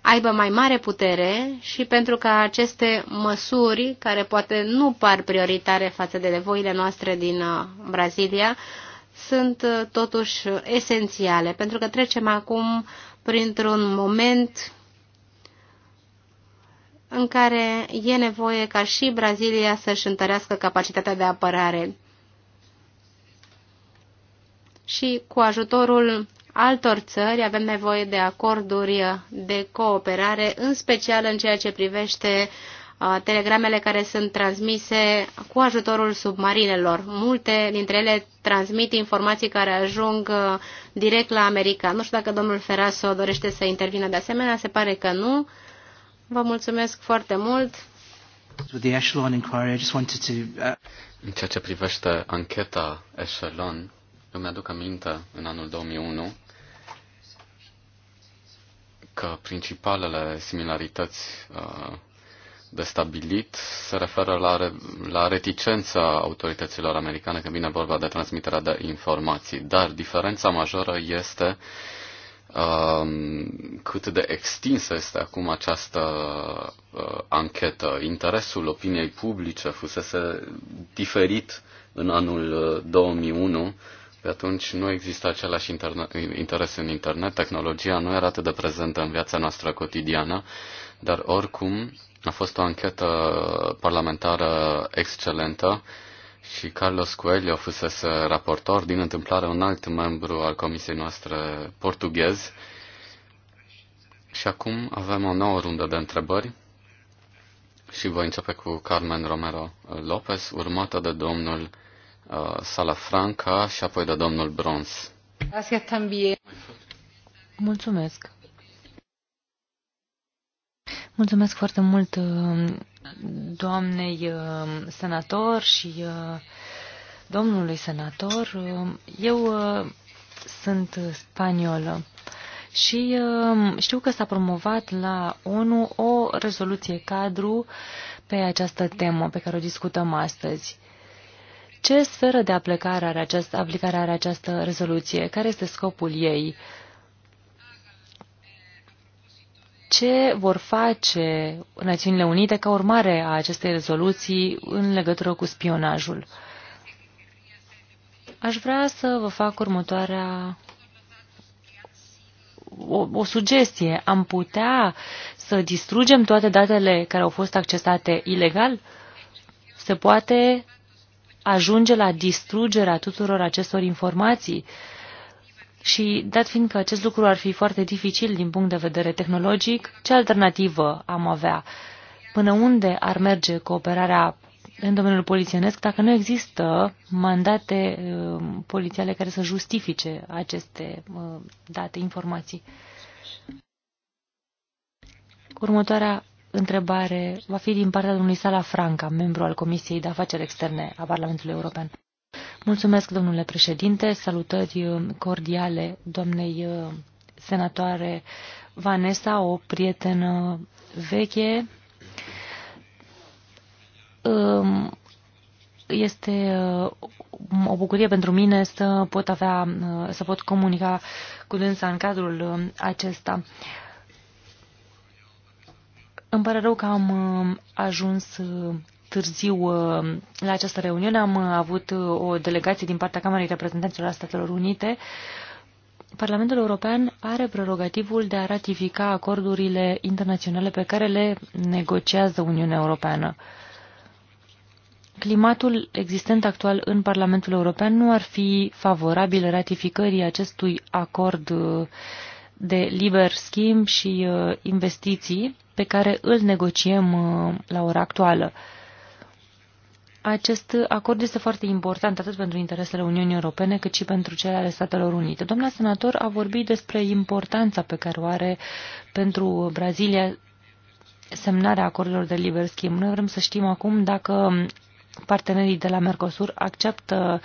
aibă mai mare putere și pentru ca aceste măsuri, care poate nu par prioritare față de nevoile noastre din uh, Brazilia, sunt uh, totuși esențiale, pentru că trecem acum printr-un moment în care e nevoie ca și Brazilia să-și întărească capacitatea de apărare. Și cu ajutorul altor țări avem nevoie de acorduri de cooperare, în special în ceea ce privește telegramele care sunt transmise cu ajutorul submarinelor. Multe dintre ele transmit informații care ajung direct la America. Nu știu dacă domnul Feraso dorește să intervină de asemenea, se pare că nu. Vă mulțumesc foarte mult. Uh, în ceea ce privește ancheta Echelon, mi aduc aminte în anul 2001 că principalele similarități uh, de stabilit se referă la, la reticența autorităților americane când vine vorba de transmiterea de informații, dar diferența majoră este uh, Um, cât de extinsă este acum această uh, anchetă. Interesul opiniei publice fusese diferit în anul 2001. Uh, Pe atunci nu exista același internet, interes în internet, tehnologia nu era atât de prezentă în viața noastră cotidiană, dar oricum a fost o anchetă parlamentară excelentă și Carlos Coelho fusese raportor, din întâmplare un alt membru al comisiei noastre portughez. Și acum avem o nouă rundă de întrebări și voi începe cu Carmen Romero Lopez, urmată de domnul uh, Salafranca și apoi de domnul Brons. Mulțumesc! Mulțumesc foarte mult uh, doamnei uh, senator și uh, domnului senator. Uh, eu sunt spaniolă și știu că s-a promovat la ONU o rezoluție cadru pe această temă pe care o discutăm astăzi. Ce sferă de aplicare are, această, aplicare are această rezoluție? Care este scopul ei? ce vor face Națiunile Unite ca urmare a acestei rezoluții în legătură cu spionajul. Aș vrea să vă fac următoarea o, o sugestie. Am putea să distrugem toate datele care au fost accesate ilegal? Se poate ajunge la distrugerea tuturor acestor informații? Uh, și dat fiind că acest lucru ar fi foarte dificil din punct de vedere tehnologic, ce alternativă am avea? Până unde ar merge cooperarea în domeniul polițienesc dacă nu există mandate uh, polițiale care să justifice aceste uh, date, informații? Următoarea întrebare va fi din partea domnului Sala Franca, membru al Comisiei de Afaceri Externe a Parlamentului European. Mulțumesc, domnule președinte. Salutări cordiale doamnei uh, senatoare Vanessa, o prietenă veche. Um, este uh, o bucurie pentru mine să pot avea, uh, să pot comunica cu dânsa în cadrul acesta. Îmi pare rău că am ajuns târziu uh, la această reuniune. Am uh, avut uh, o delegație din partea Camerei Reprezentanților a Statelor Unite. Parlamentul European are prerogativul de a ratifica acordurile internaționale pe care le negociază Uniunea Europeană. Climatul existent actual în Parlamentul European nu ar fi favorabil ratificării acestui acord de liber schimb și investiții pe care îl negociem la ora actuală. Acest acord este foarte important atât pentru interesele Uniunii Europene cât și pentru cele ale Statelor Unite. Doamna senator a vorbit despre importanța pe care o are pentru Brazilia semnarea acordurilor de liber schimb. Noi vrem să știm acum dacă partenerii de la Mercosur acceptă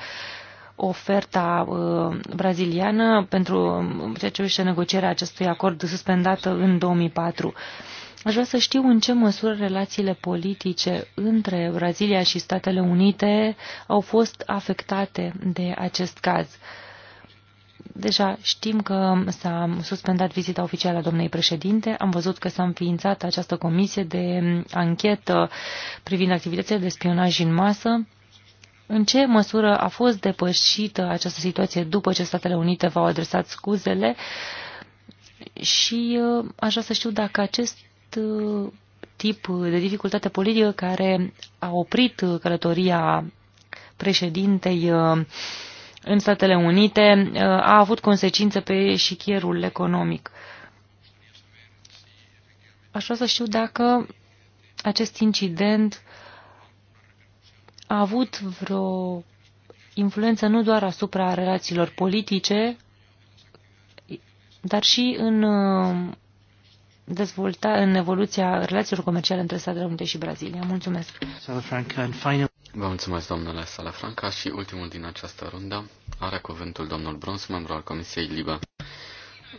oferta uh, braziliană pentru uh, ceea ce privește negocierea acestui acord suspendat în 2004. Aș vrea să știu în ce măsură relațiile politice între Brazilia și Statele Unite au fost afectate de acest caz. Deja știm că s-a suspendat vizita oficială a domnei președinte, am văzut că s-a înființat această comisie de anchetă privind activitățile de spionaj în masă. În ce măsură a fost depășită această situație după ce Statele Unite v-au adresat scuzele? Și uh, aș vrea să știu dacă acest tip de dificultate politică care a oprit călătoria președintei uh, în Statele Unite uh, a avut consecințe pe șichierul economic. Aș vrea să știu dacă acest incident a avut vreo influență nu doar asupra relațiilor politice, dar și în uh, dezvolta în evoluția relațiilor comerciale între Statele Unite și Brazilia. Mulțumesc! Vă mulțumesc, domnule Salafranca, și ultimul din această rundă are cuvântul domnul Bruns, membru al Comisiei Libă.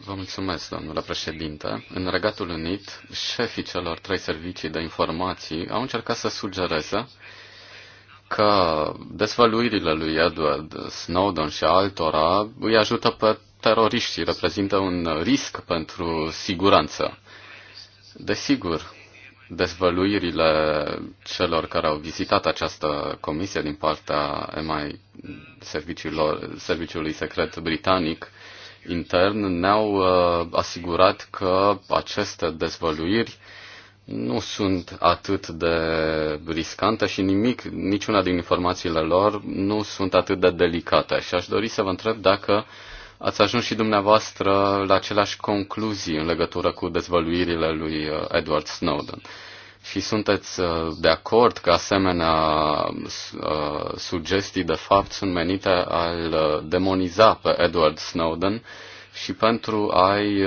Vă mulțumesc, domnule președinte. În Regatul Unit, șefii celor trei servicii de informații au încercat să sugereze că dezvăluirile lui Edward Snowden și altora îi ajută pe teroriști reprezintă un risc pentru siguranță. Desigur, dezvăluirile celor care au vizitat această comisie din partea serviciilor serviciului secret britanic intern ne-au uh, asigurat că aceste dezvăluiri nu sunt atât de riscante și nimic, niciuna din informațiile lor nu sunt atât de delicate. Și aș dori să vă întreb dacă uh, ați ajuns și dumneavoastră la aceleași concluzii în legătură cu dezvăluirile lui uh, Edward Snowden. Și sunteți uh, de acord că asemenea uh, sugestii de fapt sunt menite al demoniza pe Edward Snowden și pentru a-i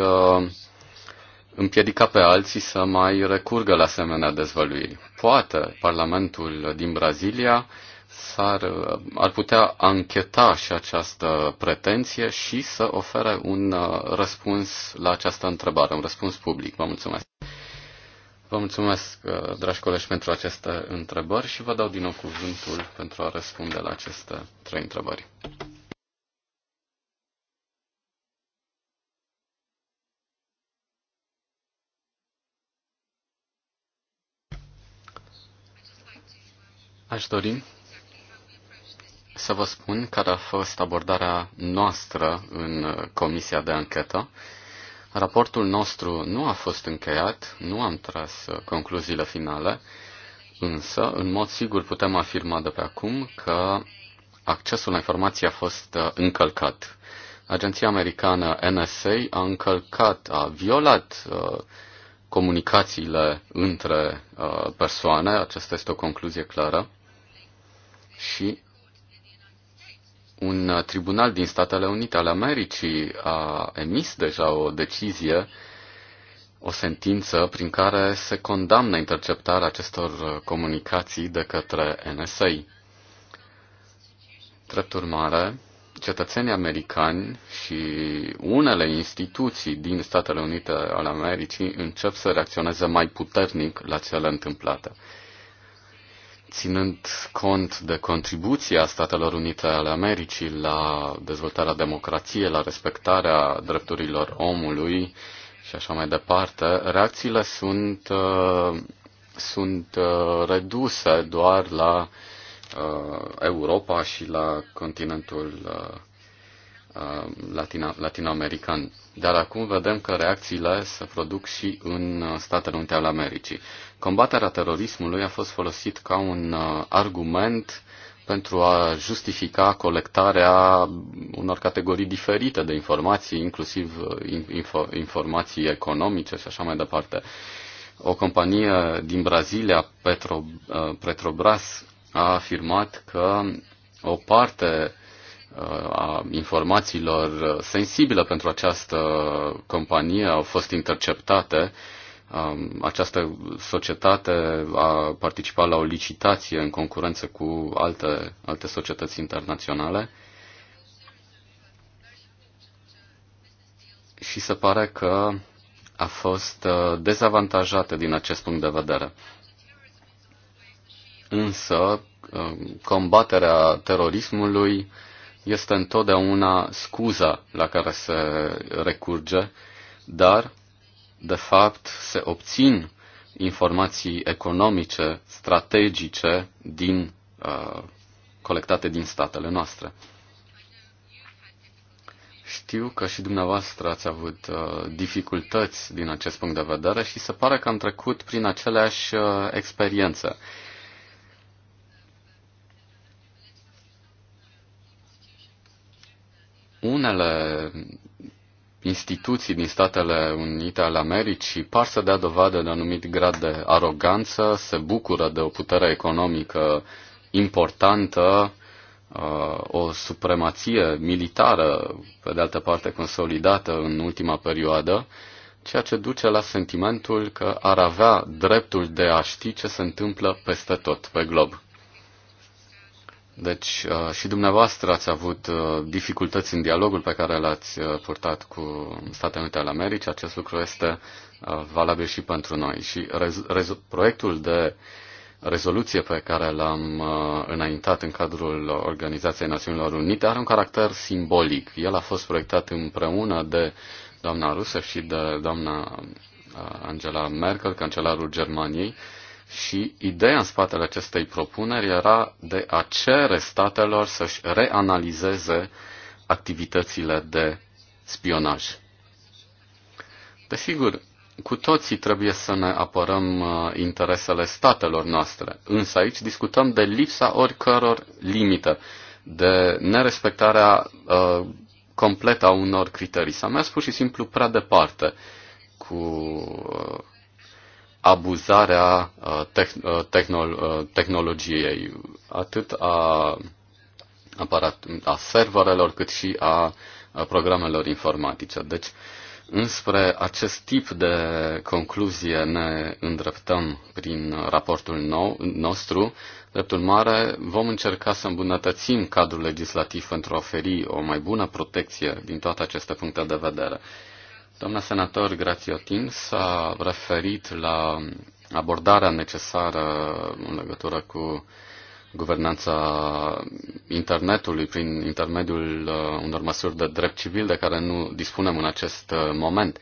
împiedica pe alții să mai recurgă la asemenea dezvăluiri. Poate Parlamentul din Brazilia s-ar, ar putea ancheta și această pretenție și să ofere un uh, răspuns la această întrebare, un răspuns public. Vă mulțumesc. Vă mulțumesc, uh, dragi colegi, pentru aceste întrebări și vă dau din nou cuvântul pentru a răspunde la aceste trei întrebări. Aș dori să vă spun care a fost abordarea noastră în uh, comisia de anchetă. Raportul nostru nu a fost încheiat, nu am tras uh, concluziile finale, însă, în mod sigur, putem afirma de pe acum că accesul la informații a fost uh, încălcat. Agenția americană NSA a încălcat, a violat uh, comunicațiile între uh, persoane, aceasta este o concluzie clară, și un uh, tribunal din Statele Unite ale Americii a emis deja o decizie, o sentință prin care se condamnă interceptarea acestor uh, comunicații de către NSA. Drept urmare, cetățenii americani și unele instituții din Statele Unite ale Americii încep să reacționeze mai puternic la cele întâmplate ținând cont de contribuția Statelor Unite ale Americii la dezvoltarea democrației, la respectarea drepturilor omului și așa mai departe, reacțiile sunt, uh, sunt uh, reduse doar la uh, Europa și la continentul latinoamerican. Dar acum vedem că reacțiile se produc și în Statele Unite ale Americii. Combaterea terorismului a fost folosit ca un uh, argument pentru a justifica colectarea unor categorii diferite de informații, inclusiv uh, info, informații economice și așa mai departe. O companie din Brazilia, Petro, uh, Petrobras, a afirmat că o parte a informațiilor sensibile pentru această companie au fost interceptate Um, această societate a participat la o licitație în concurență cu alte, alte societăți internaționale și se pare că a fost uh, dezavantajată din acest punct de vedere. Însă, um, combaterea terorismului este întotdeauna scuza la care se recurge, dar de fapt, se obțin informații economice, strategice din, uh, colectate din statele noastre. Știu că și dumneavoastră ați avut uh, dificultăți din acest punct de vedere și se pare că am trecut prin aceleași uh, experiență. Unele instituții din Statele Unite ale Americii par să dea dovadă de anumit grad de aroganță, se bucură de o putere economică importantă, uh, o supremație militară, pe de altă parte, consolidată în ultima perioadă, ceea ce duce la sentimentul că ar avea dreptul de a ști ce se întâmplă peste tot pe glob. Deci uh, și dumneavoastră ați avut uh, dificultăți în dialogul pe care l-ați uh, purtat cu Statele Unite ale Americii. Acest lucru este valabil și pentru noi. Și proiectul de rezoluție pe care l-am înaintat în cadrul Organizației Națiunilor Unite are un caracter simbolic. El a fost proiectat împreună de doamna Rusă și de doamna Angela Merkel, cancelarul Germaniei, și ideea în spatele acestei propuneri era de a cere statelor să-și reanalizeze activitățile de spionaj. Desigur, cu toții trebuie să ne apărăm uh, interesele statelor noastre, însă aici discutăm de lipsa oricăror limite, de nerespectarea uh, completă a unor criterii. S-a mers pur și simplu prea departe cu uh, abuzarea uh, tehn- uh, tehn- uh, tehnologiei, atât a, aparat- a serverelor, cât și a programelor informatice. Deci, înspre acest tip de concluzie ne îndreptăm prin raportul nou, nostru. Drept urmare, vom încerca să îmbunătățim cadrul legislativ pentru a oferi o mai bună protecție din toate aceste puncte de vedere. Doamna senator Grațiotin s-a referit la abordarea necesară în legătură cu guvernanța internetului prin intermediul uh, unor măsuri de drept civil de care nu dispunem în acest uh, moment.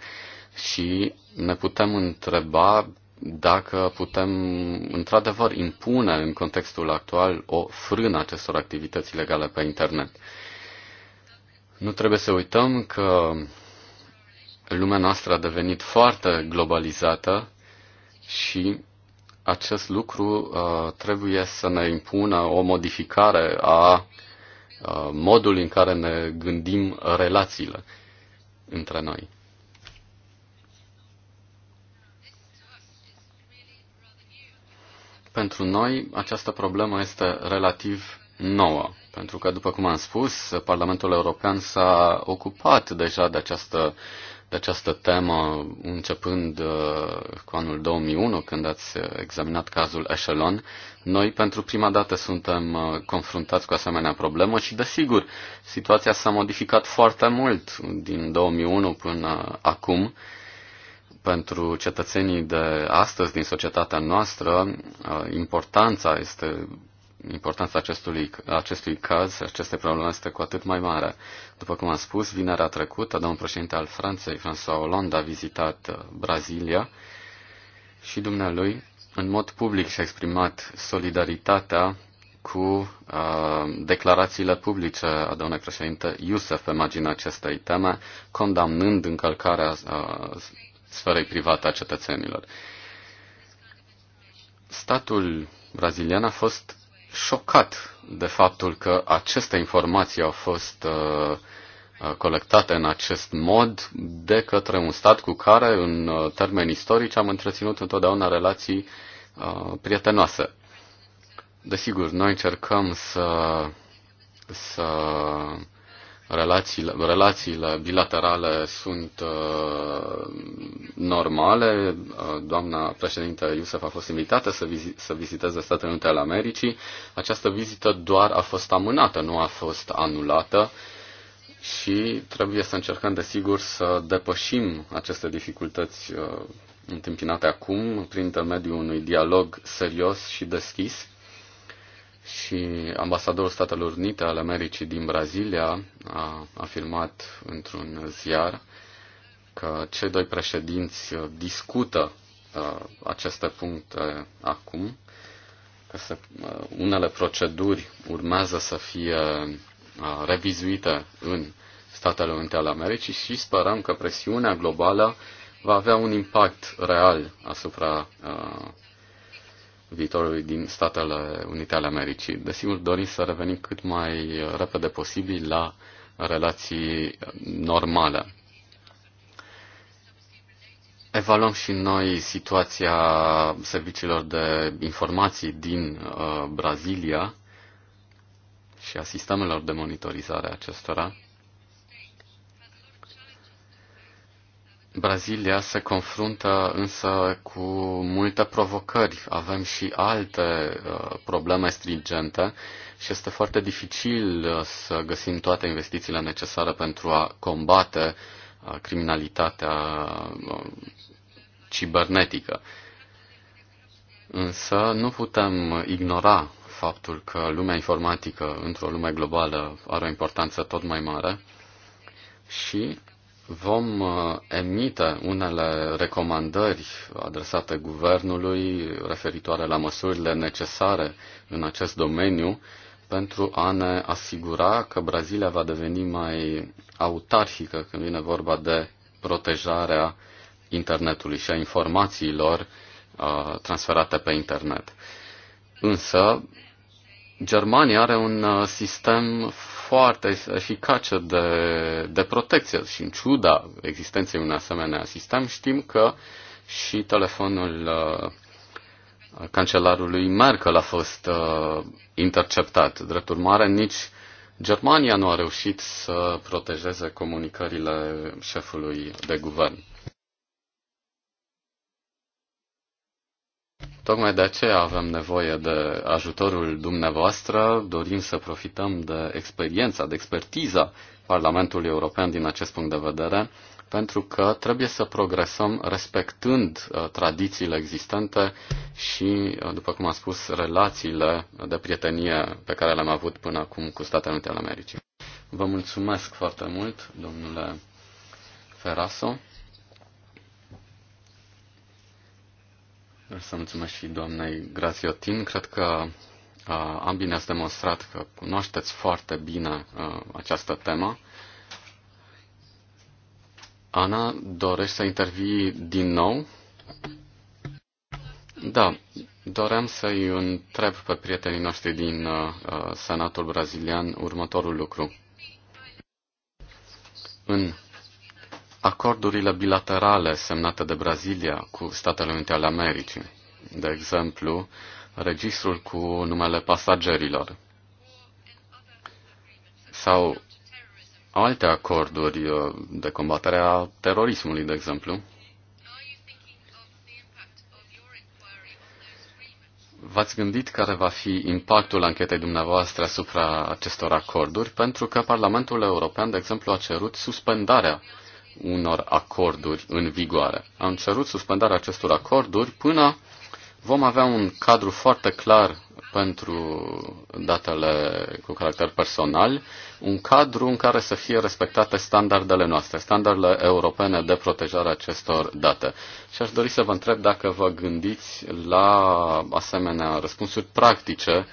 Și ne putem întreba dacă putem într-adevăr impune în contextul actual o frână acestor activități legale pe internet. Nu trebuie să uităm că Lumea noastră a devenit foarte globalizată și acest lucru uh, trebuie să ne impună o modificare a uh, modului în care ne gândim relațiile între noi. Pentru noi această problemă este relativ nouă, pentru că, după cum am spus, Parlamentul European s-a ocupat deja de această uh, de această temă începând uh, cu anul 2001, când ați examinat cazul Echelon. Noi, pentru prima dată, suntem uh, confruntați cu asemenea problemă și, desigur, situația s-a modificat foarte mult din 2001 până acum. Pentru cetățenii de astăzi, din societatea noastră, uh, importanța este importanța acestui, acestui caz, aceste probleme este cu atât mai mare. După cum am spus, vinerea trecută, domnul președinte al Franței, François Hollande, a vizitat uh, Brazilia și dumnealui, în mod public, și-a exprimat solidaritatea cu uh, declarațiile publice a domnului președinte Iusef pe marginea acestei teme, condamnând încălcarea uh, sferei private a cetățenilor. Statul brazilian a fost șocat de faptul că aceste informații au fost uh, uh, colectate în acest mod de către un stat cu care, în uh, termeni istorici, am întreținut întotdeauna relații uh, prietenoase. Desigur, noi încercăm să, să relațiile, relațiile bilaterale sunt uh, normale. Uh, doamna președintă Iusef a fost invitată să, vizi- să viziteze Statele Unite ale Americii. Această vizită doar a fost amânată, nu a fost anulată și trebuie să încercăm, desigur, să depășim aceste dificultăți uh, întâmpinate acum prin intermediul unui dialog serios și deschis și ambasadorul Statelor Unite al Americii din Brazilia a afirmat într-un ziar că cei doi președinți discută uh, aceste puncte acum, că se, uh, unele proceduri urmează să fie uh, revizuite în Statele Unite ale Americii și sperăm că presiunea globală va avea un impact real asupra uh, viitorului din Statele Unite ale Americii. Desigur, dorim să revenim cât mai repede posibil la relații normale. Evaluăm și noi situația serviciilor de informații din uh, Brazilia și a sistemelor de monitorizare acestora. Brazilia se confruntă însă cu multe provocări. Avem și alte uh, probleme stringente și este foarte dificil uh, să găsim toate investițiile necesare pentru a combate uh, criminalitatea cibernetică. Însă nu putem ignora faptul că lumea informatică într-o lume globală are o importanță tot mai mare și Vom uh, emite unele recomandări adresate guvernului referitoare la măsurile necesare în acest domeniu pentru a ne asigura că Brazilia va deveni mai autarhică când vine vorba de protejarea internetului și a informațiilor uh, transferate pe internet. Însă, Germania are un uh, sistem foarte eficace de, de protecție și în ciuda existenței unui asemenea sistem știm că și telefonul uh, cancelarului Merkel a fost uh, interceptat. Drept urmare, nici Germania nu a reușit să protejeze comunicările șefului de guvern. Tocmai de aceea avem nevoie de ajutorul dumneavoastră. Dorim să profităm de experiența, de expertiza Parlamentului European din acest punct de vedere, pentru că trebuie să progresăm respectând uh, tradițiile existente și, uh, după cum am spus, relațiile de prietenie pe care le-am avut până acum cu Statele Unite ale Americii. Vă mulțumesc foarte mult, domnule Ferraso. Să mulțumesc și doamnei Grațiotin. Cred că uh, ambii ne-ați demonstrat că cunoașteți foarte bine uh, această temă. Ana, dorești să intervii din nou? Da, doream să-i întreb pe prietenii noștri din uh, Senatul Brazilian următorul lucru. În acordurile bilaterale semnate de Brazilia cu Statele Unite ale Americii, de exemplu, registrul cu numele pasagerilor sau alte acorduri uh, de combatere a terorismului, de exemplu. V-ați gândit care va fi impactul anchetei dumneavoastră asupra acestor acorduri? Pentru că Parlamentul European, de exemplu, a cerut suspendarea uh, unor acorduri în vigoare. Am cerut suspendarea acestor acorduri până vom avea un cadru foarte clar pentru datele cu caracter personal, un cadru în care să fie respectate standardele noastre, standardele europene de protejare acestor date. Și aș dori să vă întreb dacă vă gândiți la asemenea răspunsuri practice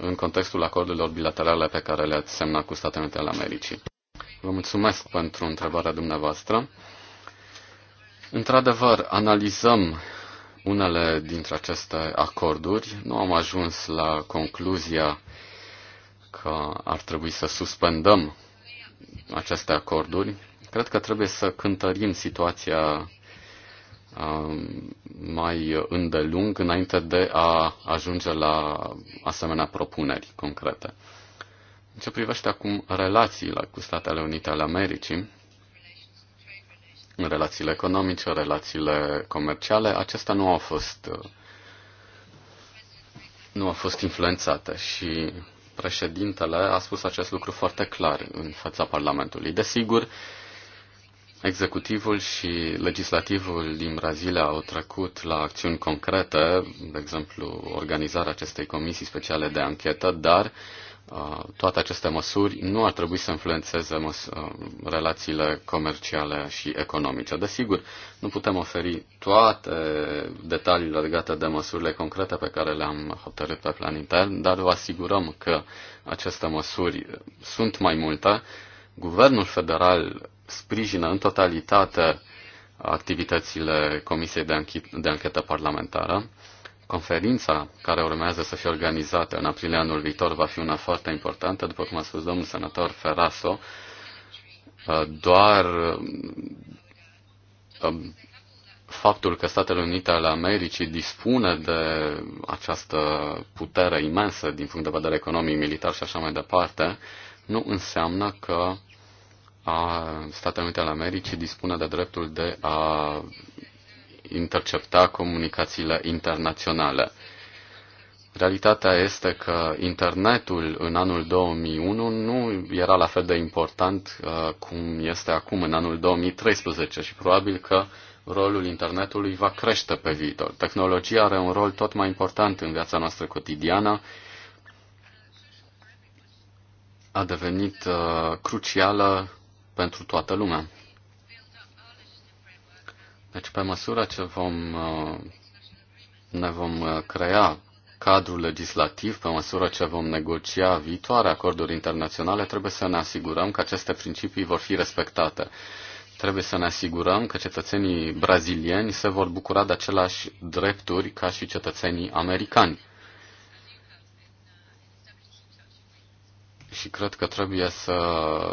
în contextul acordurilor bilaterale pe care le-ați semnat cu Statele Unite ale Americii. Vă mulțumesc pentru întrebarea dumneavoastră. Într-adevăr, analizăm unele dintre aceste acorduri. Nu am ajuns la concluzia că ar trebui să suspendăm aceste acorduri. Cred că trebuie să cântărim situația um, mai îndelung înainte de a ajunge la asemenea propuneri concrete. În ce privește acum relațiile cu Statele Unite ale Americii, relațiile economice, relațiile comerciale, acestea nu au fost nu au fost influențate și președintele a spus acest lucru foarte clar în fața Parlamentului. Desigur, executivul și legislativul din Brazilia au trecut la acțiuni concrete, de exemplu organizarea acestei comisii speciale de anchetă, dar uh, Uh, toate aceste măsuri nu ar trebui să influențeze măs- uh, relațiile comerciale și economice. Desigur, nu putem oferi toate detaliile legate de măsurile concrete pe care le-am hotărât pe plan intern, dar vă asigurăm că aceste măsuri sunt mai multe. Guvernul federal sprijină în totalitate activitățile Comisiei de, Anch- de Anchetă Parlamentară conferința care urmează să fie organizată în aprilie anul viitor va fi una foarte importantă, după cum a spus domnul senator Ferraso, uh, doar uh, um, faptul că Statele Unite ale Americii dispune de această putere imensă din punct de vedere economic, militar și așa mai departe, nu înseamnă că uh, Statele Unite ale Americii dispune de dreptul de a intercepta comunicațiile internaționale. Realitatea este că internetul în anul 2001 nu era la fel de important uh, cum este acum în anul 2013 și probabil că rolul internetului va crește pe viitor. Tehnologia are un rol tot mai important în viața noastră cotidiană, a devenit uh, crucială pentru toată lumea. Deci, pe măsură ce vom, uh, ne vom uh, crea cadrul legislativ, pe măsură ce vom negocia viitoare acorduri internaționale, trebuie să ne asigurăm că aceste principii vor fi respectate. Trebuie să ne asigurăm că cetățenii brazilieni se vor bucura de aceleași drepturi ca și cetățenii americani. și cred că trebuie să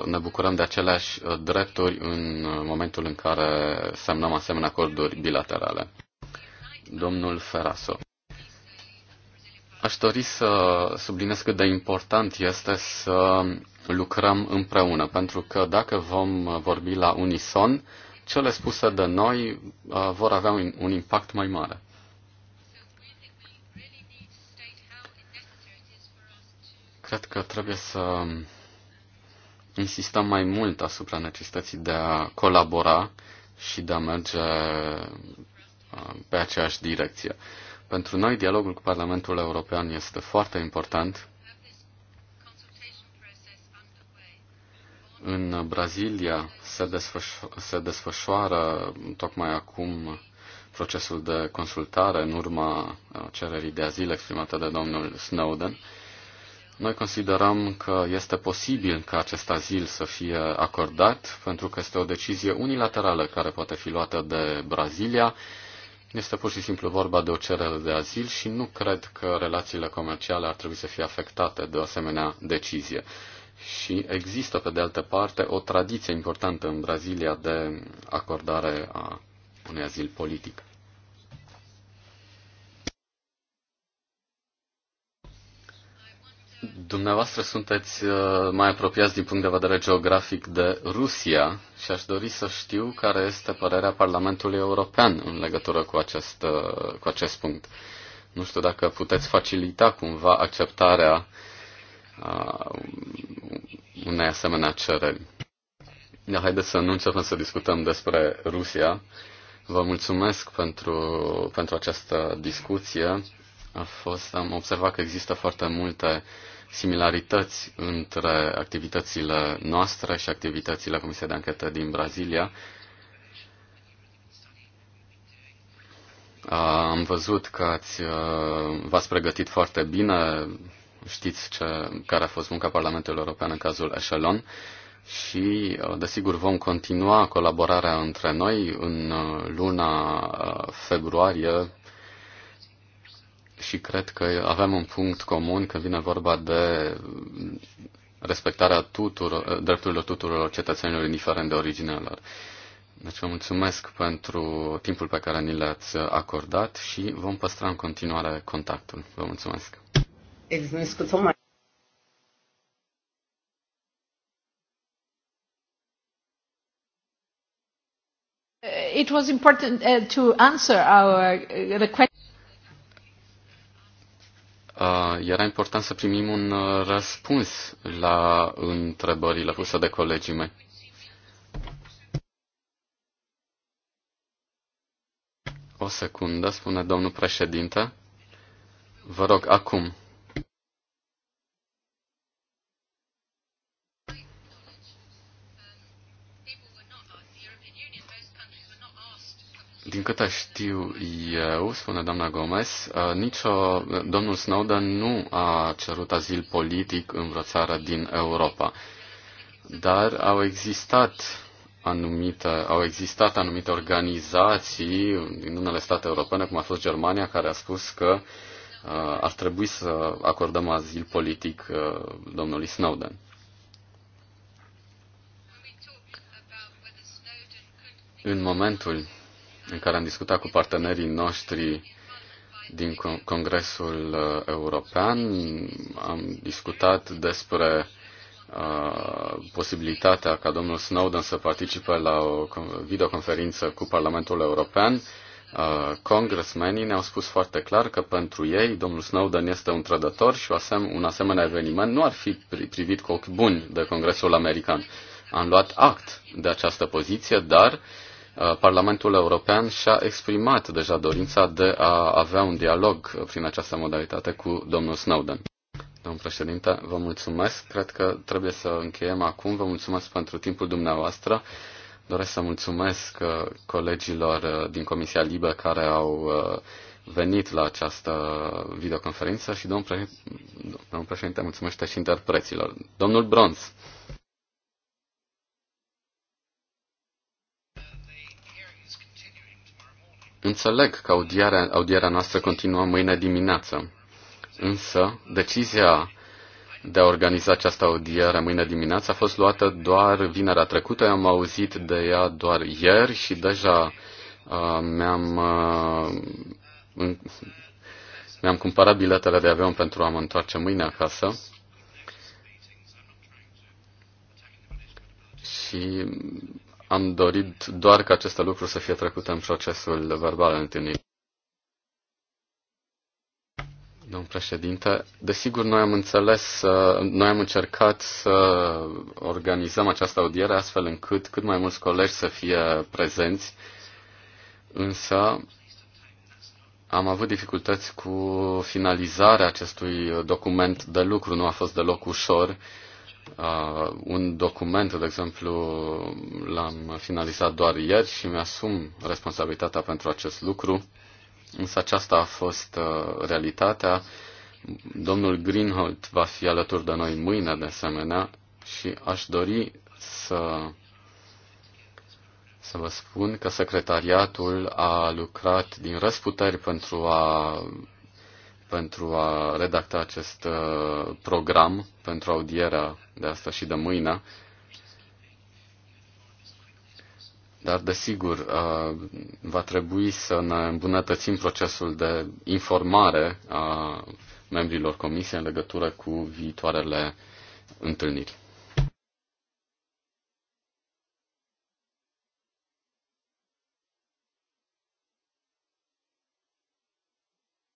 ne bucurăm de aceleași uh, drepturi în uh, momentul în care semnăm asemenea acorduri bilaterale. Domnul Feraso. Aș dori să subliniez cât de important este să lucrăm împreună, pentru că dacă vom uh, vorbi la unison, cele spuse de noi vor avea un impact mai mare. Cred că trebuie să insistăm mai mult asupra necesității de a colabora și de a merge uh, pe aceeași direcție. Pentru noi, dialogul cu Parlamentul European este foarte important. În Brazilia se, desfășo- se desfășoară tocmai acum procesul de consultare în urma uh, cererii de azil exprimată de domnul Snowden. Noi considerăm că este posibil ca acest azil să fie acordat, pentru că este o decizie unilaterală care poate fi luată de Brazilia. Este pur și simplu vorba de o cerere de azil și nu cred că relațiile comerciale ar trebui să fie afectate de o asemenea decizie. Și există, pe de altă parte, o tradiție importantă în Brazilia de acordare a unui azil politic. Dumneavoastră sunteți uh, mai apropiați din punct de vedere geografic de Rusia și aș dori să știu care este părerea Parlamentului European în legătură cu acest, uh, cu acest punct. Nu știu dacă puteți facilita cumva acceptarea uh, unei asemenea cereri. Dar haideți să nu începem să discutăm despre Rusia. Vă mulțumesc pentru, pentru această discuție a fost, am observat că există foarte multe similarități între activitățile noastre și activitățile Comisiei de Anchetă din Brazilia. Am văzut că ați, v-ați pregătit foarte bine, știți ce, care a fost munca Parlamentului European în cazul Echelon și, desigur, vom continua colaborarea între noi. În luna februarie și cred că avem un punct comun când vine vorba de respectarea tuturor, drepturilor tuturor cetățenilor, indiferent de originea lor. Deci vă mulțumesc pentru timpul pe care ni l-ați acordat și vom păstra în continuare contactul. Vă mulțumesc! It was important uh, to answer our uh, the question. Ah, era important să primim un ah, răspuns la întrebările puse de colegii mei. O secundă, spune domnul președinte. Vă rog, acum. Din câte știu eu, spune doamna Gomez, uh, nicio, domnul Snowden nu a cerut azil politic în vreo țară din Europa. Dar au existat anumite, au existat anumite organizații din unele state europene, cum a fost Germania, care a spus că uh, ar trebui să acordăm azil politic uh, domnului Snowden. În momentul în care am discutat cu partenerii noștri din Congresul uh, European. Am discutat despre uh, posibilitatea ca domnul Snowden să participe la o videoconferință cu Parlamentul European. Uh, congresmenii ne-au spus foarte clar că pentru ei domnul Snowden este un trădător și un asemenea eveniment nu ar fi privit cu ochi buni de Congresul American. Am luat act de această poziție, dar uh, Uh, Parlamentul European și-a exprimat deja dorința de a avea un dialog prin această modalitate cu domnul Snowden. Domnul președinte, vă mulțumesc. Cred că trebuie să încheiem acum. Vă mulțumesc pentru timpul dumneavoastră. Doresc să mulțumesc uh, colegilor uh, din Comisia Libă care au venit la această videoconferință și domnul, președinte, domnul președinte mulțumește și interpreților. Domnul Bronz. Înțeleg că audierea, audierea noastră continuă mâine dimineață, însă decizia de a organiza această audiere mâine dimineață a fost luată doar vinerea trecută. Eu am auzit de ea doar ieri și deja uh, mi-am, uh, în, mi-am cumpărat biletele de avion pentru a mă întoarce mâine acasă. Și am dorit doar ca aceste lucruri să fie trecute în procesul verbal al întâlnirii. Domn președinte, desigur noi am înțeles, uh, noi am încercat să organizăm această audiere astfel încât cât mai mulți colegi să fie prezenți, însă am avut dificultăți cu finalizarea acestui document de lucru, nu a fost deloc ușor uh, un document, de exemplu, l-am finalizat doar ieri și mi-asum responsabilitatea pentru acest lucru, însă aceasta a fost uh, realitatea. Domnul Greenhold va fi alături de noi mâine, de asemenea, și aș dori să, să vă spun că secretariatul a lucrat din răsputeri pentru a pentru a redacta acest uh, program pentru audierea de asta și de mâine. Dar, desigur, uh, va trebui să ne îmbunătățim procesul de informare a membrilor comisiei în legătură cu viitoarele întâlniri.